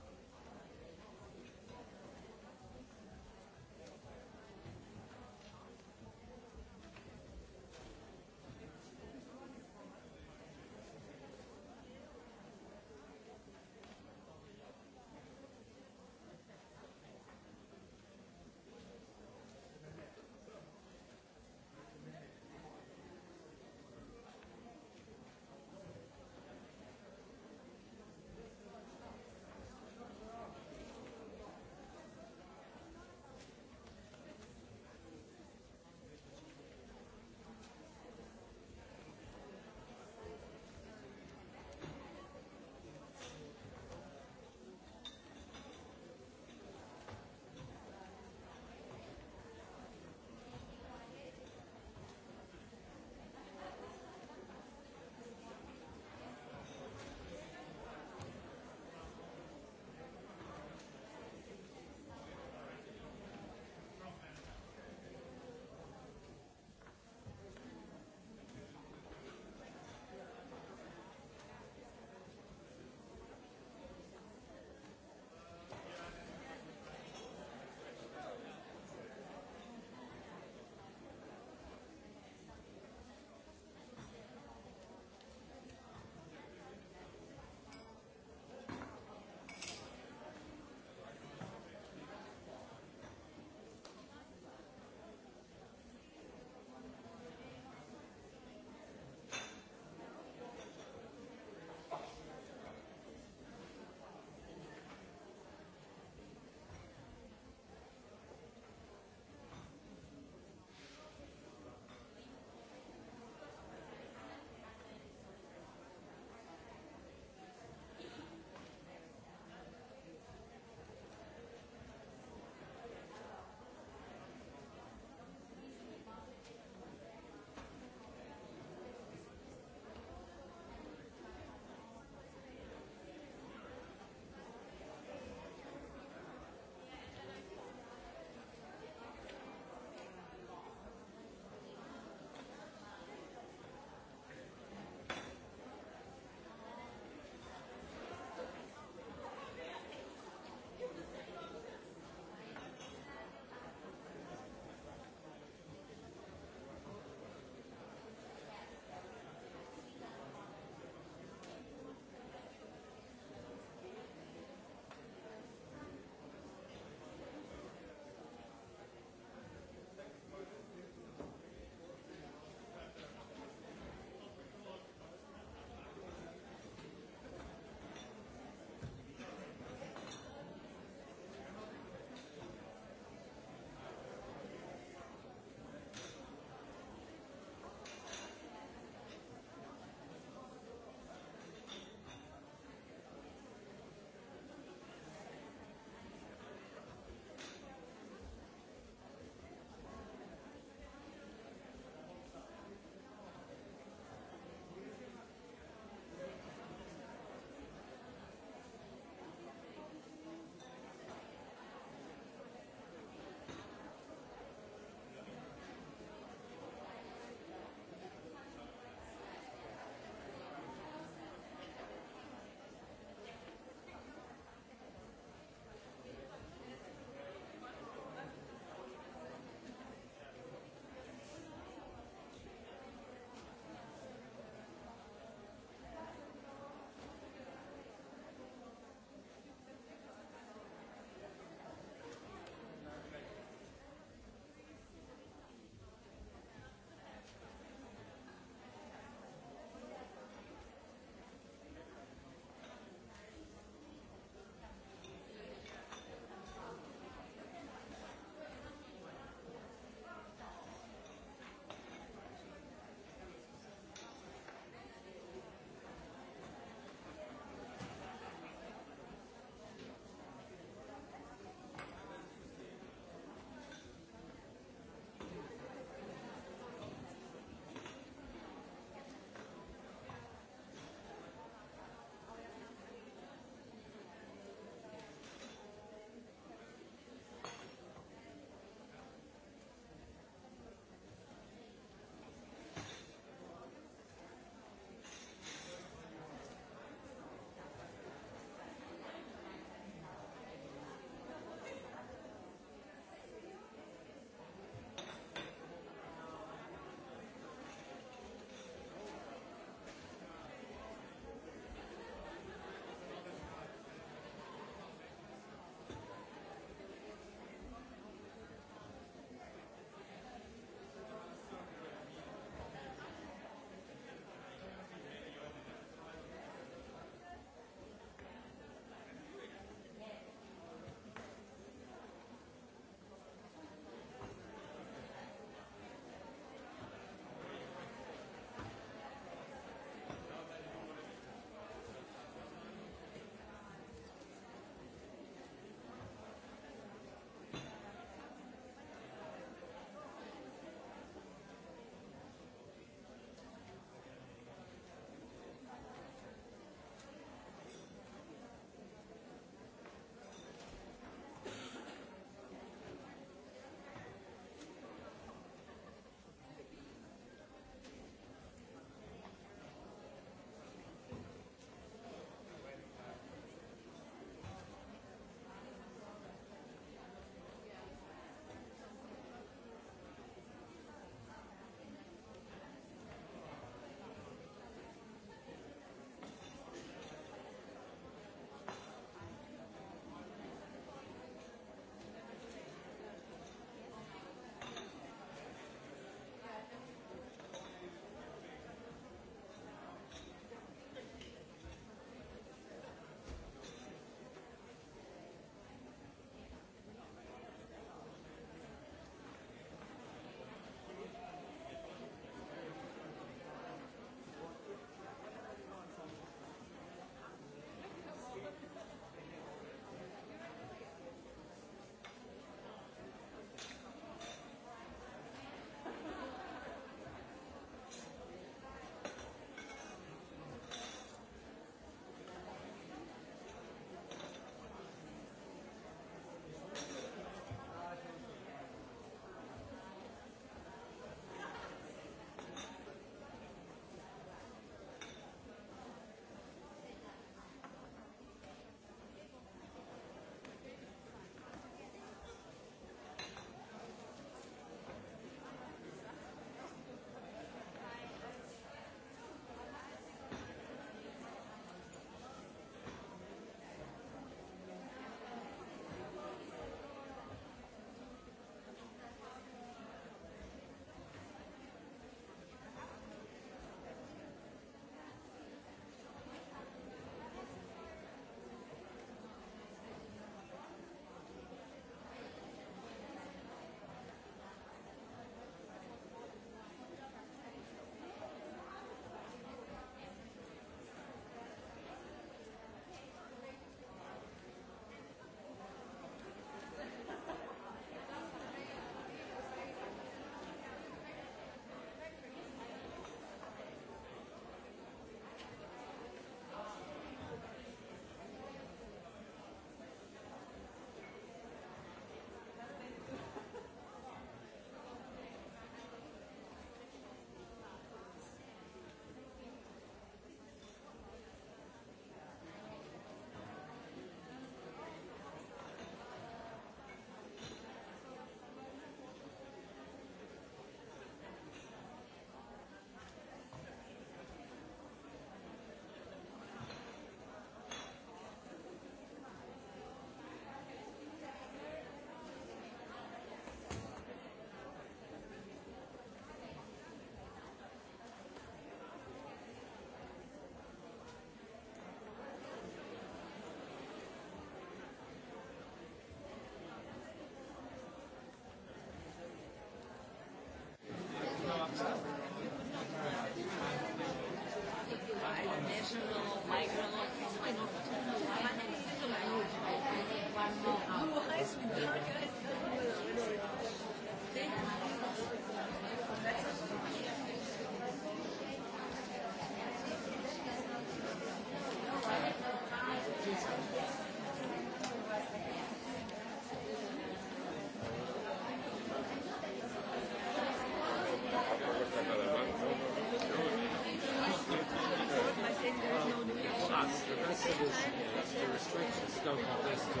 scope of this to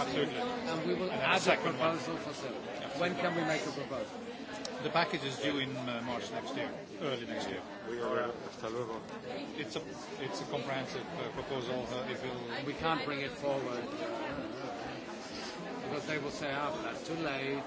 Absolutely. And we will add a proposal for When can we make a proposal? The package is due in March next year, early next year. It's a, it's a comprehensive proposal. If We can't bring it forward because they will say, ah, but that's too late.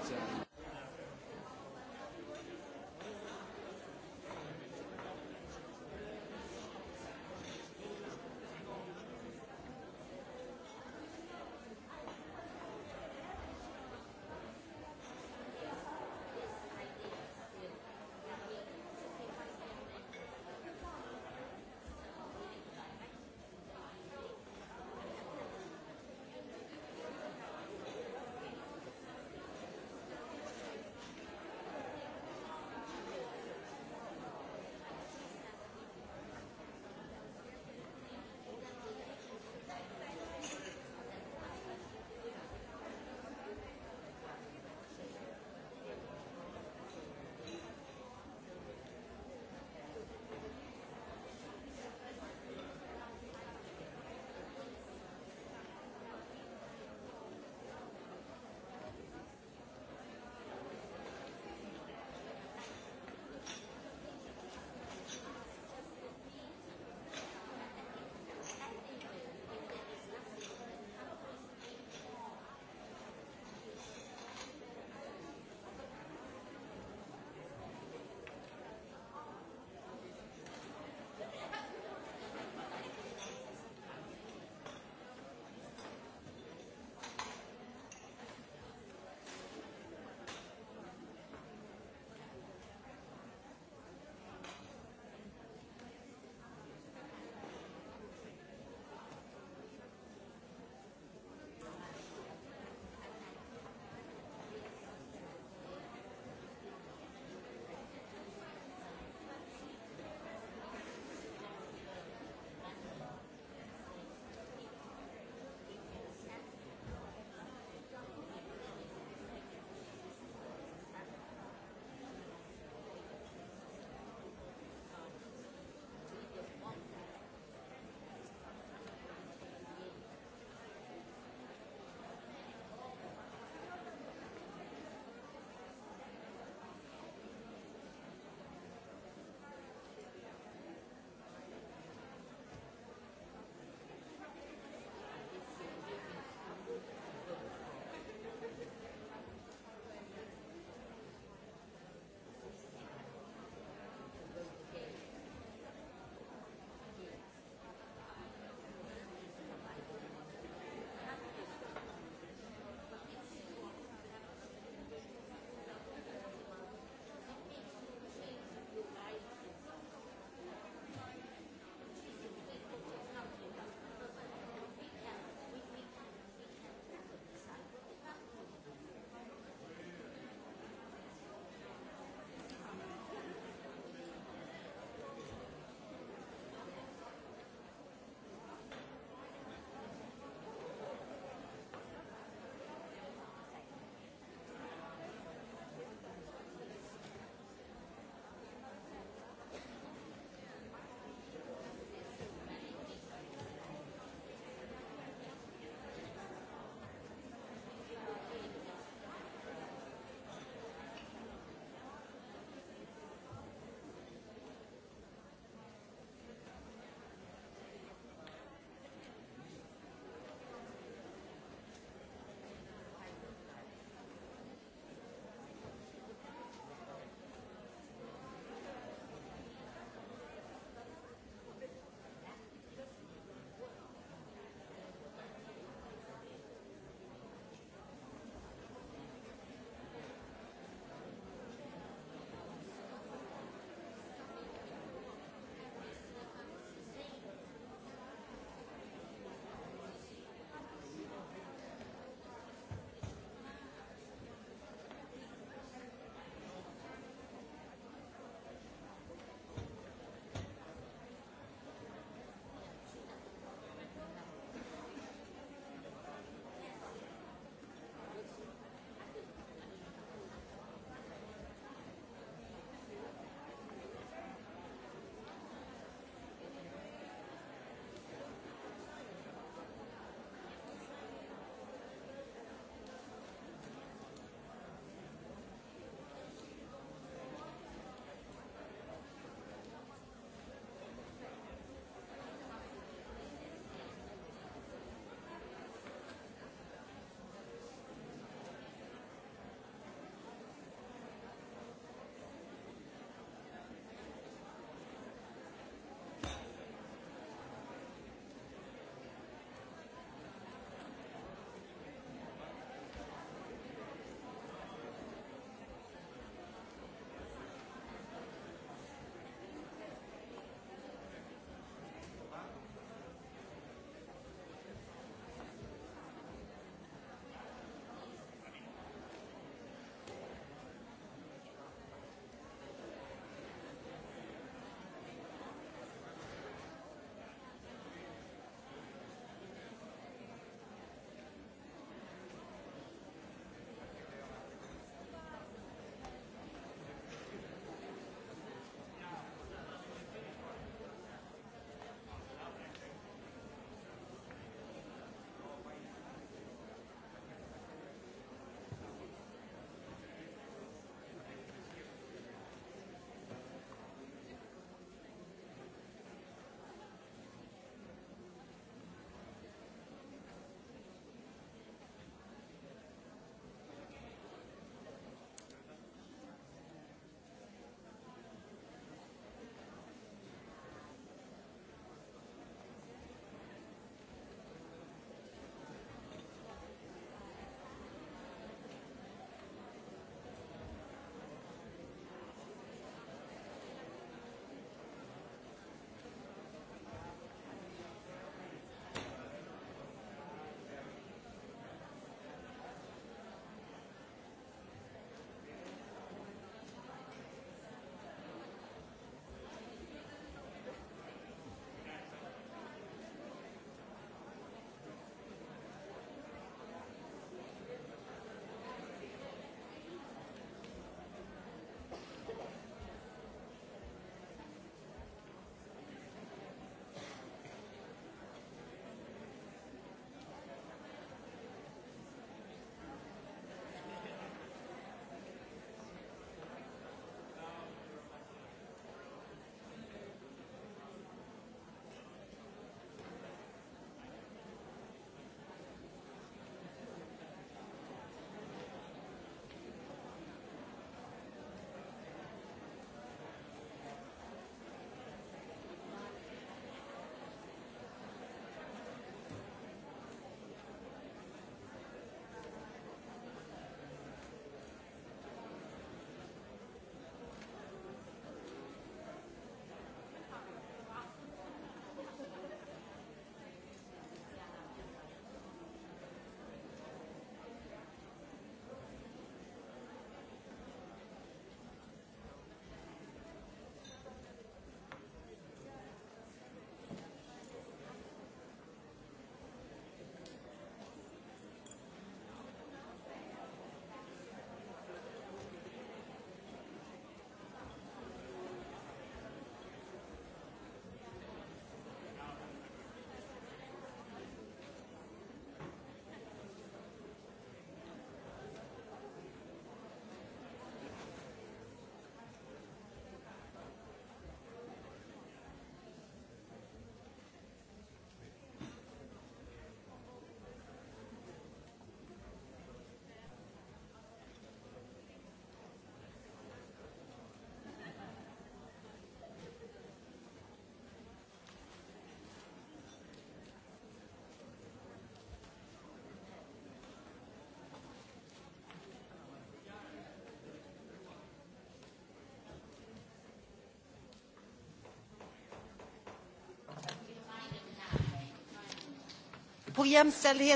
Er-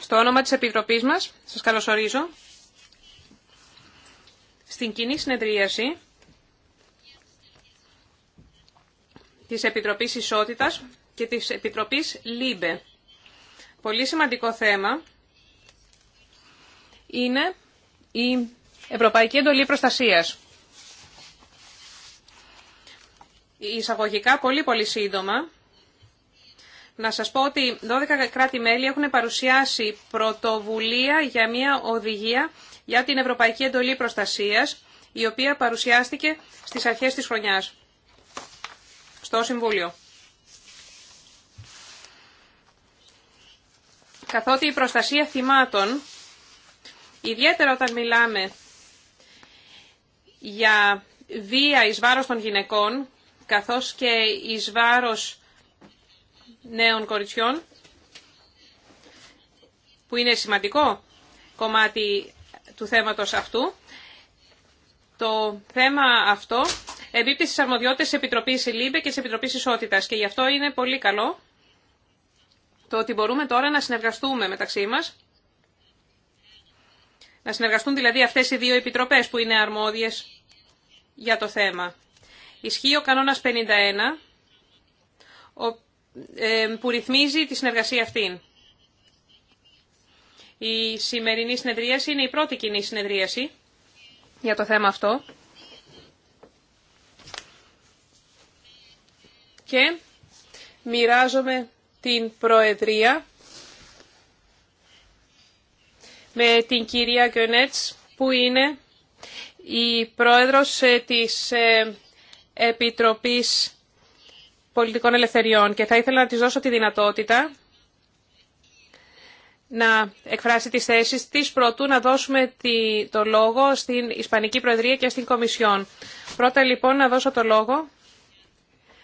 Στο όνομα της Επιτροπής μας, σας καλωσορίζω στην κοινή συνεδρίαση της Επιτροπής Ισότητας και της Επιτροπής ΛΥΜΠΕ. Πολύ σημαντικό θέμα είναι η Ευρωπαϊκή Εντολή Προστασίας. Εισαγωγικά πολύ πολύ σύντομα να σας πω ότι 12 κράτη-μέλη έχουν παρουσιάσει πρωτοβουλία για μια οδηγία για την Ευρωπαϊκή Εντολή Προστασίας, η οποία παρουσιάστηκε στις αρχές της χρονιάς στο Συμβούλιο. Καθότι η προστασία θυμάτων, ιδιαίτερα όταν μιλάμε για βία εις βάρος των γυναικών, καθώς και εις βάρος νέων κοριτσιών, που είναι σημαντικό κομμάτι του θέματος αυτού. Το θέμα αυτό εμπίπτει στις αρμοδιότητες της Επιτροπής ΛΥΜΠΕ και της Επιτροπής Ισότητας και γι' αυτό είναι πολύ καλό το ότι μπορούμε τώρα να συνεργαστούμε μεταξύ μας, να συνεργαστούν δηλαδή αυτές οι δύο επιτροπές που είναι αρμόδιες για το θέμα. Ισχύει ο κανόνας 51, ο που ρυθμίζει τη συνεργασία αυτή. Η σημερινή συνεδρίαση είναι η πρώτη κοινή συνεδρίαση για το θέμα αυτό. Και μοιράζομαι την Προεδρία με την κυρία Κιονέτ, που είναι η Πρόεδρος ε, της ε, Επιτροπής πολιτικών ελευθεριών και θα ήθελα να της δώσω τη δυνατότητα να εκφράσει τις θέσεις της πρωτού να δώσουμε το λόγο στην Ισπανική Προεδρία και στην Κομισιόν. Πρώτα λοιπόν να δώσω το λόγο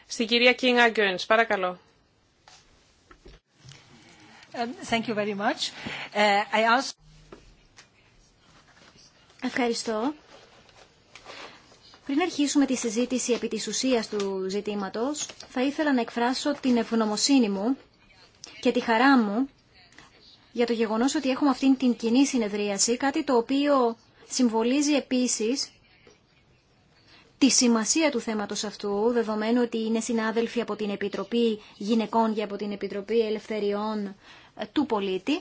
στην κυρία Κίνγα Γκιόνς. Παρακαλώ. Um, thank you uh, Ευχαριστώ. Πριν αρχίσουμε τη συζήτηση επί της ουσίας του ζητήματος, θα ήθελα να εκφράσω την ευγνωμοσύνη μου και τη χαρά μου για το γεγονός ότι έχουμε αυτήν την κοινή συνεδρίαση, κάτι το οποίο συμβολίζει επίσης τη σημασία του θέματος αυτού, δεδομένου ότι είναι συνάδελφοι από την Επιτροπή Γυναικών και από την Επιτροπή Ελευθεριών του Πολίτη.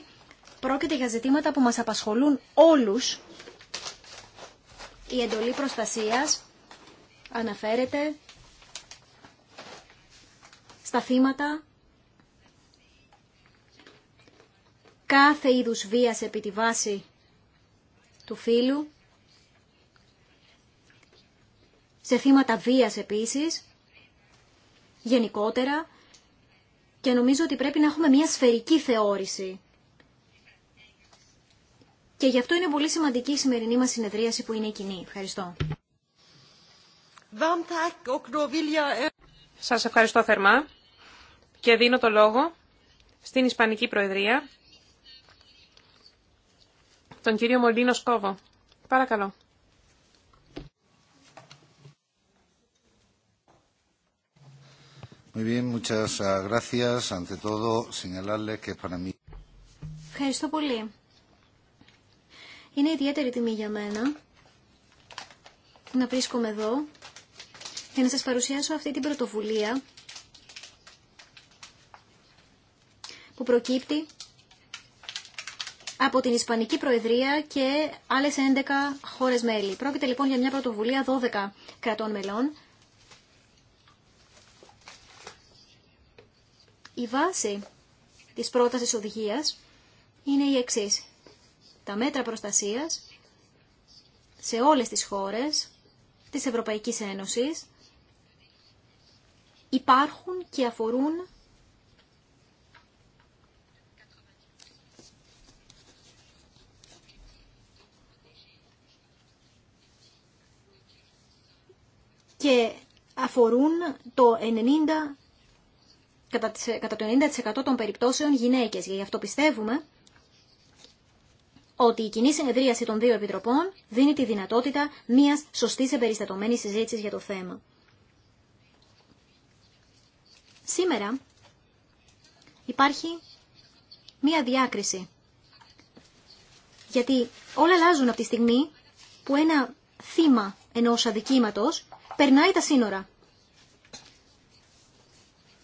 Πρόκειται για ζητήματα που μας απασχολούν όλους. Η εντολή προστασίας αναφέρεται στα θύματα κάθε είδους βίας επί τη βάση του φίλου σε θύματα βίας επίσης, γενικότερα, και νομίζω ότι πρέπει να έχουμε μια σφαιρική θεώρηση. Και γι' αυτό είναι πολύ σημαντική η σημερινή μας συνεδρίαση που είναι η κοινή. Ευχαριστώ. Σας ευχαριστώ θερμά και δίνω το λόγο στην Ισπανική Προεδρία, τον κύριο Μολίνο Σκόβο. Παρακαλώ. Ευχαριστώ πολύ. Είναι ιδιαίτερη τιμή για μένα να βρίσκομαι εδώ για να σας παρουσιάσω αυτή την πρωτοβουλία που προκύπτει από την Ισπανική Προεδρία και άλλες 11 χώρες μέλη. Πρόκειται λοιπόν για μια πρωτοβουλία 12 κρατών μελών. Η βάση της πρότασης οδηγίας είναι η εξής. Τα μέτρα προστασίας σε όλες τις χώρες της Ευρωπαϊκής Ένωσης υπάρχουν και αφορούν και αφορούν το 90, κατά το 90% των περιπτώσεων γυναίκες. Γι' αυτό πιστεύουμε ότι η κοινή συνεδρίαση των δύο επιτροπών δίνει τη δυνατότητα μιας σωστής εμπεριστατωμένης συζήτησης για το θέμα. Σήμερα υπάρχει μία διάκριση. Γιατί όλα αλλάζουν από τη στιγμή που ένα θύμα ενός αδικήματος περνάει τα σύνορα.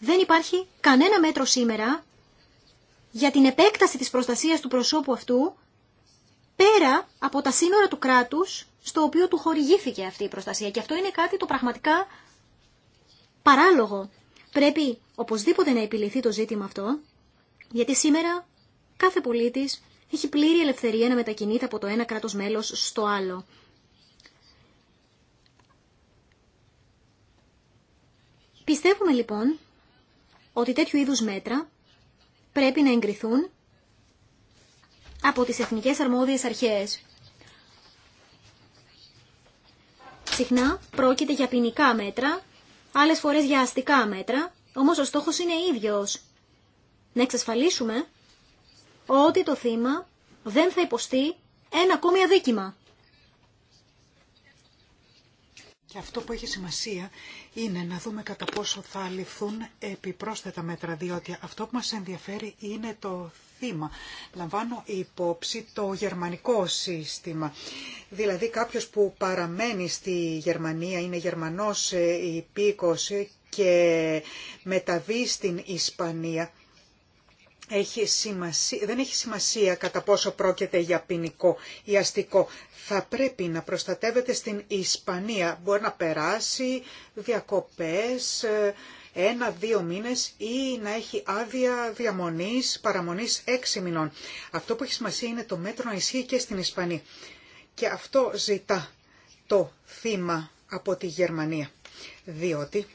Δεν υπάρχει κανένα μέτρο σήμερα για την επέκταση της προστασίας του προσώπου αυτού πέρα από τα σύνορα του κράτους στο οποίο του χορηγήθηκε αυτή η προστασία. Και αυτό είναι κάτι το πραγματικά παράλογο. Πρέπει οπωσδήποτε να επιληθεί το ζήτημα αυτό, γιατί σήμερα κάθε πολίτης έχει πλήρη ελευθερία να μετακινείται από το ένα κράτος μέλος στο άλλο. Πιστεύουμε λοιπόν ότι τέτοιου είδους μέτρα πρέπει να εγκριθούν από τις εθνικές αρμόδιες αρχές. Συχνά πρόκειται για ποινικά μέτρα άλλες φορές για αστικά μέτρα, όμως ο στόχος είναι ίδιος. Να εξασφαλίσουμε ότι το θύμα δεν θα υποστεί ένα ακόμη αδίκημα. αυτό που έχει σημασία είναι να δούμε κατά πόσο θα ληφθούν επιπρόσθετα μέτρα, διότι αυτό που μας ενδιαφέρει είναι το θύμα. Λαμβάνω υπόψη το γερμανικό σύστημα. Δηλαδή κάποιος που παραμένει στη Γερμανία, είναι Γερμανός ε, υπήκος και μεταβεί στην Ισπανία, δεν έχει σημασία κατά πόσο πρόκειται για ποινικό ή αστικό. Θα πρέπει να προστατεύεται στην Ισπανία. Μπορεί να περάσει διακοπές ε, ένα-δύο μήνες ή να έχει άδεια διαμονής, παραμονής έξι μηνών. Αυτό που έχει σημασία είναι το μέτρο να ισχύει και στην Ισπανία. Και αυτό ζητά το θύμα από τη Γερμανία. Διότι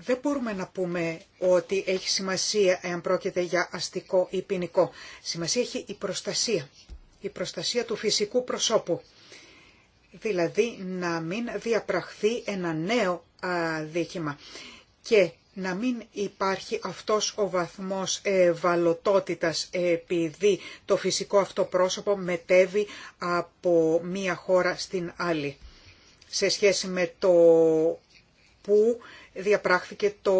δεν μπορούμε να πούμε ότι έχει σημασία εάν πρόκειται για αστικό ή ποινικό. Σημασία έχει η προστασία, η προστασία του φυσικού προσώπου. Δηλαδή να μην διαπραχθεί ένα νέο δίχημα και να μην υπάρχει αυτός ο βαθμός ευαλωτότητας επειδή το φυσικό αυτό πρόσωπο μετέβει από μία χώρα στην άλλη σε σχέση με το που διαπράχθηκε το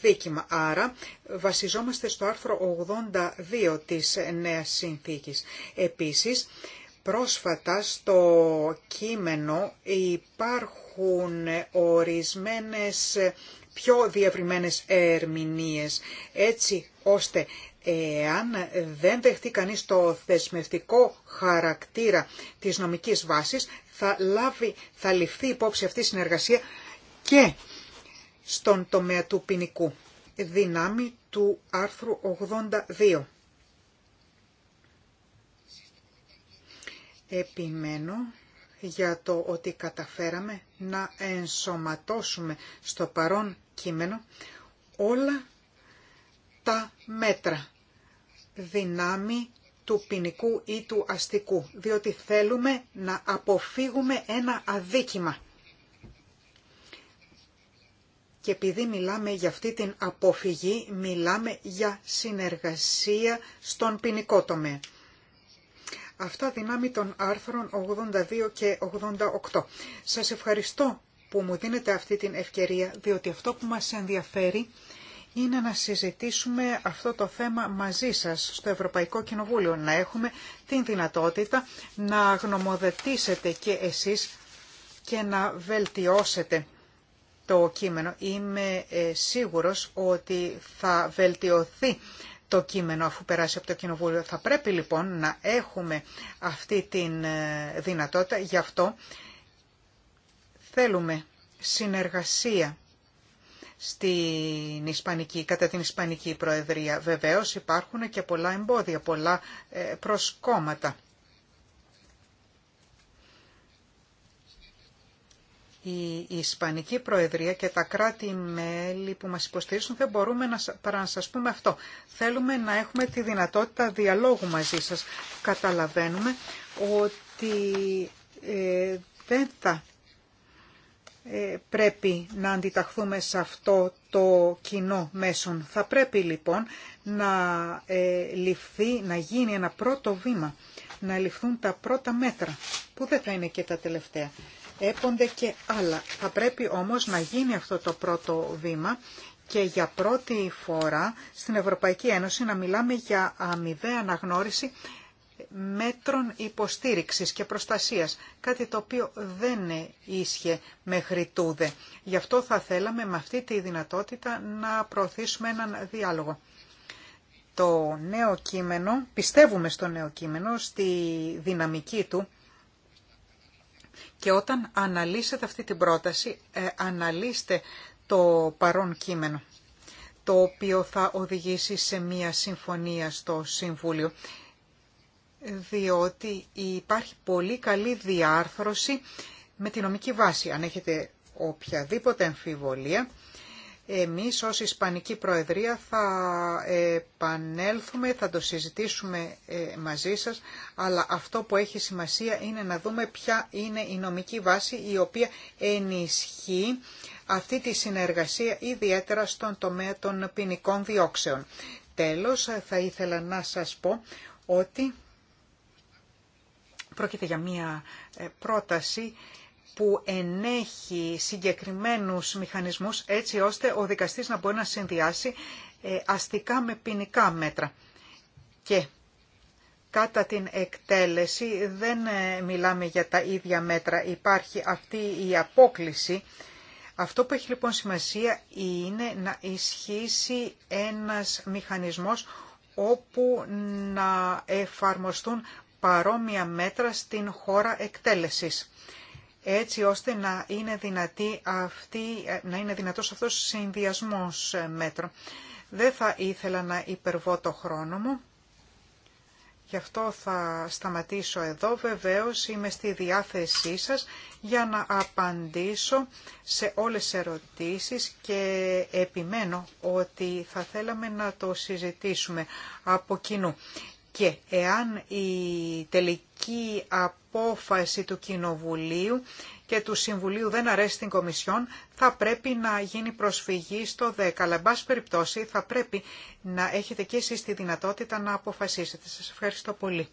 δίκημα, Άρα βασιζόμαστε στο άρθρο 82 της νέας συνθήκης. Επίσης, πρόσφατα στο κείμενο υπάρχουν ορισμένες πιο διευρυμένες ερμηνείες, έτσι ώστε εάν δεν δεχτεί κανείς το θεσμευτικό χαρακτήρα της νομικής βάσης, θα, λάβει, θα ληφθεί υπόψη αυτή η συνεργασία και στον τομέα του ποινικού, δυνάμει του άρθρου 82. Επιμένω για το ότι καταφέραμε να ενσωματώσουμε στο παρόν κείμενο όλα τα μέτρα δυνάμει του ποινικού ή του αστικού, διότι θέλουμε να αποφύγουμε ένα αδίκημα και επειδή μιλάμε για αυτή την αποφυγή, μιλάμε για συνεργασία στον ποινικό τομέα. Αυτά δυνάμει των άρθρων 82 και 88. Σας ευχαριστώ που μου δίνετε αυτή την ευκαιρία, διότι αυτό που μας ενδιαφέρει είναι να συζητήσουμε αυτό το θέμα μαζί σας στο Ευρωπαϊκό Κοινοβούλιο, να έχουμε την δυνατότητα να γνωμοδετήσετε και εσείς και να βελτιώσετε το κείμενο. Είμαι ε, σίγουρος ότι θα βελτιωθεί το κείμενο αφού περάσει από το Κοινοβούλιο. Θα πρέπει λοιπόν να έχουμε αυτή τη ε, δυνατότητα. Γι' αυτό θέλουμε συνεργασία στην Ισπανική, κατά την Ισπανική Προεδρία. Βεβαίως υπάρχουν και πολλά εμπόδια, πολλά ε, προσκόμματα. η Ισπανική Προεδρία και τα κράτη-μέλη που μας υποστηρίζουν δεν μπορούμε να, παρά να σας πούμε αυτό. Θέλουμε να έχουμε τη δυνατότητα διαλόγου μαζί σας. Καταλαβαίνουμε ότι ε, δεν θα ε, πρέπει να αντιταχθούμε σε αυτό το κοινό μέσον. Θα πρέπει λοιπόν να ε, να γίνει ένα πρώτο βήμα, να ληφθούν τα πρώτα μέτρα, που δεν θα είναι και τα τελευταία έπονται και άλλα. Θα πρέπει όμως να γίνει αυτό το πρώτο βήμα και για πρώτη φορά στην Ευρωπαϊκή Ένωση να μιλάμε για αμοιβαία αναγνώριση μέτρων υποστήριξης και προστασίας, κάτι το οποίο δεν ίσχυε μέχρι τούδε. Γι' αυτό θα θέλαμε με αυτή τη δυνατότητα να προωθήσουμε έναν διάλογο. Το νέο κείμενο, πιστεύουμε στο νέο κείμενο, στη δυναμική του, και όταν αναλύσετε αυτή την πρόταση, ε, αναλύστε το παρόν κείμενο, το οποίο θα οδηγήσει σε μία συμφωνία στο Συμβούλιο, διότι υπάρχει πολύ καλή διάρθρωση με τη νομική βάση. Αν έχετε οποιαδήποτε εμφιβολία. Εμείς ως Ισπανική Προεδρία θα επανέλθουμε, θα το συζητήσουμε ε, μαζί σας, αλλά αυτό που έχει σημασία είναι να δούμε ποια είναι η νομική βάση η οποία ενισχύει αυτή τη συνεργασία ιδιαίτερα στον τομέα των ποινικών διώξεων. Τέλος, θα ήθελα να σας πω ότι πρόκειται για μία ε, πρόταση που ενέχει συγκεκριμένους μηχανισμούς έτσι ώστε ο δικαστής να μπορεί να συνδυάσει ε, αστικά με ποινικά μέτρα. Και κατά την εκτέλεση δεν ε, μιλάμε για τα ίδια μέτρα, υπάρχει αυτή η απόκληση. Αυτό που έχει λοιπόν σημασία είναι να ισχύσει ένας μηχανισμός όπου να εφαρμοστούν παρόμοια μέτρα στην χώρα εκτέλεσης έτσι ώστε να είναι, δυνατή αυτή, να είναι δυνατός αυτός ο συνδυασμός μέτρων. Δεν θα ήθελα να υπερβώ το χρόνο μου. Γι' αυτό θα σταματήσω εδώ. Βεβαίως είμαι στη διάθεσή σας για να απαντήσω σε όλες τις ερωτήσεις και επιμένω ότι θα θέλαμε να το συζητήσουμε από κοινού. Και εάν η τελική απόφαση του Κοινοβουλίου και του Συμβουλίου δεν αρέσει την Κομισιόν, θα πρέπει να γίνει προσφυγή στο 10. Αλλά, εν περιπτώσει, θα πρέπει να έχετε και εσείς τη δυνατότητα να αποφασίσετε. Σας ευχαριστώ πολύ.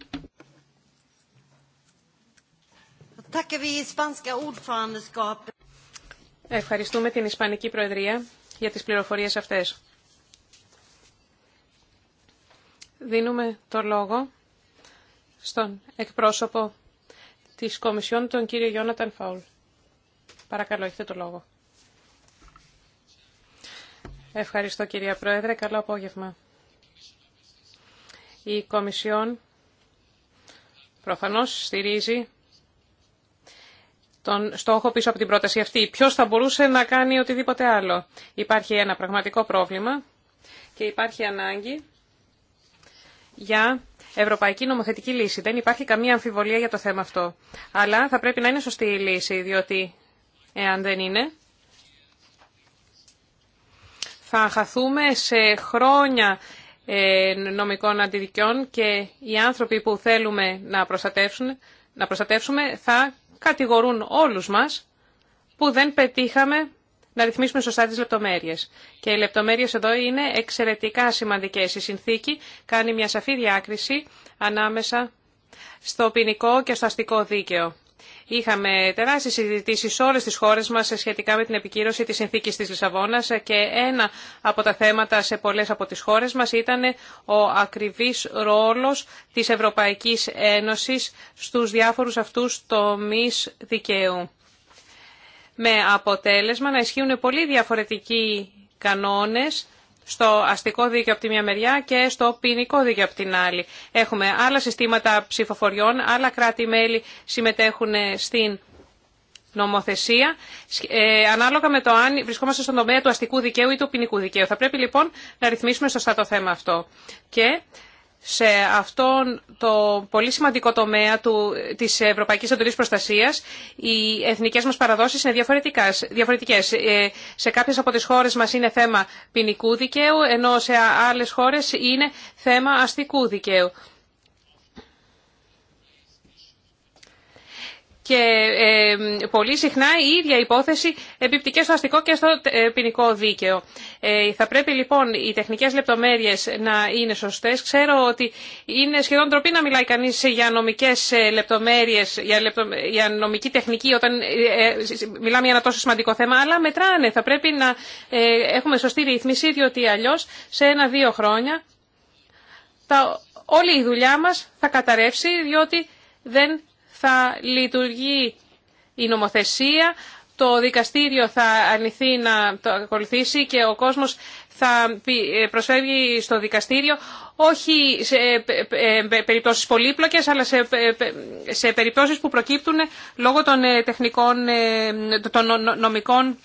Ευχαριστούμε την Ισπανική Προεδρία για τις πληροφορίες αυτές. Δίνουμε το λόγο στον εκπρόσωπο της Κομισιόν, τον κύριο Γιώναταν Φαουλ. Παρακαλώ, έχετε το λόγο. Ευχαριστώ κυρία Πρόεδρε. Καλό απόγευμα. Η Κομισιόν προφανώς στηρίζει τον στόχο πίσω από την πρόταση αυτή. Ποιο θα μπορούσε να κάνει οτιδήποτε άλλο. Υπάρχει ένα πραγματικό πρόβλημα και υπάρχει ανάγκη για ευρωπαϊκή νομοθετική λύση. Δεν υπάρχει καμία αμφιβολία για το θέμα αυτό. Αλλά θα πρέπει να είναι σωστή η λύση, διότι εάν δεν είναι, θα χαθούμε σε χρόνια ε, νομικών αντιδικιών και οι άνθρωποι που θέλουμε να, προστατεύσουν, να προστατεύσουμε θα κατηγορούν όλους μας που δεν πετύχαμε να ρυθμίσουμε σωστά τις λεπτομέρειες. Και οι λεπτομέρειες εδώ είναι εξαιρετικά σημαντικές. Η συνθήκη κάνει μια σαφή διάκριση ανάμεσα στο ποινικό και στο αστικό δίκαιο. Είχαμε τεράστιες συζητήσεις σε όλες τις χώρες μας σχετικά με την επικύρωση της συνθήκης της Λισαβόνας και ένα από τα θέματα σε πολλές από τις χώρες μας ήταν ο ακριβής ρόλος της Ευρωπαϊκής Ένωσης στους διάφορους αυτούς τομείς δικαίου με αποτέλεσμα να ισχύουν πολύ διαφορετικοί κανόνες στο αστικό δίκαιο από τη μία μεριά και στο ποινικό δίκαιο από την άλλη. Έχουμε άλλα συστήματα ψηφοφοριών, άλλα κράτη-μέλη συμμετέχουν στην νομοθεσία, ε, ανάλογα με το αν βρισκόμαστε στον τομέα του αστικού δικαίου ή του ποινικού δικαίου. Θα πρέπει λοιπόν να ρυθμίσουμε σωστά το θέμα αυτό. Και σε αυτόν το πολύ σημαντικό τομέα του, της Ευρωπαϊκής Προστασία, Προστασίας οι εθνικές μας παραδόσεις είναι διαφορετικές. Ε, σε κάποιες από τις χώρες μας είναι θέμα ποινικού δικαίου, ενώ σε άλλες χώρες είναι θέμα αστικού δικαίου. και ε, πολύ συχνά η ίδια υπόθεση επιπτυχεί στο αστικό και στο ε, ποινικό δίκαιο. Ε, θα πρέπει λοιπόν οι τεχνικές λεπτομέρειες να είναι σωστές. Ξέρω ότι είναι σχεδόν τροπή να μιλάει κανείς για νομικές λεπτομέρειες, για νομική τεχνική όταν μιλάμε για ένα τόσο σημαντικό θέμα, αλλά μετράνε. Θα πρέπει να έχουμε σωστή ρυθμίση, διότι αλλιώς σε ένα-δύο χρόνια όλη η δουλειά μας θα καταρρεύσει, διότι δεν θα λειτουργεί η νομοθεσία, το δικαστήριο θα αρνηθεί να το ακολουθήσει και ο κόσμος θα ε, προσφεύγει στο δικαστήριο όχι σε ε, ε, περιπτώσεις πολύπλοκες αλλά σε περιπτώσεις που προκύπτουν λόγω των, τεχνικών, των νομικών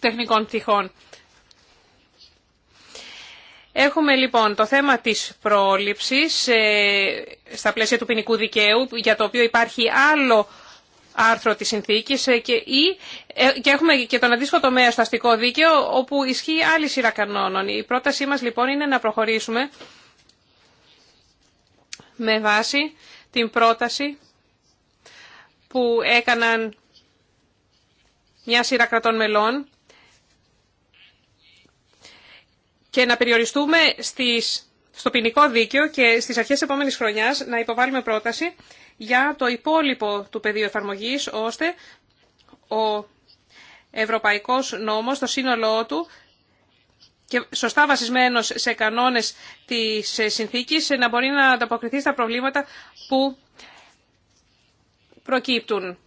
τεχνικών τυχών. Έχουμε λοιπόν το θέμα της πρόληψης ε, στα πλαίσια του ποινικού δικαίου για το οποίο υπάρχει άλλο άρθρο της συνθήκης ε, και, ή, ε, και έχουμε και τον αντίστοιχο τομέα στο αστικό δίκαιο όπου ισχύει άλλη σειρά κανόνων. Η πρότασή μας λοιπόν είναι να προχωρήσουμε με βάση την πρόταση που έκαναν μια σειρά κρατών μελών και να περιοριστούμε στις, στο ποινικό δίκαιο και στις αρχές επόμενης χρονιάς να υποβάλουμε πρόταση για το υπόλοιπο του πεδίου εφαρμογής, ώστε ο ευρωπαϊκός νόμος, το σύνολό του, και σωστά βασισμένος σε κανόνες της συνθήκης, να μπορεί να ανταποκριθεί στα προβλήματα που προκύπτουν.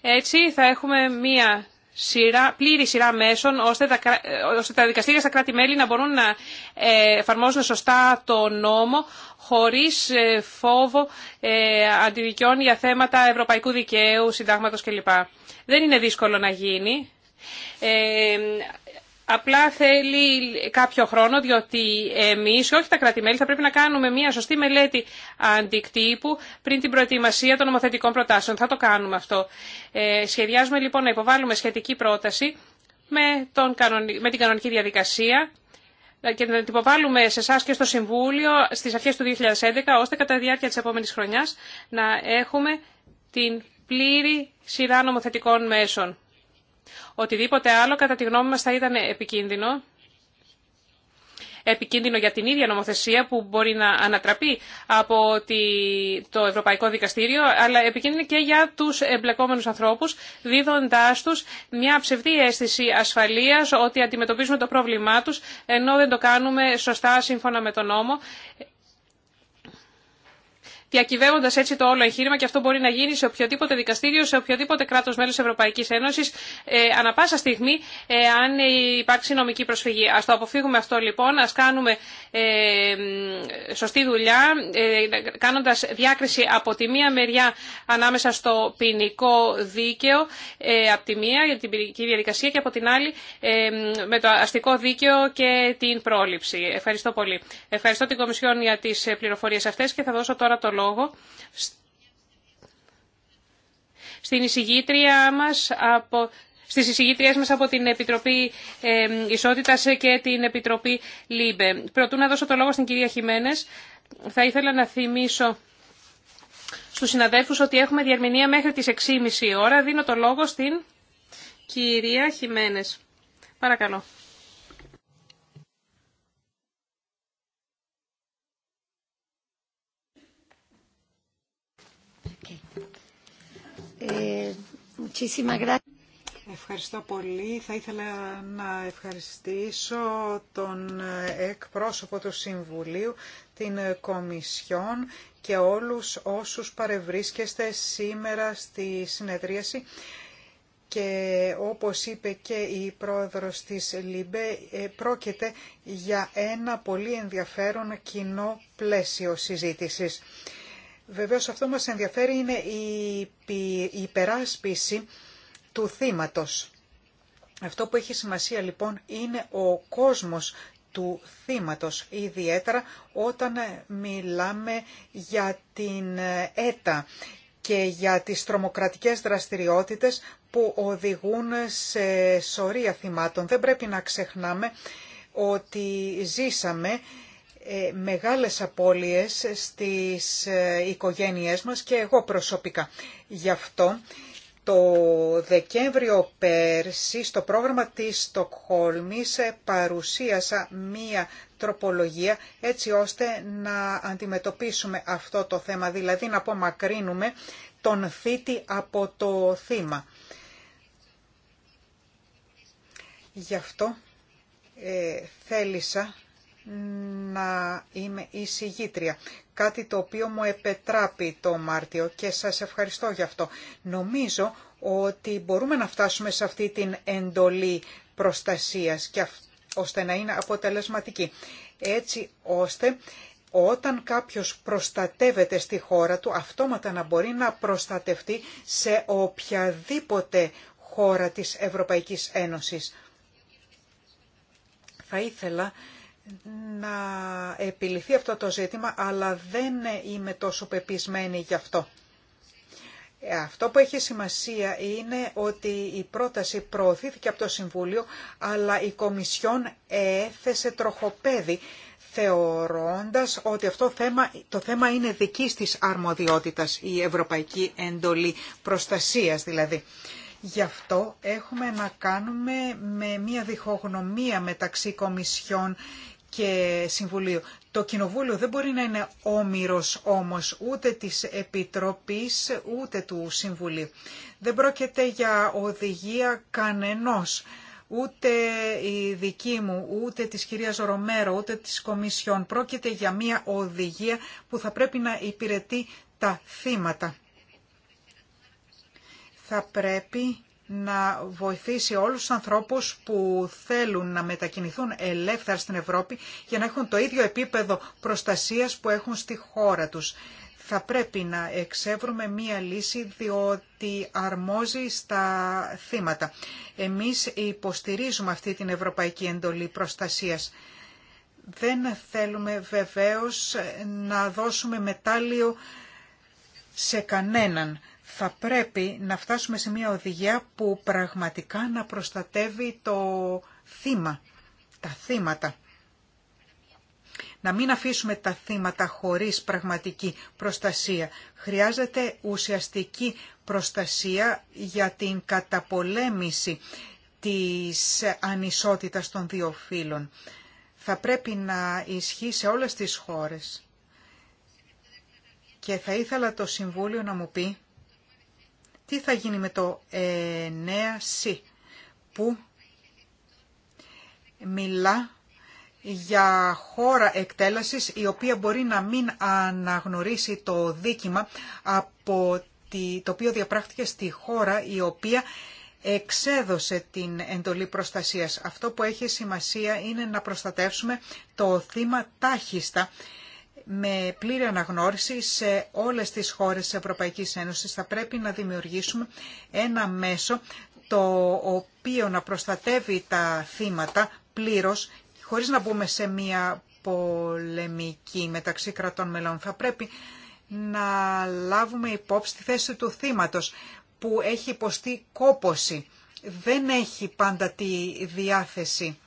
Έτσι θα έχουμε μία σειρά, πλήρη σειρά μέσων ώστε τα, ε, ώστε τα δικαστήρια στα κράτη-μέλη να μπορούν να ε, εφαρμόζουν σωστά το νόμο χωρίς ε, φόβο αντιδικιών για θέματα ευρωπαϊκού δικαίου, συντάγματος κλπ. Δεν είναι δύσκολο να γίνει. Απλά θέλει κάποιο χρόνο, διότι εμείς, όχι τα κράτη-μέλη, θα πρέπει να κάνουμε μια σωστή μελέτη αντικτύπου πριν την προετοιμασία των νομοθετικών προτάσεων. Θα το κάνουμε αυτό. Ε, σχεδιάζουμε λοιπόν να υποβάλουμε σχετική πρόταση με, τον, με την κανονική διαδικασία και να την υποβάλουμε σε εσά και στο Συμβούλιο στι αρχέ του 2011, ώστε κατά τη διάρκεια τη επόμενη χρονιά να έχουμε την πλήρη σειρά νομοθετικών μέσων. Οτιδήποτε άλλο, κατά τη γνώμη μας, θα ήταν επικίνδυνο. Επικίνδυνο για την ίδια νομοθεσία που μπορεί να ανατραπεί από το Ευρωπαϊκό Δικαστήριο, αλλά επικίνδυνο και για τους εμπλεκόμενους ανθρώπους, δίδοντάς τους μια ψευδή αίσθηση ασφαλείας ότι αντιμετωπίζουμε το πρόβλημά τους, ενώ δεν το κάνουμε σωστά σύμφωνα με τον νόμο διακυβεύοντα έτσι το όλο εγχείρημα και αυτό μπορεί να γίνει σε οποιοδήποτε δικαστήριο, σε οποιοδήποτε κράτο μέλο Ευρωπαϊκή Ένωση, ε, ανα πάσα στιγμή, ε, αν υπάρξει νομική προσφυγή. Α το αποφύγουμε αυτό λοιπόν, α κάνουμε ε, σωστή δουλειά, ε, κάνοντα διάκριση από τη μία μεριά ανάμεσα στο ποινικό δίκαιο, ε, από τη μία για την ποινική διαδικασία και από την άλλη ε, με το αστικό δίκαιο και την πρόληψη. Ευχαριστώ πολύ. Ευχαριστώ την Κομισιόν για τι ε, πληροφορίε αυτέ και θα δώσω τώρα το λόγο στην εισηγήτρια μας από στις εισηγήτριές μας από την Επιτροπή Ισότητας και την Επιτροπή ΛΥΜΠΕ. Προτού να δώσω το λόγο στην κυρία Χιμένες, θα ήθελα να θυμίσω στους συναδέλφους ότι έχουμε διαρμηνία μέχρι τις 6.30 ώρα. Δίνω το λόγο στην κυρία Χιμένες. Παρακαλώ. Ε, Ευχαριστώ πολύ. Θα ήθελα να ευχαριστήσω τον εκπρόσωπο του Συμβουλίου, την Κομισιόν και όλους όσους παρευρίσκεστε σήμερα στη συνεδρίαση και όπως είπε και η πρόεδρος της ΛΥΜΠΕ, ε, πρόκειται για ένα πολύ ενδιαφέρον κοινό πλαίσιο συζήτησης. Βεβαίως αυτό μας ενδιαφέρει είναι η υπεράσπιση του θύματος. Αυτό που έχει σημασία λοιπόν είναι ο κόσμος του θύματος, ιδιαίτερα όταν μιλάμε για την ΕΤΑ και για τις τρομοκρατικές δραστηριότητες που οδηγούν σε σωρία θυμάτων. Δεν πρέπει να ξεχνάμε ότι ζήσαμε ε, μεγάλες απώλειες στις ε, οικογένειές μας και εγώ προσωπικά. Γι' αυτό το Δεκέμβριο πέρσι στο πρόγραμμα της Στοκχόλμης ε, παρουσίασα μία τροπολογία έτσι ώστε να αντιμετωπίσουμε αυτό το θέμα, δηλαδή να απομακρύνουμε τον θήτη από το θύμα. Γι' αυτό ε, θέλησα να είμαι εισηγήτρια, κάτι το οποίο μου επετράπει το Μάρτιο και σας ευχαριστώ γι' αυτό. Νομίζω ότι μπορούμε να φτάσουμε σε αυτή την εντολή προστασίας και ώστε να είναι αποτελεσματική. Έτσι ώστε όταν κάποιος προστατεύεται στη χώρα του, αυτόματα να μπορεί να προστατευτεί σε οποιαδήποτε χώρα της Ευρωπαϊκής Ένωσης. Θα ήθελα να επιληθεί αυτό το ζήτημα, αλλά δεν είμαι τόσο πεπισμένη γι' αυτό. Αυτό που έχει σημασία είναι ότι η πρόταση προωθήθηκε από το Συμβούλιο, αλλά η Κομισιόν έθεσε τροχοπέδι, θεωρώντας ότι αυτό θέμα, το θέμα είναι δικής της αρμοδιότητας, η Ευρωπαϊκή Εντολή Προστασίας δηλαδή. Γι' αυτό έχουμε να κάνουμε με μια διχογνωμία μεταξύ Κομισιόν και Συμβουλίου. Το Κοινοβούλιο δεν μπορεί να είναι όμοιρος όμως ούτε της Επιτροπής ούτε του Συμβουλίου. Δεν πρόκειται για οδηγία κανενός, ούτε η δική μου, ούτε της κυρίας Ρομέρο, ούτε της Κομισιόν. Πρόκειται για μια οδηγία που θα πρέπει να υπηρετεί τα θύματα. Θα πρέπει να βοηθήσει όλους τους ανθρώπους που θέλουν να μετακινηθούν ελεύθερα στην Ευρώπη για να έχουν το ίδιο επίπεδο προστασίας που έχουν στη χώρα τους. Θα πρέπει να εξεύρουμε μία λύση διότι αρμόζει στα θύματα. Εμείς υποστηρίζουμε αυτή την Ευρωπαϊκή Εντολή Προστασίας. Δεν θέλουμε βεβαίως να δώσουμε μετάλλιο σε κανέναν θα πρέπει να φτάσουμε σε μια οδηγία που πραγματικά να προστατεύει το θύμα, τα θύματα. Να μην αφήσουμε τα θύματα χωρίς πραγματική προστασία. Χρειάζεται ουσιαστική προστασία για την καταπολέμηση της ανισότητας των δύο φύλων. Θα πρέπει να ισχύει σε όλες τις χώρες. Και θα ήθελα το Συμβούλιο να μου πει τι θα γίνει με το 9C που μιλά για χώρα εκτέλασης η οποία μπορεί να μην αναγνωρίσει το δίκημα από το οποίο διαπράχθηκε στη χώρα η οποία εξέδωσε την εντολή προστασίας. Αυτό που έχει σημασία είναι να προστατεύσουμε το θύμα τάχιστα με πλήρη αναγνώριση σε όλες τις χώρες της Ευρωπαϊκής Ένωσης. Θα πρέπει να δημιουργήσουμε ένα μέσο το οποίο να προστατεύει τα θύματα πλήρως, χωρίς να μπούμε σε μια πολεμική μεταξύ κρατών μελών. Θα πρέπει να λάβουμε υπόψη τη θέση του θύματος που έχει υποστεί κόποση. Δεν έχει πάντα τη διάθεση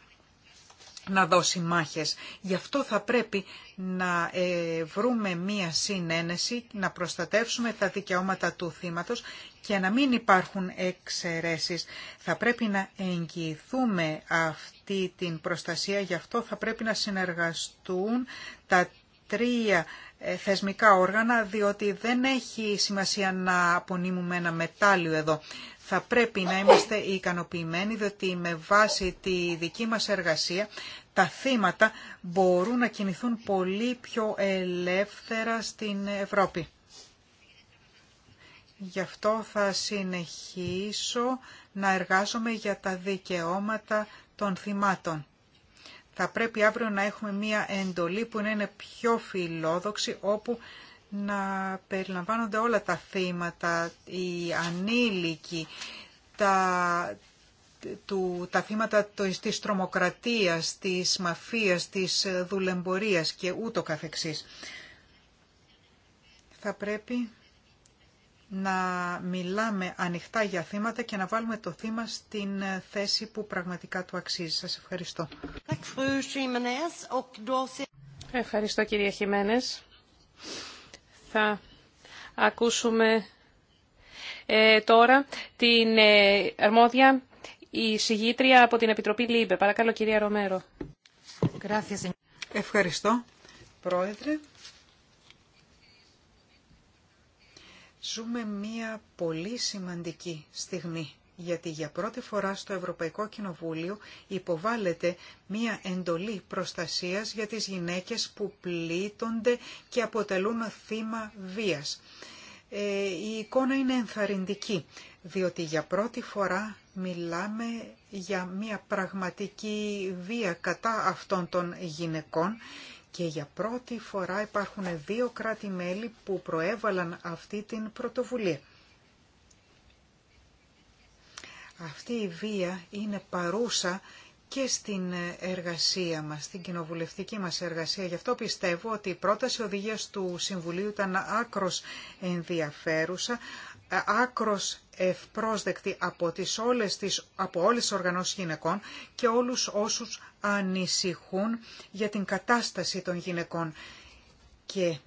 να δώσει μάχες. Γι' αυτό θα πρέπει να ε, βρούμε μία συνένεση, να προστατεύσουμε τα δικαιώματα του θύματος και να μην υπάρχουν εξαιρέσεις. Θα πρέπει να εγγυηθούμε αυτή την προστασία, γι' αυτό θα πρέπει να συνεργαστούν τα τρία ε, θεσμικά όργανα, διότι δεν έχει σημασία να απονείμουμε ένα μετάλλιο εδώ θα πρέπει να είμαστε ικανοποιημένοι διότι με βάση τη δική μας εργασία τα θύματα μπορούν να κινηθούν πολύ πιο ελεύθερα στην Ευρώπη. Γι' αυτό θα συνεχίσω να εργάζομαι για τα δικαιώματα των θυμάτων. Θα πρέπει αύριο να έχουμε μία εντολή που να είναι πιο φιλόδοξη, όπου να περιλαμβάνονται όλα τα θύματα, οι ανήλικοι, τα, του, τα θύματα της τρομοκρατίας, της μαφίας, της δουλεμπορίας και ούτω καθεξής. Θα πρέπει να μιλάμε ανοιχτά για θύματα και να βάλουμε το θύμα στην θέση που πραγματικά του αξίζει. Σας ευχαριστώ. Ευχαριστώ κυρία Χιμένες θα ακούσουμε ε, τώρα την ε, αρμόδια η συγγήτρια από την Επιτροπή ΛΥΜΠΕ. Παρακαλώ κυρία Ρομέρο. Ευχαριστώ πρόεδρε. Ζούμε μία πολύ σημαντική στιγμή γιατί για πρώτη φορά στο Ευρωπαϊκό Κοινοβούλιο υποβάλλεται μία εντολή προστασίας για τις γυναίκες που πλήττονται και αποτελούν θύμα βίας. Ε, η εικόνα είναι ενθαρρυντική, διότι για πρώτη φορά μιλάμε για μία πραγματική βία κατά αυτών των γυναικών και για πρώτη φορά υπάρχουν δύο κράτη-μέλη που προέβαλαν αυτή την πρωτοβουλία. Αυτή η βία είναι παρούσα και στην εργασία μας, στην κοινοβουλευτική μας εργασία. Γι' αυτό πιστεύω ότι η πρόταση οδηγίας του Συμβουλίου ήταν άκρος ενδιαφέρουσα, άκρος ευπρόσδεκτη από, τις όλες τις, από όλες τις οργανώσεις γυναικών και όλους όσους ανησυχούν για την κατάσταση των γυναικών. Και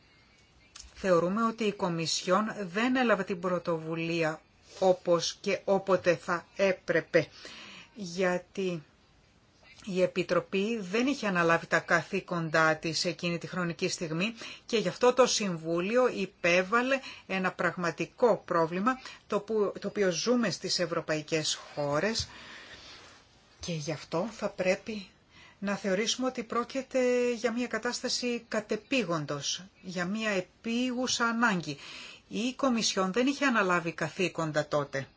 θεωρούμε ότι η Κομισιόν δεν έλαβε την πρωτοβουλία όπως και όποτε θα έπρεπε. Γιατί η Επιτροπή δεν είχε αναλάβει τα καθήκοντά της εκείνη τη χρονική στιγμή και γι' αυτό το Συμβούλιο υπέβαλε ένα πραγματικό πρόβλημα το, που, το οποίο ζούμε στις ευρωπαϊκές χώρες και γι' αυτό θα πρέπει να θεωρήσουμε ότι πρόκειται για μια κατάσταση κατεπήγοντος, για μια επίγουσα ανάγκη. Η Κομισιόν δεν είχε αναλάβει καθήκοντα τότε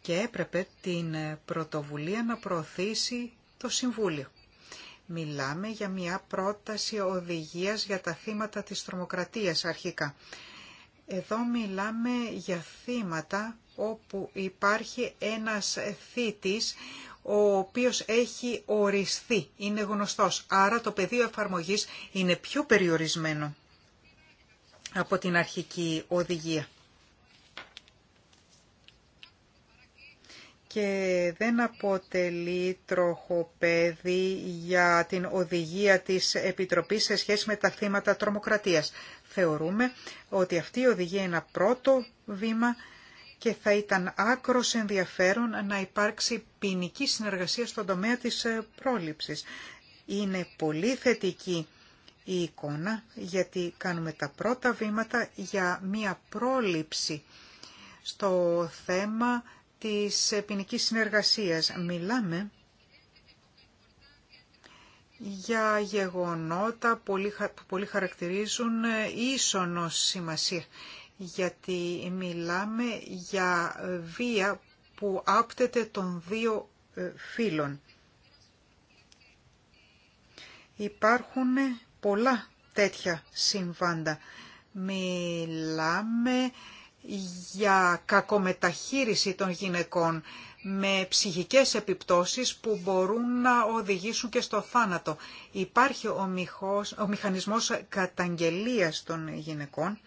και έπρεπε την ε, πρωτοβουλία να προωθήσει το Συμβούλιο. Μιλάμε για μια πρόταση οδηγίας για τα θύματα της τρομοκρατίας αρχικά. Εδώ μιλάμε για θύματα όπου υπάρχει ένας θήτης ο οποίος έχει οριστεί, είναι γνωστός. Άρα το πεδίο εφαρμογής είναι πιο περιορισμένο από την αρχική οδηγία. και δεν αποτελεί τροχοπέδι για την οδηγία της Επιτροπής σε σχέση με τα θύματα τρομοκρατίας. Θεωρούμε ότι αυτή η οδηγία είναι ένα πρώτο βήμα και θα ήταν άκρος ενδιαφέρον να υπάρξει ποινική συνεργασία στον τομέα της πρόληψης. Είναι πολύ θετική η εικόνα, γιατί κάνουμε τα πρώτα βήματα για μία πρόληψη στο θέμα της ποινική συνεργασίας. Μιλάμε για γεγονότα που πολύ χαρακτηρίζουν ε, ίσονο σημασία, γιατί μιλάμε για βία που άπτεται των δύο ε, φύλων. Υπάρχουν πολλά τέτοια συμβάντα. Μιλάμε για κακομεταχείριση των γυναικών με ψυχικές επιπτώσεις που μπορούν να οδηγήσουν και στο θάνατο. Υπάρχει ο, μηχός, ο μηχανισμός καταγγελίας των γυναικών,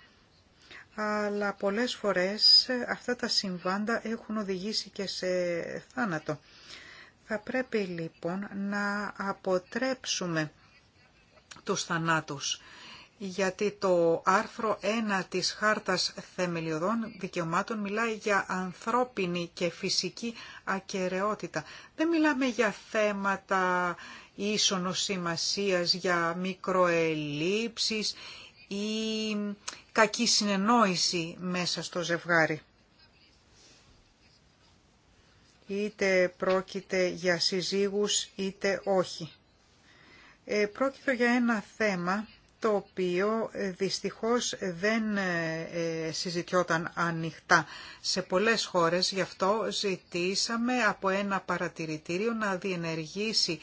αλλά πολλές φορές αυτά τα συμβάντα έχουν οδηγήσει και σε θάνατο. Θα πρέπει λοιπόν να αποτρέψουμε τους θανάτους. Γιατί το άρθρο 1 της Χάρτας Θεμελιωδών Δικαιωμάτων μιλάει για ανθρώπινη και φυσική ακαιρεότητα. Δεν μιλάμε για θέματα ίσονος σημασίας, για μικροελήψεις ή κακή συνεννόηση μέσα στο ζευγάρι. Είτε πρόκειται για συζύγους είτε όχι. Ε, πρόκειται για ένα θέμα το οποίο ε, δυστυχώς δεν ε, συζητιόταν ανοιχτά σε πολλές χώρες. Γι' αυτό ζητήσαμε από ένα παρατηρητήριο να διενεργήσει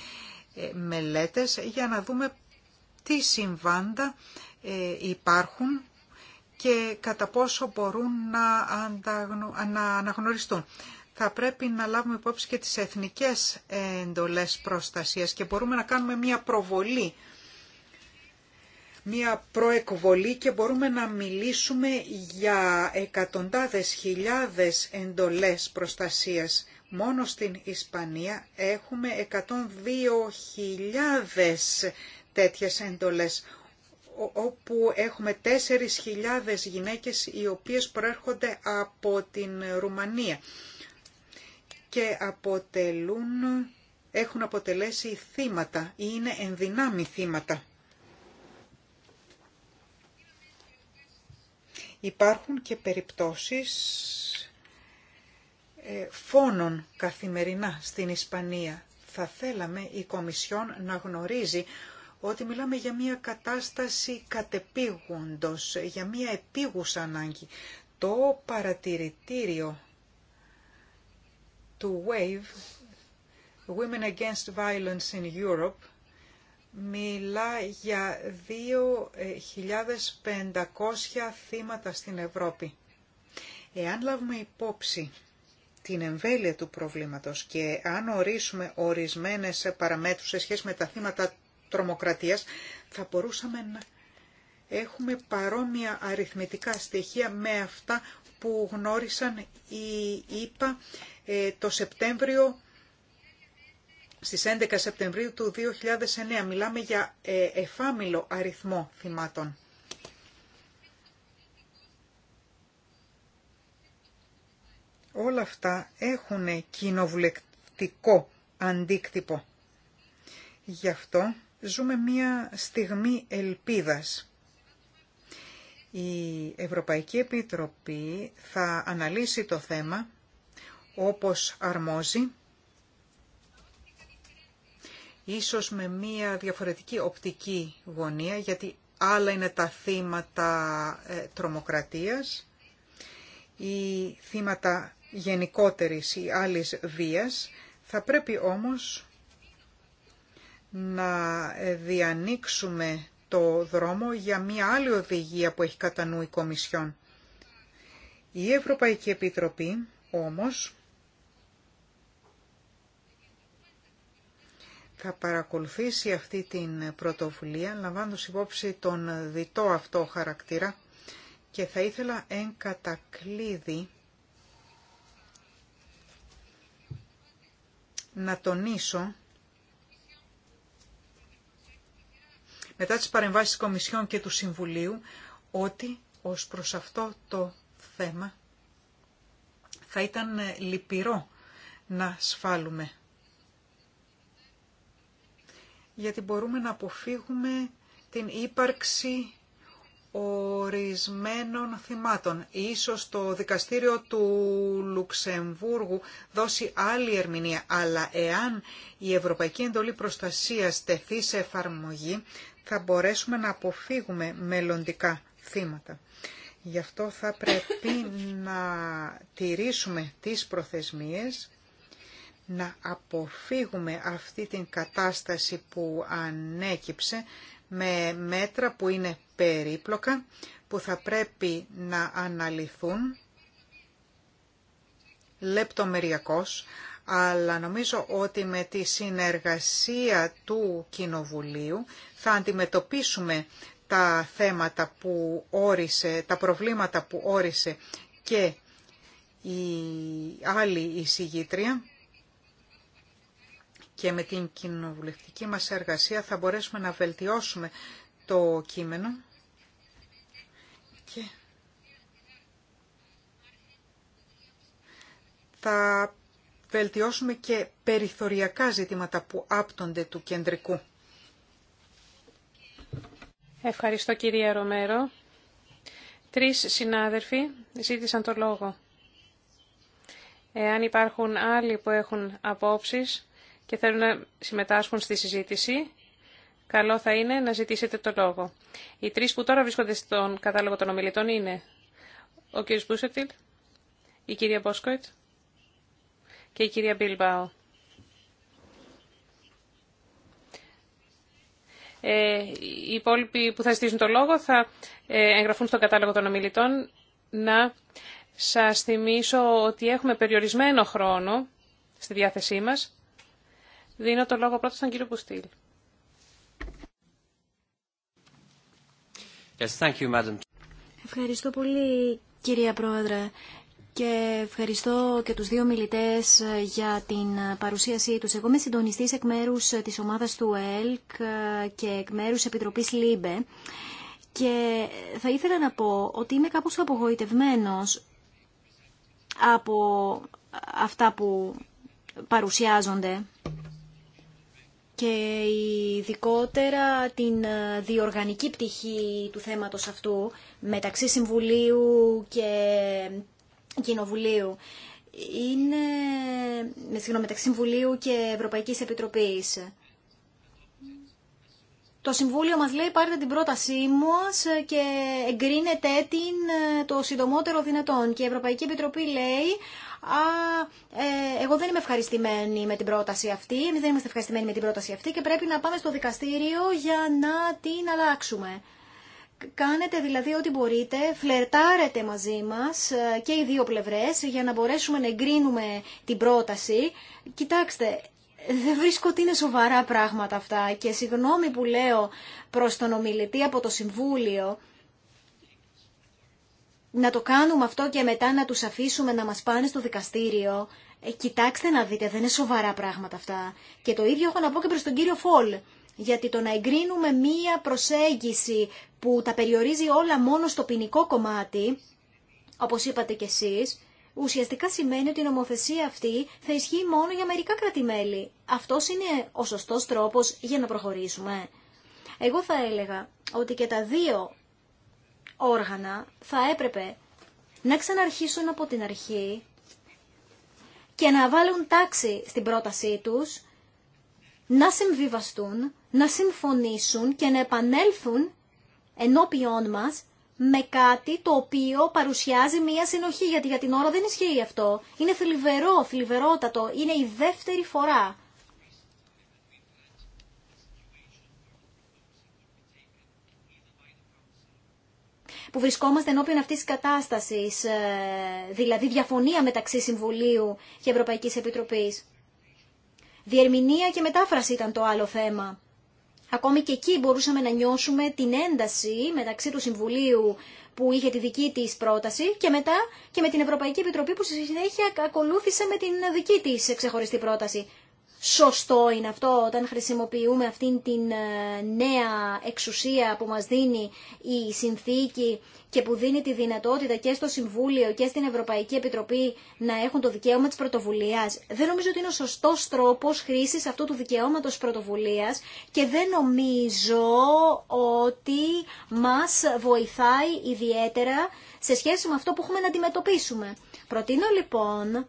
μελέτες για να δούμε τι συμβάντα υπάρχουν και κατά πόσο μπορούν να αναγνωριστούν θα πρέπει να λάβουμε υπόψη και τις εθνικές εντολές προστασίας και μπορούμε να κάνουμε μια προβολή, μια προεκβολή και μπορούμε να μιλήσουμε για εκατοντάδες χιλιάδες εντολές προστασίας. Μόνο στην Ισπανία έχουμε 102.000 τέτοιες εντολές όπου έχουμε 4.000 γυναίκες οι οποίες προέρχονται από την Ρουμανία και αποτελούν, έχουν αποτελέσει θύματα ή είναι ενδυνάμει θύματα. Υπάρχουν και περιπτώσεις ε, φόνων καθημερινά στην Ισπανία. Θα θέλαμε η Κομισιόν να γνωρίζει ότι μιλάμε για μια κατάσταση κατεπήγοντος, για μια επίγουσα ανάγκη. Το παρατηρητήριο του WAVE, Women Against Violence in Europe, μιλά για 2.500 θύματα στην Ευρώπη. Εάν λάβουμε υπόψη την εμβέλεια του προβλήματος και αν ορίσουμε ορισμένες παραμέτρους σε σχέση με τα θύματα τρομοκρατίας, θα μπορούσαμε να έχουμε παρόμοια αριθμητικά στοιχεία με αυτά που γνώρισαν η ΙΠΑ ε, το Σεπτέμβριο στις 11 Σεπτεμβρίου του 2009. Μιλάμε για ε, εφάμιλο αριθμό θυμάτων. Όλα αυτά έχουν κοινοβουλευτικό αντίκτυπο. Γι' αυτό ζούμε μία στιγμή ελπίδας. Η Ευρωπαϊκή Επιτροπή θα αναλύσει το θέμα όπως αρμόζει, ίσως με μία διαφορετική οπτική γωνία, γιατί άλλα είναι τα θύματα ε, τρομοκρατίας ή θύματα γενικότερης ή άλλης βίας. Θα πρέπει όμως να διανοίξουμε το δρόμο για μια άλλη οδηγία που έχει κατά νου η Κομισιόν. Η Ευρωπαϊκή Επιτροπή όμως θα παρακολουθήσει αυτή την πρωτοβουλία λαμβάνοντας υπόψη τον διτό αυτό χαρακτήρα και θα ήθελα εν κατακλείδη να τονίσω μετά τις παρεμβάσεις της Κομισιόν και του Συμβουλίου ότι ως προς αυτό το θέμα θα ήταν ε, λυπηρό να σφάλουμε. Γιατί μπορούμε να αποφύγουμε την ύπαρξη ορισμένων θυμάτων. Ίσως το δικαστήριο του Λουξεμβούργου δώσει άλλη ερμηνεία, αλλά εάν η Ευρωπαϊκή Εντολή Προστασίας τεθεί σε εφαρμογή, θα μπορέσουμε να αποφύγουμε μελλοντικά θύματα. Γι' αυτό θα πρέπει [coughs] να τηρήσουμε τις προθεσμίες, να αποφύγουμε αυτή την κατάσταση που ανέκυψε με μέτρα που είναι περίπλοκα, που θα πρέπει να αναλυθούν λεπτομεριακώς, αλλά νομίζω ότι με τη συνεργασία του Κοινοβουλίου θα αντιμετωπίσουμε τα θέματα που όρισε, τα προβλήματα που όρισε και η άλλη εισηγήτρια και με την κοινοβουλευτική μας εργασία θα μπορέσουμε να βελτιώσουμε το κείμενο και θα βελτιώσουμε και περιθωριακά ζητήματα που άπτονται του κεντρικού. Ευχαριστώ κυρία Ρομέρο. Τρεις συνάδελφοι ζήτησαν το λόγο. Εάν υπάρχουν άλλοι που έχουν απόψεις, και θέλουν να συμμετάσχουν στη συζήτηση, καλό θα είναι να ζητήσετε το λόγο. Οι τρεις που τώρα βρίσκονται στον κατάλογο των ομιλητών είναι ο κ. Μπούσετιλ, η κυρία Μπόσκοιτ και η κυρία Μπιλμπάου. Ε, οι υπόλοιποι που θα ζητήσουν το λόγο θα ε, εγγραφούν στον κατάλογο των ομιλητών. Να σας θυμίσω ότι έχουμε περιορισμένο χρόνο στη διάθεσή μας. Δίνω το λόγο πρώτα στον κύριο Πουστήλ. Yes, thank you, Madam. Ευχαριστώ πολύ κυρία Πρόεδρε και ευχαριστώ και τους δύο μιλητές ε, για την παρουσίασή τους. Εγώ είμαι συντονιστής εκ μέρους ε, της ομάδας του ΕΛΚ ε, και εκ μέρους Επιτροπής ΛΥΜΠΕ και θα ήθελα να πω ότι είμαι κάπως απογοητευμένος από αυτά που παρουσιάζονται και ειδικότερα την ε, διοργανική πτυχή του θέματος αυτού μεταξύ Συμβουλίου και Κοινοβουλίου. Είναι, με μεταξύ Συμβουλίου και Ευρωπαϊκής Επιτροπής. Το Συμβούλιο μας λέει πάρετε την πρότασή μας ε, και εγκρίνετε την ε, το συντομότερο δυνατόν. Και η Ευρωπαϊκή Επιτροπή λέει «Α, ε, εγώ δεν είμαι ευχαριστημένη με την πρόταση αυτή, εμείς δεν είμαστε ευχαριστημένοι με την πρόταση αυτή και πρέπει να πάμε στο δικαστήριο για να την αλλάξουμε». Κάνετε δηλαδή ό,τι μπορείτε, φλερτάρετε μαζί μας ε, και οι δύο πλευρές για να μπορέσουμε να εγκρίνουμε την πρόταση. Κοιτάξτε, δεν βρίσκω ότι είναι σοβαρά πράγματα αυτά και συγγνώμη που λέω προς τον ομιλητή από το Συμβούλιο, να το κάνουμε αυτό και μετά να τους αφήσουμε να μας πάνε στο δικαστήριο. Ε, κοιτάξτε να δείτε, δεν είναι σοβαρά πράγματα αυτά. Και το ίδιο έχω να πω και προς τον κύριο Φολ. Γιατί το να εγκρίνουμε μία προσέγγιση που τα περιορίζει όλα μόνο στο ποινικό κομμάτι, όπως είπατε κι εσείς, ουσιαστικά σημαίνει ότι η νομοθεσία αυτή θα ισχύει μόνο για μερικά κρατημέλη. Αυτός είναι ο σωστός τρόπος για να προχωρήσουμε. Εγώ θα έλεγα ότι και τα δύο όργανα θα έπρεπε να ξαναρχίσουν από την αρχή και να βάλουν τάξη στην πρότασή τους, να συμβιβαστούν, να συμφωνήσουν και να επανέλθουν ενώπιόν μας με κάτι το οποίο παρουσιάζει μία συνοχή, γιατί για την ώρα δεν ισχύει αυτό. Είναι θλιβερό, θλιβερότατο, είναι η δεύτερη φορά που βρισκόμαστε ενώπιον αυτής της κατάστασης, ε, δηλαδή διαφωνία μεταξύ Συμβουλίου και Ευρωπαϊκής Επιτροπής. Διερμηνία και μετάφραση ήταν το άλλο θέμα. Ακόμη και εκεί μπορούσαμε να νιώσουμε την ένταση μεταξύ του Συμβουλίου που είχε τη δική της πρόταση και μετά και με την Ευρωπαϊκή Επιτροπή που στη συνέχεια ακολούθησε με την δική της ξεχωριστή πρόταση σωστό είναι αυτό όταν χρησιμοποιούμε αυτήν την ε, νέα εξουσία που μας δίνει η συνθήκη και που δίνει τη δυνατότητα και στο Συμβούλιο και στην Ευρωπαϊκή Επιτροπή να έχουν το δικαίωμα της πρωτοβουλίας. Δεν νομίζω ότι είναι ο σωστός τρόπος χρήσης αυτού του δικαιώματος πρωτοβουλίας και δεν νομίζω ότι μας βοηθάει ιδιαίτερα σε σχέση με αυτό που έχουμε να αντιμετωπίσουμε. Προτείνω λοιπόν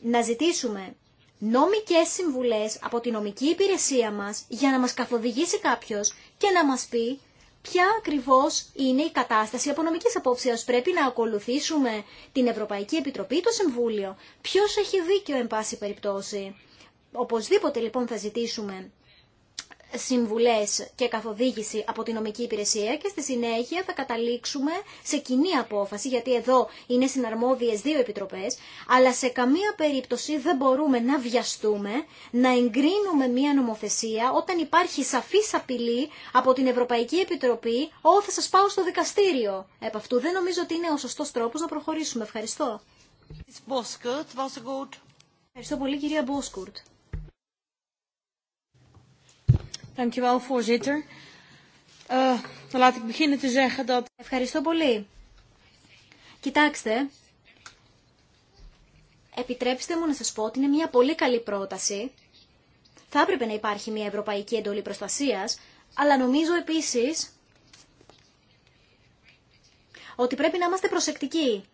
να ζητήσουμε νομικές συμβουλές από τη νομική υπηρεσία μας για να μας καθοδηγήσει κάποιος και να μας πει ποια ακριβώς είναι η κατάσταση από νομική απόψεως. Πρέπει να ακολουθήσουμε την Ευρωπαϊκή Επιτροπή, το Συμβούλιο. Ποιος έχει δίκιο, εν πάση περιπτώσει. Οπωσδήποτε λοιπόν θα ζητήσουμε Συμβουλέ και καθοδήγηση από την νομική υπηρεσία και στη συνέχεια θα καταλήξουμε σε κοινή απόφαση, γιατί εδώ είναι συναρμόδιες δύο επιτροπές, αλλά σε καμία περίπτωση δεν μπορούμε να βιαστούμε, να εγκρίνουμε μία νομοθεσία όταν υπάρχει σαφής απειλή από την Ευρωπαϊκή Επιτροπή, «Ω, θα σας πάω στο δικαστήριο». Επ' αυτού δεν νομίζω ότι είναι ο σωστός τρόπος να προχωρήσουμε. Ευχαριστώ. Ευχαριστώ πολύ κυρία Μπόσκουρτ. Ευχαριστώ πολύ. Κοιτάξτε, επιτρέψτε μου να σας πω ότι είναι μια πολύ καλή πρόταση. Θα έπρεπε να υπάρχει μια ευρωπαϊκή εντολή προστασίας, αλλά νομίζω επίσης ότι πρέπει να είμαστε προσεκτικοί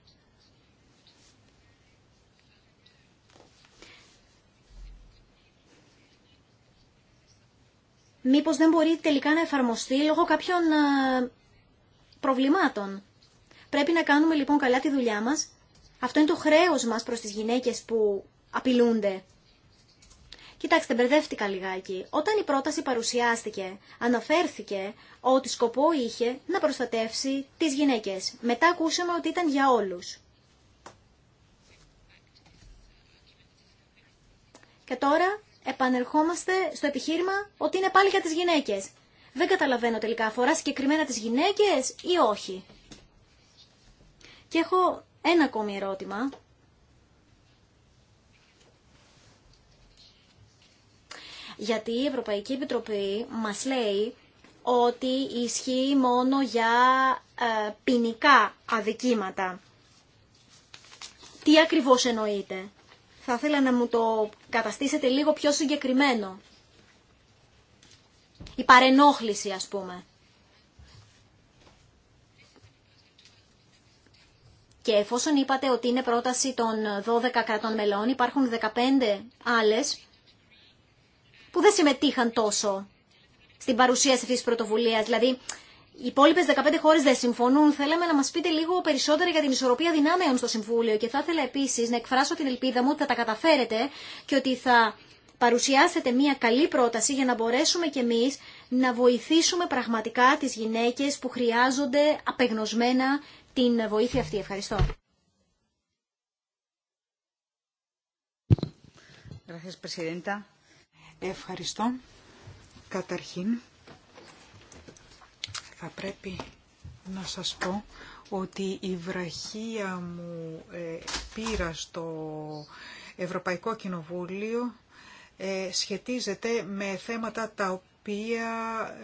μήπως δεν μπορεί τελικά να εφαρμοστεί λόγω κάποιων ε, προβλημάτων. Πρέπει να κάνουμε λοιπόν καλά τη δουλειά μας. Αυτό είναι το χρέος μας προς τις γυναίκες που απειλούνται. Κοιτάξτε, μπερδεύτηκα λιγάκι. Όταν η πρόταση παρουσιάστηκε, αναφέρθηκε ότι σκοπό είχε να προστατεύσει τις γυναίκες. Μετά ακούσαμε ότι ήταν για όλους. Και τώρα επανερχόμαστε στο επιχείρημα ότι είναι πάλι για τις γυναίκες. Δεν καταλαβαίνω τελικά, αφορά συγκεκριμένα τις γυναίκες ή όχι. Και έχω ένα ακόμη ερώτημα. Γιατί η Ευρωπαϊκή Επιτροπή μας λέει ότι ισχύει μόνο για ε, ποινικά αδικήματα. Τι ακριβώς εννοείται. Θα ήθελα να μου το καταστήσετε λίγο πιο συγκεκριμένο. Η παρενόχληση ας πούμε. Και εφόσον είπατε ότι είναι πρόταση των 12 κρατών μελών, υπάρχουν 15 άλλες που δεν συμμετείχαν τόσο στην παρουσίαση αυτής της πρωτοβουλίας. Δηλαδή, οι υπόλοιπε 15 χώρε δεν συμφωνούν. Θέλαμε να μα πείτε λίγο περισσότερα για την ισορροπία δυνάμεων στο Συμβούλιο και θα ήθελα επίση να εκφράσω την ελπίδα μου ότι θα τα καταφέρετε και ότι θα παρουσιάσετε μια καλή πρόταση για να μπορέσουμε κι εμεί να βοηθήσουμε πραγματικά τι γυναίκε που χρειάζονται απεγνωσμένα την βοήθεια αυτή. Ευχαριστώ. Ευχαριστώ. Καταρχήν, θα πρέπει να σας πω ότι η βραχία μου ε, πήρα στο Ευρωπαϊκό Κοινοβούλιο ε, σχετίζεται με θέματα τα οποία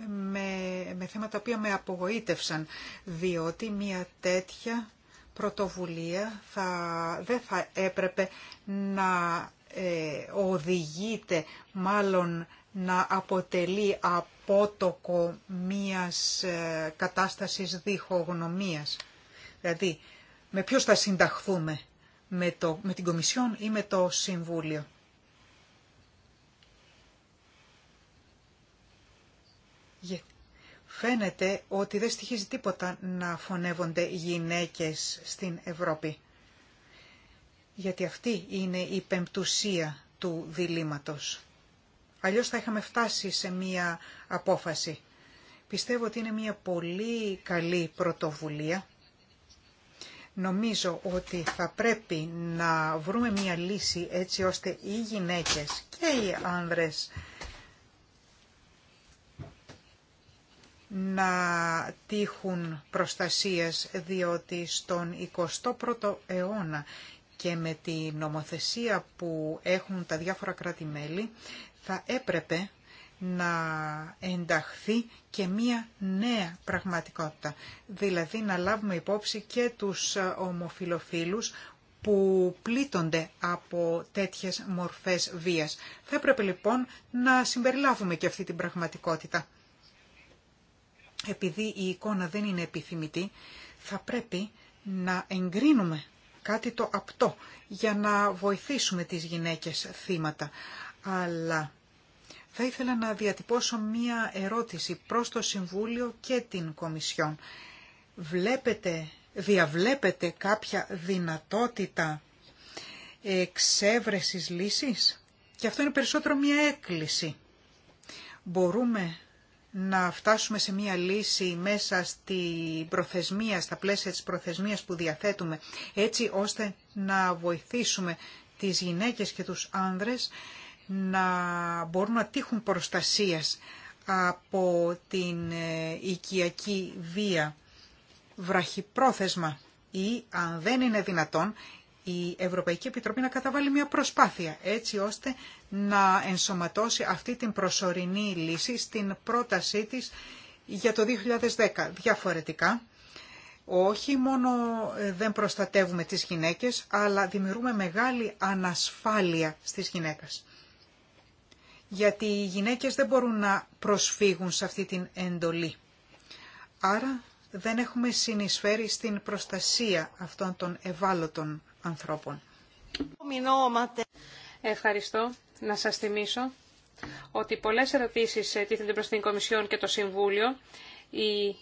με, θέματα που με απογοήτευσαν, διότι μια τέτοια πρωτοβουλία θα, δεν θα έπρεπε να ε, οδηγείται μάλλον να αποτελεί απότοκο μίας ε, κατάστασης διχογνωμίας. Δηλαδή, με ποιος θα συνταχθούμε, με, το, με την Κομισιόν ή με το Συμβούλιο. Φαίνεται ότι δεν στοιχίζει τίποτα να φωνεύονται γυναίκες στην Ευρώπη. Γιατί αυτή είναι η πεμπτουσία του διλήμματος. Αλλιώς θα είχαμε φτάσει σε μία απόφαση. Πιστεύω ότι είναι μία πολύ καλή πρωτοβουλία. Νομίζω ότι θα πρέπει να βρούμε μία λύση έτσι ώστε οι γυναίκες και οι άνδρες να τύχουν προστασίες διότι στον 21ο αιώνα και με τη νομοθεσία που έχουν τα διάφορα κράτη-μέλη θα έπρεπε να ενταχθεί και μία νέα πραγματικότητα. Δηλαδή να λάβουμε υπόψη και τους ε, ομοφιλοφίλους που πλήττονται από τέτοιες μορφές βίας. Θα έπρεπε λοιπόν να συμπεριλάβουμε και αυτή την πραγματικότητα. Επειδή η εικόνα δεν είναι επιθυμητή, θα πρέπει να εγκρίνουμε κάτι το απτό για να βοηθήσουμε τις γυναίκες θύματα αλλά θα ήθελα να διατυπώσω μία ερώτηση προς το Συμβούλιο και την Κομισιόν. Βλέπετε, διαβλέπετε κάποια δυνατότητα εξέβρεσης λύσης και αυτό είναι περισσότερο μία έκκληση. Μπορούμε να φτάσουμε σε μία λύση μέσα στη προθεσμία, στα πλαίσια της προθεσμίας που διαθέτουμε, έτσι ώστε να βοηθήσουμε τις γυναίκες και τους άνδρες να μπορούν να τύχουν προστασίας από την ε, οικιακή βία βραχυπρόθεσμα ή αν δεν είναι δυνατόν η Ευρωπαϊκή Επιτροπή να καταβάλει μια προσπάθεια έτσι ώστε να ενσωματώσει αυτή την προσωρινή λύση στην πρότασή της για το 2010. Διαφορετικά, όχι μόνο δεν προστατεύουμε τις γυναίκες, αλλά δημιουργούμε μεγάλη ανασφάλεια στις γυναίκες γιατί οι γυναίκες δεν μπορούν να προσφύγουν σε αυτή την εντολή. Άρα δεν έχουμε συνεισφέρει στην προστασία αυτών των ευάλωτων ανθρώπων. Ευχαριστώ. Να σας θυμίσω ότι πολλές ερωτήσεις τίθενται προς την Κομισιόν και το Συμβούλιο. Η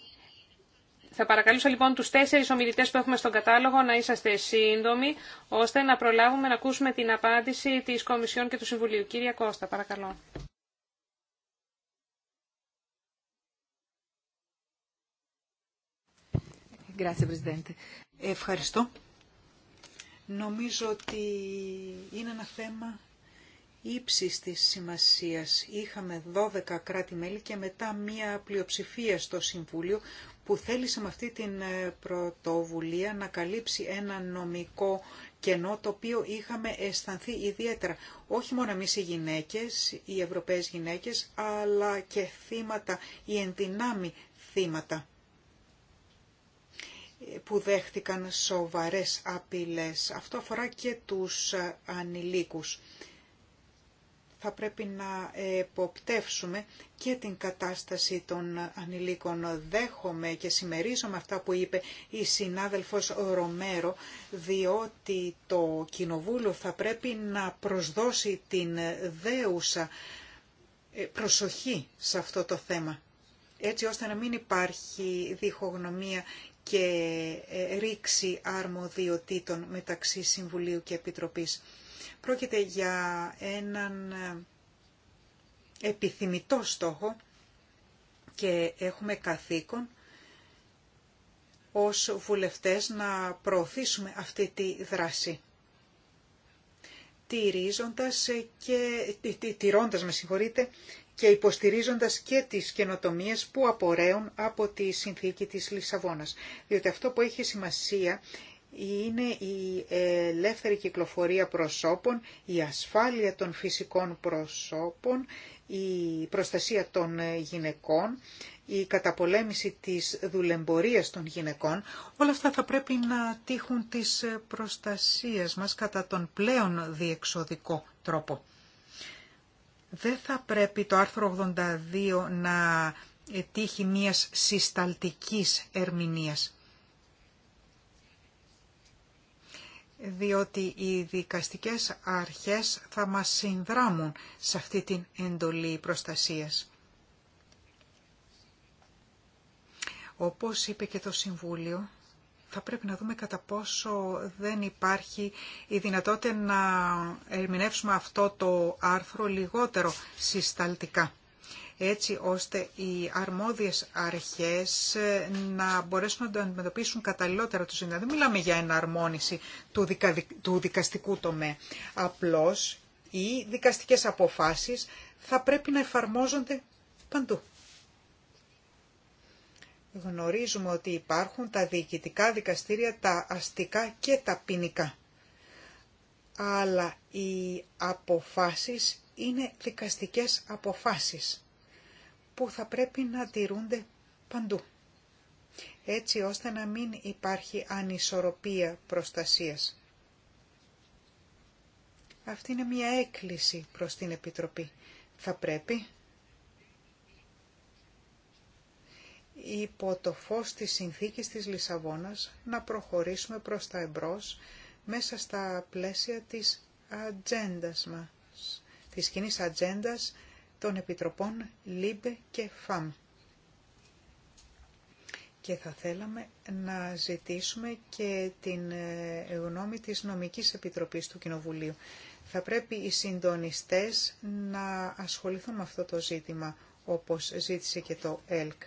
θα παρακαλούσα λοιπόν τους τέσσερις ομιλητές που έχουμε στον κατάλογο να είσαστε σύντομοι, ώστε να προλάβουμε να ακούσουμε την απάντηση της Κομισιόν και του Συμβουλίου. Κύριε Κώστα, παρακαλώ. Ευχαριστώ. Νομίζω ότι είναι ένα θέμα ύψης της σημασίας. Είχαμε 12 κράτη-μέλη και μετά μία πλειοψηφία στο Συμβούλιο που θέλησε με αυτή την ε, πρωτοβουλία να καλύψει ένα νομικό κενό το οποίο είχαμε αισθανθεί ιδιαίτερα. Όχι μόνο εμείς οι γυναίκες, οι Ευρωπαίες γυναίκες, αλλά και θύματα, οι ενδυνάμει θύματα που δέχτηκαν σοβαρές απειλές. Αυτό αφορά και τους ε, ανηλίκους θα πρέπει να εποπτεύσουμε και την κατάσταση των ανηλίκων. Δέχομαι και συμμερίζομαι αυτά που είπε η συνάδελφος Ρομέρο, διότι το Κοινοβούλιο θα πρέπει να προσδώσει την δέουσα ε, προσοχή σε αυτό το θέμα, έτσι ώστε να μην υπάρχει διχογνωμία και ε, ρήξη αρμοδιοτήτων μεταξύ Συμβουλίου και Επιτροπής. Πρόκειται για έναν ε, επιθυμητό στόχο και έχουμε καθήκον ως βουλευτές να προωθήσουμε αυτή τη δράση τηρίζοντας και, τηρώντας, με συγχωρείτε, και υποστηρίζοντας και τις καινοτομίες που απορρέουν από τη συνθήκη της Λισαβόνας. Διότι αυτό που έχει σημασία είναι η ελεύθερη κυκλοφορία προσώπων, η ασφάλεια των φυσικών προσώπων, η προστασία των γυναικών, η καταπολέμηση της δουλεμπορίας των γυναικών, όλα αυτά θα πρέπει να τύχουν της προστασίας μας κατά τον πλέον διεξοδικό τρόπο. Δεν θα πρέπει το άρθρο 82 να τύχει μιας συσταλτικής ερμηνείας. διότι οι δικαστικές αρχές θα μας συνδράμουν σε αυτή την εντολή προστασίας. Όπως είπε και το Συμβούλιο, θα πρέπει να δούμε κατά πόσο δεν υπάρχει η δυνατότητα να ερμηνεύσουμε αυτό το άρθρο λιγότερο συσταλτικά έτσι ώστε οι αρμόδιες αρχές ε, να μπορέσουν να το αντιμετωπίσουν καταλληλότερα τους συνδέοντα. Δεν μιλάμε για εναρμόνιση του, του δικαστικού τομέα. Απλώς οι δικαστικές αποφάσεις θα πρέπει να εφαρμόζονται παντού. Γνωρίζουμε ότι υπάρχουν τα διοικητικά δικαστήρια, τα αστικά και τα ποινικά. Αλλά οι αποφάσεις είναι δικαστικές αποφάσεις που θα πρέπει να τηρούνται παντού, έτσι ώστε να μην υπάρχει ανισορροπία προστασίας. Αυτή είναι μια έκκληση προς την Επιτροπή. Θα πρέπει υπό το φως της συνθήκης της Λισαβόνας να προχωρήσουμε προς τα εμπρός μέσα στα πλαίσια της ατζέντα μας, της κοινής ατζέντα των Επιτροπών ΛΥΜΠΕ και ΦΑΜ. Και θα θέλαμε να ζητήσουμε και την ε, γνώμη της Νομικής Επιτροπής του Κοινοβουλίου. Θα πρέπει οι συντονιστές να ασχοληθούν με αυτό το ζήτημα, όπως ζήτησε και το ΕΛΚ.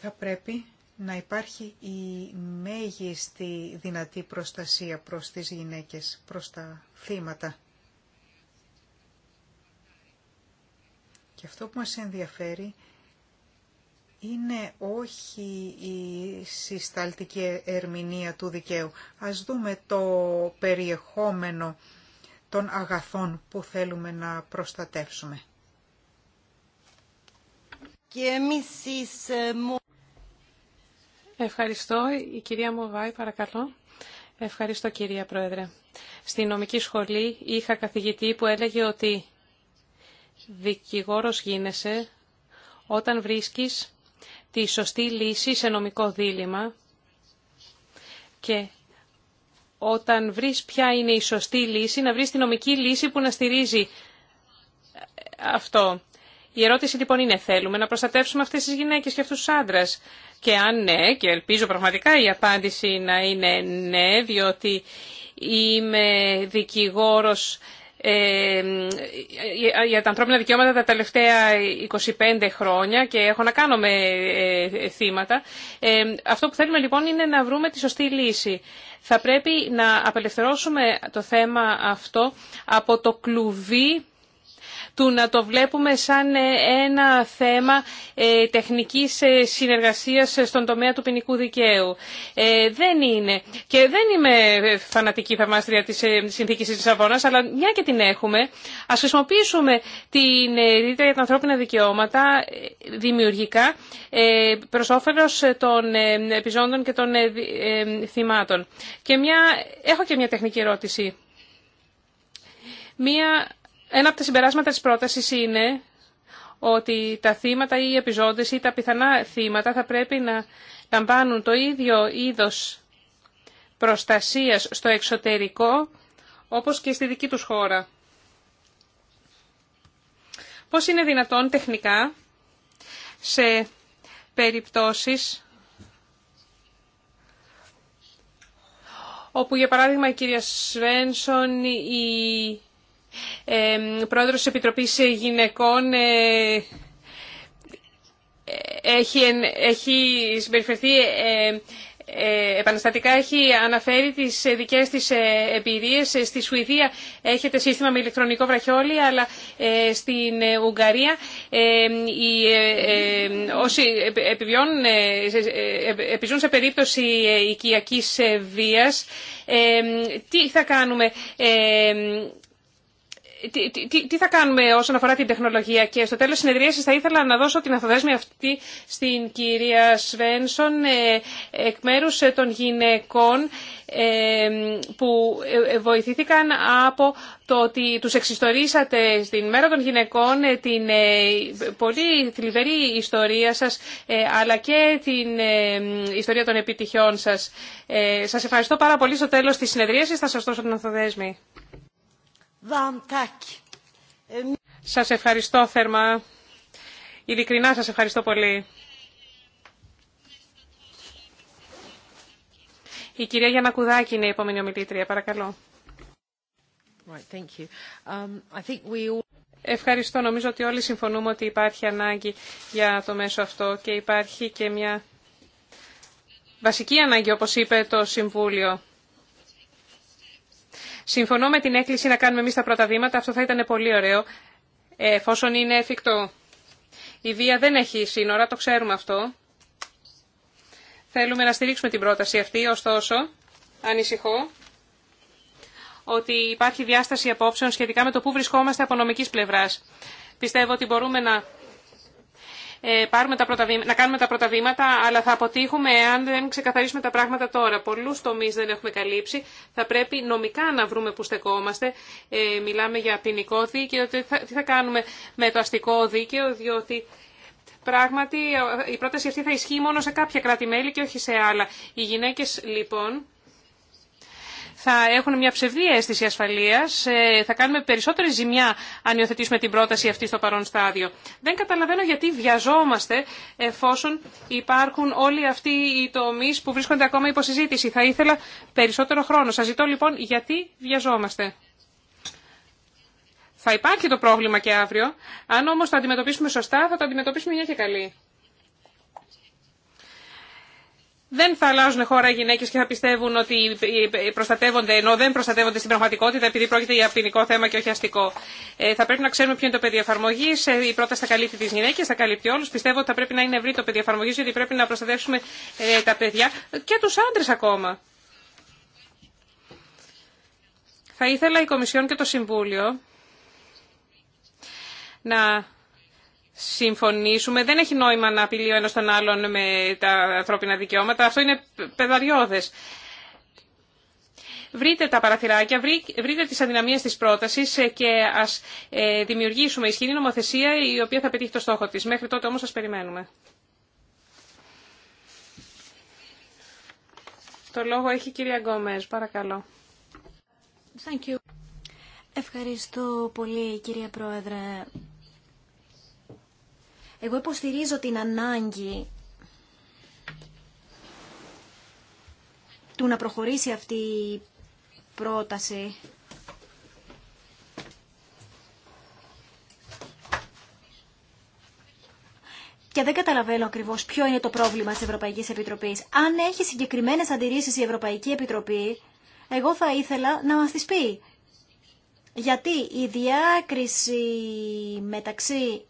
Θα πρέπει να υπάρχει η μέγιστη δυνατή προστασία προς τις γυναίκες, προς τα θύματα. Και αυτό που μας ενδιαφέρει είναι όχι η συσταλτική ερμηνεία του δικαίου. Ας δούμε το περιεχόμενο των αγαθών που θέλουμε να προστατεύσουμε. Ευχαριστώ. Η κυρία Μοβάη, παρακαλώ. Ευχαριστώ κυρία Πρόεδρε. Στη νομική σχολή είχα καθηγητή που έλεγε ότι δικηγόρος γίνεσαι όταν βρίσκεις τη σωστή λύση σε νομικό δίλημα και όταν βρεις ποια είναι η σωστή λύση, να βρεις τη νομική λύση που να στηρίζει αυτό. Η ερώτηση λοιπόν είναι, θέλουμε να προστατεύσουμε αυτές τις γυναίκες και αυτούς τους άντρες. Και αν ναι, και ελπίζω πραγματικά η απάντηση να είναι ναι, διότι είμαι δικηγόρος ε, για τα ανθρώπινα δικαιώματα τα τελευταία 25 χρόνια και έχω να κάνω με ε, ε, θύματα. Αυτό που θέλουμε λοιπόν είναι να βρούμε τη σωστή λύση. Θα πρέπει να απελευθερώσουμε το θέμα αυτό από το κλουβί του να το βλέπουμε σαν ε, ένα θέμα ε, τεχνικής ε, συνεργασίας στον τομέα του ποινικού δικαίου. Δεν είναι. Και δεν είμαι φανατική θαυμάστρια της συνθήκης της Λισαβόνας, αλλά μια και την έχουμε, ας χρησιμοποιήσουμε την ρήτρα για τα ανθρώπινα δικαιώματα δημιουργικά προς όφελος των επιζώντων και των θυμάτων. Και μια... Έχω και μια τεχνική ερώτηση. Μια ένα από τα συμπεράσματα της πρότασης είναι ότι τα θύματα ή οι επιζώντες ή τα πιθανά θύματα θα πρέπει να λαμβάνουν το ίδιο είδος προστασίας στο εξωτερικό όπως και στη δική τους χώρα. Πώς είναι δυνατόν τεχνικά σε περιπτώσεις όπου για παράδειγμα η κυρία Σβένσον, η ε, πρόεδρος της Επιτροπής Γυναικών ε, έχει, έχει συμπεριφερθεί ε, επαναστατικά έχει αναφέρει τις δικές της εμπειρίες. Στη Σουηδία έχετε σύστημα με ηλεκτρονικό βραχιόλι, αλλά στην Ουγγαρία όσοι επιβιώνουν, επιζούν σε περίπτωση οικιακής βίας, τι θα κάνουμε, τι, θα κάνουμε όσον αφορά την τεχνολογία και στο τέλος συνεδρίασης θα ήθελα να δώσω την αθοδέσμη αυτή στην κυρία Σβένσον ε, εκ μέρους ε, των γυναικών ε, που βοηθήθηκαν από το ότι τους εξιστορήσατε στην μέρα των γυναικών την πολύ θλιβερή ιστορία σας αλλά και την ιστορία των επιτυχιών σας. Σας ευχαριστώ πάρα πολύ στο τέλος της συνεδρίασης. Θα σας δώσω την αθοδέσμη. Ehm, σας ευχαριστώ θερμά. Ειλικρινά σας ευχαριστώ πολύ. Η κυρία Γιανακουδάκη είναι η επόμενη ομιλήτρια. Παρακαλώ. Um, ευχαριστώ. Νομίζω ότι όλοι συμφωνούμε ότι υπάρχει ανάγκη για το μέσο αυτό και υπάρχει και μια βασική ανάγκη, όπως είπε το Συμβούλιο. Συμφωνώ με την έκκληση να κάνουμε εμεί τα πρώτα βήματα. Αυτό θα ήταν πολύ ωραίο, ε, εφόσον είναι εφικτό. Η βία δεν έχει σύνορα, το ξέρουμε αυτό. Θέλουμε να στηρίξουμε την πρόταση αυτή, ωστόσο, ανησυχώ ότι υπάρχει διάσταση απόψεων σχετικά με το πού βρισκόμαστε από νομικής πλευράς. Πιστεύω ότι μπορούμε να ε, πάρουμε τα πρώτα να κάνουμε τα πρώτα βήματα, αλλά θα αποτύχουμε αν δεν ξεκαθαρίσουμε τα πράγματα τώρα. Πολλού τομεί δεν έχουμε καλύψει. Θα πρέπει νομικά να βρούμε που στεκόμαστε. Ε, μιλάμε για ποινικό δίκαιο. Τι θα, τι θα κάνουμε με το αστικό δίκαιο, διότι... Πράγματι, ε, η πρόταση αυτή θα ισχύει μόνο σε κάποια κράτη-μέλη και όχι σε άλλα. Οι γυναίκε, λοιπόν, θα έχουν μια ψευδή αίσθηση ασφαλείας, ε, θα κάνουμε περισσότερη ζημιά αν υιοθετήσουμε την πρόταση αυτή στο παρόν στάδιο. Δεν καταλαβαίνω γιατί βιαζόμαστε εφόσον υπάρχουν όλοι αυτοί οι τομείς που βρίσκονται ακόμα υπό συζήτηση. Θα ήθελα περισσότερο χρόνο. Σα ζητώ λοιπόν γιατί βιαζόμαστε. Θα υπάρχει το πρόβλημα και αύριο. Αν όμως το αντιμετωπίσουμε σωστά, θα το αντιμετωπίσουμε μια και καλή. δεν θα αλλάζουν χώρα οι γυναίκε και θα πιστεύουν ότι προστατεύονται, ενώ δεν προστατεύονται στην πραγματικότητα επειδή πρόκειται για ποινικό θέμα και όχι αστικό. Ε, θα πρέπει να ξέρουμε ποιο είναι το πεδίο εφαρμογή. Ε, η πρόταση θα καλύπτει τι γυναίκε, θα καλύπτει όλου. Πιστεύω ότι θα πρέπει να είναι ευρύ το πεδίο εφαρμογή, γιατί πρέπει να προστατεύσουμε ε, τα παιδιά και του άντρε ακόμα. Θα ήθελα η Κομισιόν και το Συμβούλιο να συμφωνήσουμε. Δεν έχει νόημα να απειλεί ο ένας τον άλλον με τα ανθρώπινα δικαιώματα. Αυτό είναι πεδαριώδες. Βρείτε τα παραθυράκια, βρείτε τις αδυναμίες της πρότασης ε, και ας ε, δημιουργήσουμε ισχυρή νομοθεσία η οποία θα πετύχει το στόχο της. Μέχρι τότε όμως σας περιμένουμε. Το λόγο έχει η κυρία Γκόμες. Παρακαλώ. Thank you. Ευχαριστώ πολύ κυρία Πρόεδρε. Εγώ υποστηρίζω την ανάγκη του να προχωρήσει αυτή η πρόταση. Και δεν καταλαβαίνω ακριβώ ποιο είναι το πρόβλημα τη Ευρωπαϊκή Επιτροπή. Αν έχει συγκεκριμένε αντιρρήσει η Ευρωπαϊκή Επιτροπή, εγώ θα ήθελα να μα τι πει. Γιατί η διάκριση μεταξύ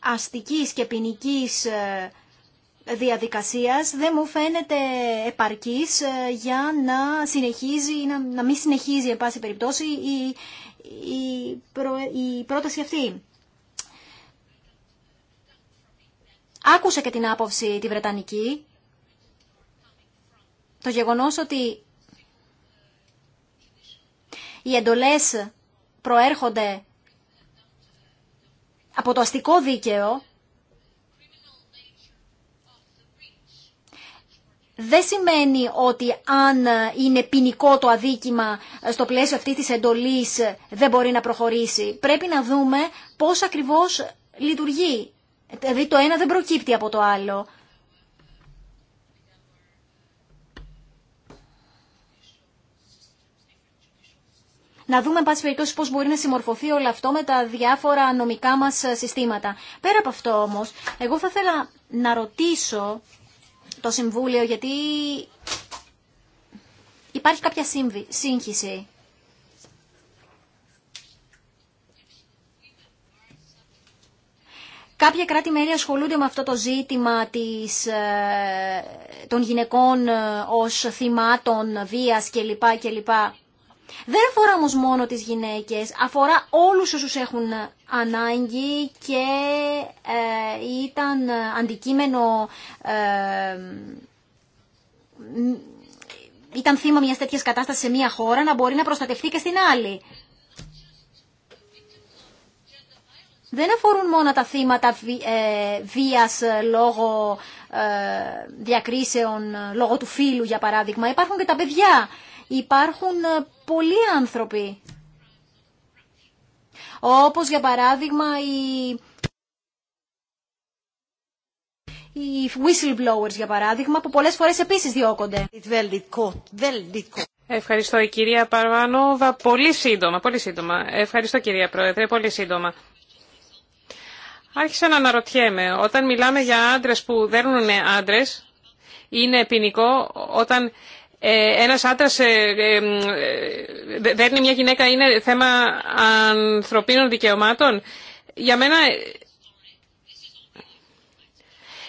αστικής και ποινική ε, διαδικασίας δεν μου φαίνεται επαρκής ε, για να συνεχίζει ή να, να μην συνεχίζει εν πάση περιπτώσει η, η, η πρόταση αυτή. Άκουσα και την άποψη τη Βρετανική. Το γεγονός ότι οι εντολές προέρχονται από το αστικό δίκαιο δεν σημαίνει ότι αν είναι ποινικό το αδίκημα στο πλαίσιο αυτή της εντολής δεν μπορεί να προχωρήσει. Πρέπει να δούμε πώς ακριβώς λειτουργεί. Δηλαδή το ένα δεν προκύπτει από το άλλο. να δούμε, εν πάση περιπτώσει, πώ μπορεί να συμμορφωθεί όλο αυτό με τα διάφορα νομικά μα ε, συστήματα. Πέρα από αυτό όμω, εγώ θα ήθελα να ρωτήσω το Συμβούλιο, γιατί υπάρχει κάποια σύγχυση. Κάποια κράτη-μέρη ασχολούνται με αυτό το ζήτημα της, ε, των γυναικών ε, ως θυμάτων βίας κλπ. κλπ. Δεν αφορά όμω μόνο τις γυναίκες, αφορά όλους όσους έχουν ανάγκη και ε, ήταν αντικείμενο... Ε, ήταν θύμα μιας τέτοιας κατάστασης σε μία χώρα να μπορεί να προστατευτεί και στην άλλη. Δεν αφορούν μόνο τα θύματα ε, βίας λόγω διακρίσεων, λόγω του φύλου για παράδειγμα. Υπάρχουν και τα παιδιά Υπάρχουν ε, πολλοί άνθρωποι, όπως για παράδειγμα οι, οι whistleblowers για παράδειγμα, που πολλές φορές επίσης διώκονται. Ευχαριστώ η κυρία Παρβανόβα. Πολύ σύντομα, πολύ σύντομα. Ευχαριστώ κυρία Πρόεδρε, πολύ σύντομα. Άρχισα να αναρωτιέμαι, όταν μιλάμε για άντρες που είναι άντρες, είναι ποινικό όταν ε, ένας άντρας ε, ε, δέρνει μια γυναίκα είναι θέμα ανθρωπίνων δικαιωμάτων. Για μένα...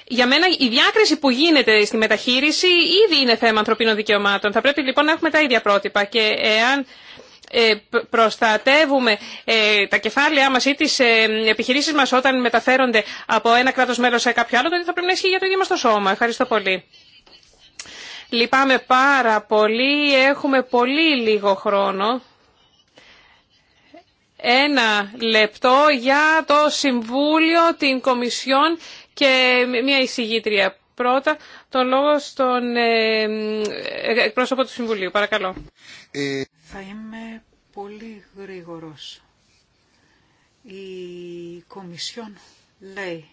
Για μένα η διάκριση που γίνεται στη μεταχείριση ήδη είναι θέμα ανθρωπίνων δικαιωμάτων. Θα πρέπει λοιπόν να έχουμε τα ίδια πρότυπα και εάν προστατεύουμε τα κεφάλαιά μας ή τις επιχειρήσεις μας όταν μεταφέρονται από ένα κράτος μέλος σε κάποιο άλλο, τότε θα πρέπει να ισχύει για το ίδιο μας το σώμα. Ευχαριστώ πολύ. Λυπάμαι πάρα πολύ, έχουμε πολύ λίγο χρόνο. Ένα λεπτό για το Συμβούλιο, την Κομισιόν και μια εισηγήτρια. Πρώτα, τον λόγο στον ε, ε, εκπρόσωπο του Συμβουλίου. Παρακαλώ. Ε, Θα είμαι πολύ γρήγορος. Η Κομισιόν λέει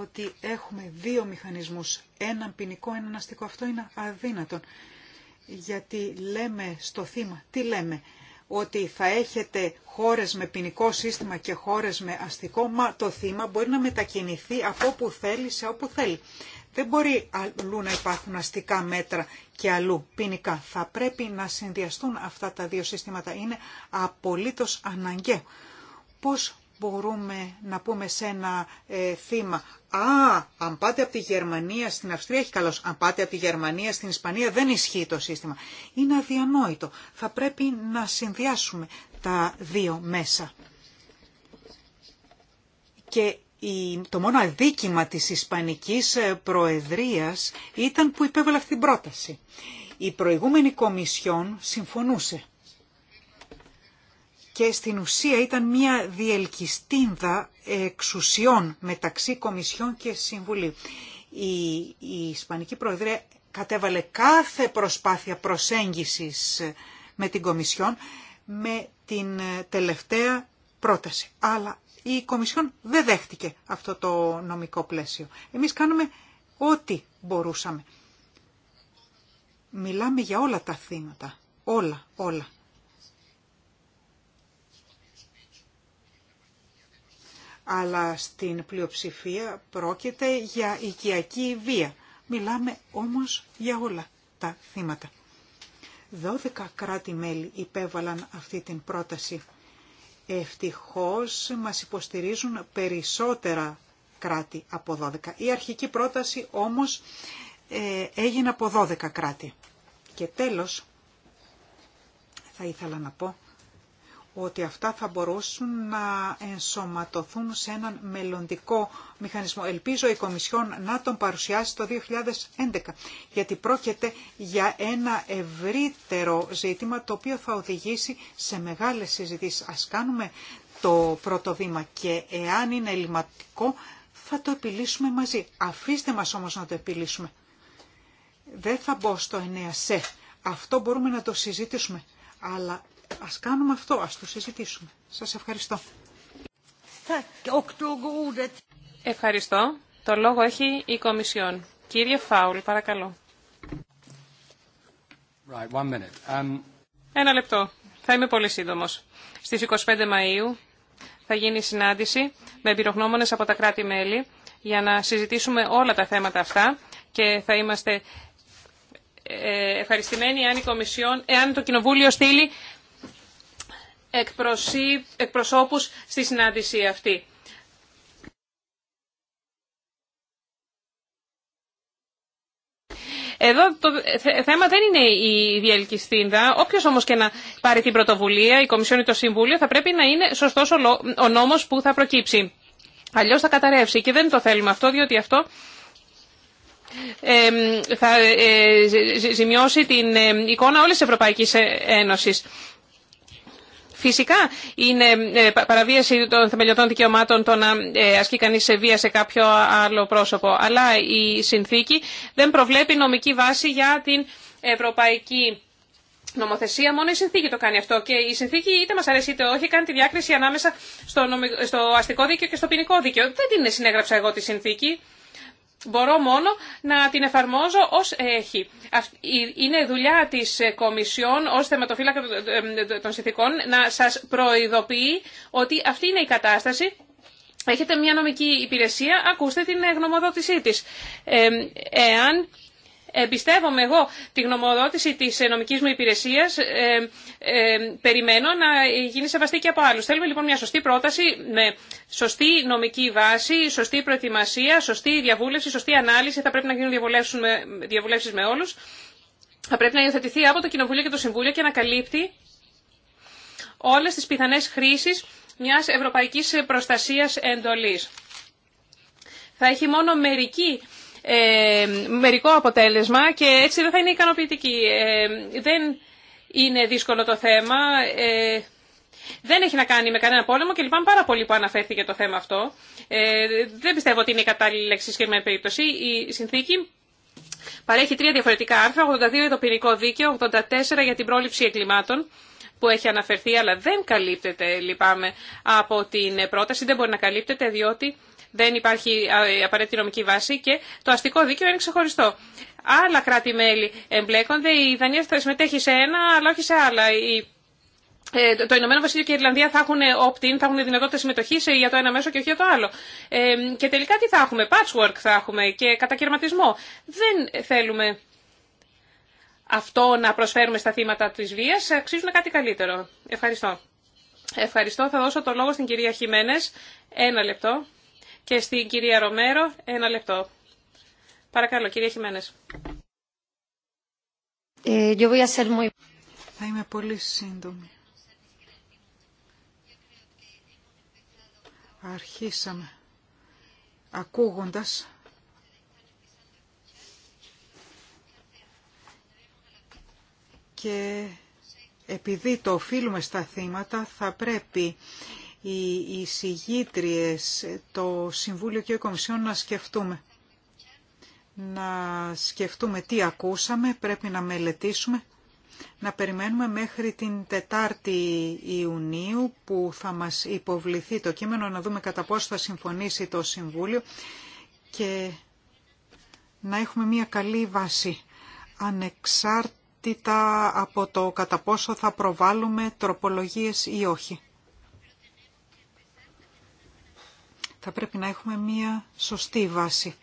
ότι έχουμε δύο μηχανισμούς, έναν ποινικό, έναν αστικό. Αυτό είναι αδύνατον, γιατί λέμε στο θύμα, τι λέμε, ότι θα έχετε χώρες με ποινικό σύστημα και χώρες με αστικό, μα το θύμα μπορεί να μετακινηθεί από όπου θέλει σε όπου θέλει. Δεν μπορεί αλλού να υπάρχουν αστικά μέτρα και αλλού ποινικά. Θα πρέπει να συνδυαστούν αυτά τα δύο συστήματα. Είναι απολύτως αναγκαίο. Πώς μπορούμε να πούμε σε ένα ε, θύμα «Α, αν πάτε από τη Γερμανία στην Αυστρία έχει καλώς, αν πάτε από τη Γερμανία στην Ισπανία δεν ισχύει το σύστημα». Είναι αδιανόητο. Θα πρέπει να συνδυάσουμε τα δύο μέσα. Και το μόνο αδίκημα της Ισπανικής ε, Προεδρίας ήταν που υπέβαλε αυτή την πρόταση. Η προηγούμενη Κομισιόν συμφωνούσε και στην ουσία ήταν μια διελκυστίνδα εξουσιών μεταξύ Κομισιών και συμβουλή. Η, η Ισπανική Προεδρία κατέβαλε κάθε προσπάθεια προσέγγισης με την Κομισιόν με την τελευταία πρόταση. Αλλά η Κομισιόν δεν δέχτηκε αυτό το νομικό πλαίσιο. Εμείς κάνουμε ό,τι μπορούσαμε. Μιλάμε για όλα τα θύματα. Όλα, όλα. αλλά στην πλειοψηφία πρόκειται για οικιακή βία. Μιλάμε όμως για όλα τα θύματα. 12 κράτη-μέλη υπέβαλαν αυτή την πρόταση. Ευτυχώς μας υποστηρίζουν περισσότερα κράτη από 12. Η αρχική πρόταση όμως ε, έγινε από 12 κράτη. Και τέλος, θα ήθελα να πω ότι αυτά θα μπορούσαν να ενσωματωθούν σε έναν μελλοντικό μηχανισμό. Ελπίζω η Κομισιόν να τον παρουσιάσει το 2011, γιατί πρόκειται για ένα ευρύτερο ζήτημα το οποίο θα οδηγήσει σε μεγάλες συζητήσεις. Ας κάνουμε το πρώτο βήμα και εάν είναι ελληματικό θα το επιλύσουμε μαζί. Αφήστε μας όμως να το επιλύσουμε. Δεν θα μπω στο 9 σε. Αυτό μπορούμε να το συζητήσουμε. Αλλά Ας κάνουμε αυτό, ας το συζητήσουμε. Σας ευχαριστώ. Ευχαριστώ. Το λόγο έχει η Κομισιόν. Κύριε Φάουλ, παρακαλώ. Right, um, Ένα λεπτό. Θα είμαι πολύ σύντομος. Στις 25 Μαΐου θα γίνει συνάντηση με εμπειρογνώμονες από τα κράτη-μέλη για να συζητήσουμε όλα τα θέματα αυτά και θα είμαστε ε, ευχαριστημένοι αν η Κομισιόν, εάν το Κοινοβούλιο στείλει εκπροσώπους στη συνάντηση αυτή. Εδώ το θέμα δεν είναι η διελκυστίνδα. Όποιο όμω και να πάρει την πρωτοβουλία, η Κομισιόν ή το Συμβούλιο, θα πρέπει να είναι σωστό ο νόμο που θα προκύψει. Αλλιώ θα καταρρεύσει και δεν το θέλουμε αυτό, διότι αυτό θα ε, ζημιώσει την ε, εικόνα όλης της Ευρωπαϊκής ε, Ένωσης. Φυσικά είναι ε, παραβίαση των θεμελιωτών δικαιωμάτων το να ε, ασκεί κανεί σε βία σε κάποιο άλλο πρόσωπο. Αλλά η συνθήκη δεν προβλέπει νομική βάση για την ευρωπαϊκή νομοθεσία. Μόνο η συνθήκη το κάνει αυτό. Και η συνθήκη είτε μας αρέσει είτε όχι κάνει τη διάκριση ανάμεσα στο, αστικό δίκαιο και στο ποινικό δίκαιο. Δεν την συνέγραψα εγώ τη συνθήκη μπορώ μόνο να την εφαρμόζω ως έχει. Είναι δουλειά της Κομισιόν ως θεματοφύλακα των συνθηκών να σας προειδοποιεί ότι αυτή είναι η κατάσταση. Έχετε μια νομική υπηρεσία, ακούστε την γνωμοδότησή της. Ε, εάν εμπιστεύομαι εγώ τη γνωμοδότηση της νομική μου υπηρεσίας. Ε, ε, περιμένω να γίνει σεβαστή και από άλλους. Θέλουμε λοιπόν μια σωστή πρόταση με σωστή νομική βάση, σωστή προετοιμασία, σωστή διαβούλευση, σωστή ανάλυση. Θα πρέπει να γίνουν διαβουλεύσεις με όλους. Θα πρέπει να υιοθετηθεί από το Κοινοβούλιο και το Συμβούλιο και να καλύπτει όλες τις πιθανές χρήσεις μιας ευρωπαϊκής προστασίας εντολής. Θα έχει μόνο μερική ε, μερικό αποτέλεσμα και έτσι δεν θα είναι ικανοποιητική. Ε, δεν είναι δύσκολο το θέμα. Ε, δεν έχει να κάνει με κανένα πόλεμο και λυπάμαι πάρα πολύ που αναφέρθηκε το θέμα αυτό. Δεν πιστεύω ότι είναι η κατάλληλη λέξη σε περίπτωση. Η συνθήκη παρέχει τρία διαφορετικά άρθρα, 82 για το ποινικό δίκαιο, 84 για την πρόληψη εγκλημάτων που έχει αναφερθεί αλλά δεν καλύπτεται, λυπάμαι, από την πρόταση. Δεν μπορεί να καλύπτεται διότι δεν υπάρχει απαραίτητη νομική βάση και το αστικό δίκαιο είναι ξεχωριστό. Άλλα κράτη-μέλη εμπλέκονται, η Δανία θα συμμετέχει σε ένα αλλά όχι σε άλλα. Η... Ε, το Ηνωμένο Βασίλειο και η Ιρλανδία θα έχουν opt-in, θα έχουν δυνατότητα συμμετοχή για το ένα μέσο και όχι για το άλλο. Ε, και τελικά τι θα έχουμε, patchwork θα έχουμε και κατακαιρματισμό. Δεν θέλουμε αυτό να προσφέρουμε στα θύματα της βίας αξίζουν κάτι καλύτερο. Ευχαριστώ. Ευχαριστώ. Θα δώσω το λόγο στην κυρία Χιμένες. Ένα λεπτό. Και στην κυρία Ρομέρο. Ένα λεπτό. Παρακαλώ, κυρία Χιμένες. Ε, Θα είμαι πολύ σύντομη. Αρχίσαμε ακούγοντας και επειδή το οφείλουμε στα θύματα θα πρέπει οι εισηγήτριες, το Συμβούλιο και η Κομισιόν να σκεφτούμε. Να σκεφτούμε τι ακούσαμε, πρέπει να μελετήσουμε, να περιμένουμε μέχρι την 4η Ιουνίου που θα μας υποβληθεί το κείμενο, να δούμε κατά πόσο θα συμφωνήσει το Συμβούλιο και να έχουμε μια καλή βάση ανεξάρτητα ανεξάρτητα από το κατά πόσο θα προβάλλουμε τροπολογίες ή όχι. Θα πρέπει να έχουμε μία σωστή βάση.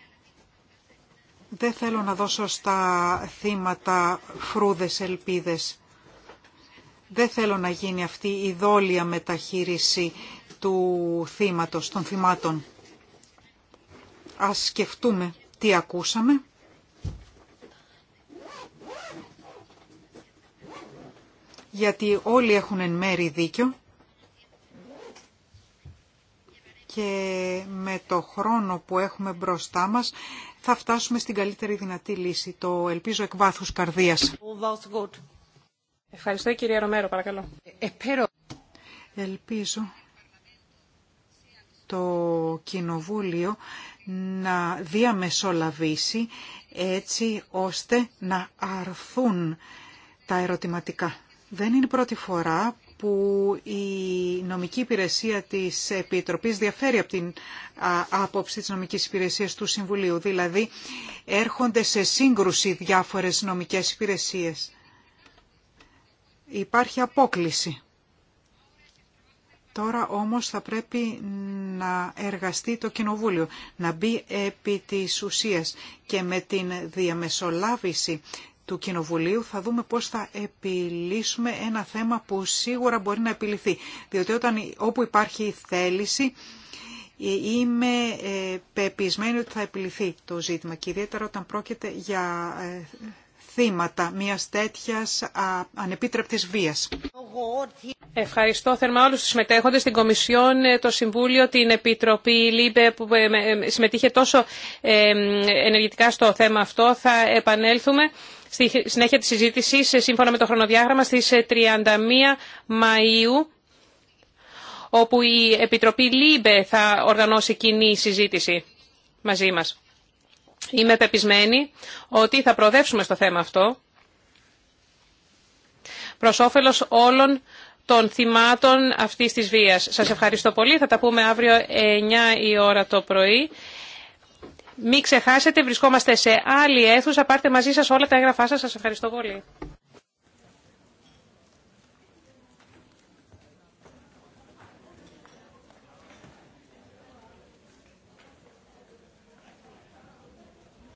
Δεν θέλω να δώσω στα θύματα φρούδες ελπίδες. Δεν θέλω να γίνει αυτή η δόλια μεταχείριση του θύματος, των θυμάτων. Ας σκεφτούμε τι ακούσαμε γιατί όλοι έχουν εν μέρη δίκιο και με το χρόνο που έχουμε μπροστά μας θα φτάσουμε στην καλύτερη δυνατή λύση. Το ελπίζω εκ βάθους καρδίας. Ευχαριστώ κυρία Ρομέρο, παρακαλώ. Ελπίζω το Κοινοβούλιο να διαμεσολαβήσει έτσι ώστε να αρθούν τα ερωτηματικά. Δεν είναι η πρώτη φορά που η νομική υπηρεσία της Επιτροπής διαφέρει από την άποψη της νομικής υπηρεσίας του Συμβουλίου. Δηλαδή έρχονται σε σύγκρουση διάφορες νομικές υπηρεσίες. Υπάρχει απόκληση. Τώρα όμως θα πρέπει να εργαστεί το Κοινοβούλιο, να μπει επί της ουσίας και με την διαμεσολάβηση του Κοινοβουλίου θα δούμε πώς θα επιλύσουμε ένα θέμα που σίγουρα μπορεί να επιληθεί. Διότι όταν, όπου υπάρχει θέληση ε, είμαι ε, πεπισμένη ότι θα επιληθεί το ζήτημα και ιδιαίτερα όταν πρόκειται για ε, θύματα μιας τέτοιας ανεπίτρεπτης βίας. Ευχαριστώ θερμά όλους τους συμμετέχοντες στην Κομισιόν, το Συμβούλιο, την Επιτροπή Λύπε που συμμετείχε τόσο ενεργητικά στο θέμα αυτό. Θα επανέλθουμε στη συνέχεια της συζήτησης, σύμφωνα με το χρονοδιάγραμμα, στις 31 ε, Μαΐου, όπου η Επιτροπή ΛΥΜΠΕ θα οργανώσει κοινή συζήτηση μαζί μας. Είμαι πεπισμένη ότι θα προοδεύσουμε στο θέμα αυτό, προς όφελος όλων των θυμάτων αυτής της βίας. Σας ευχαριστώ πολύ. Θα τα πούμε αύριο 9 η ώρα το πρωί. Μην ξεχάσετε, βρισκόμαστε σε άλλη αίθουσα. Πάρτε μαζί σας όλα τα έγγραφά σας. Σας ευχαριστώ πολύ.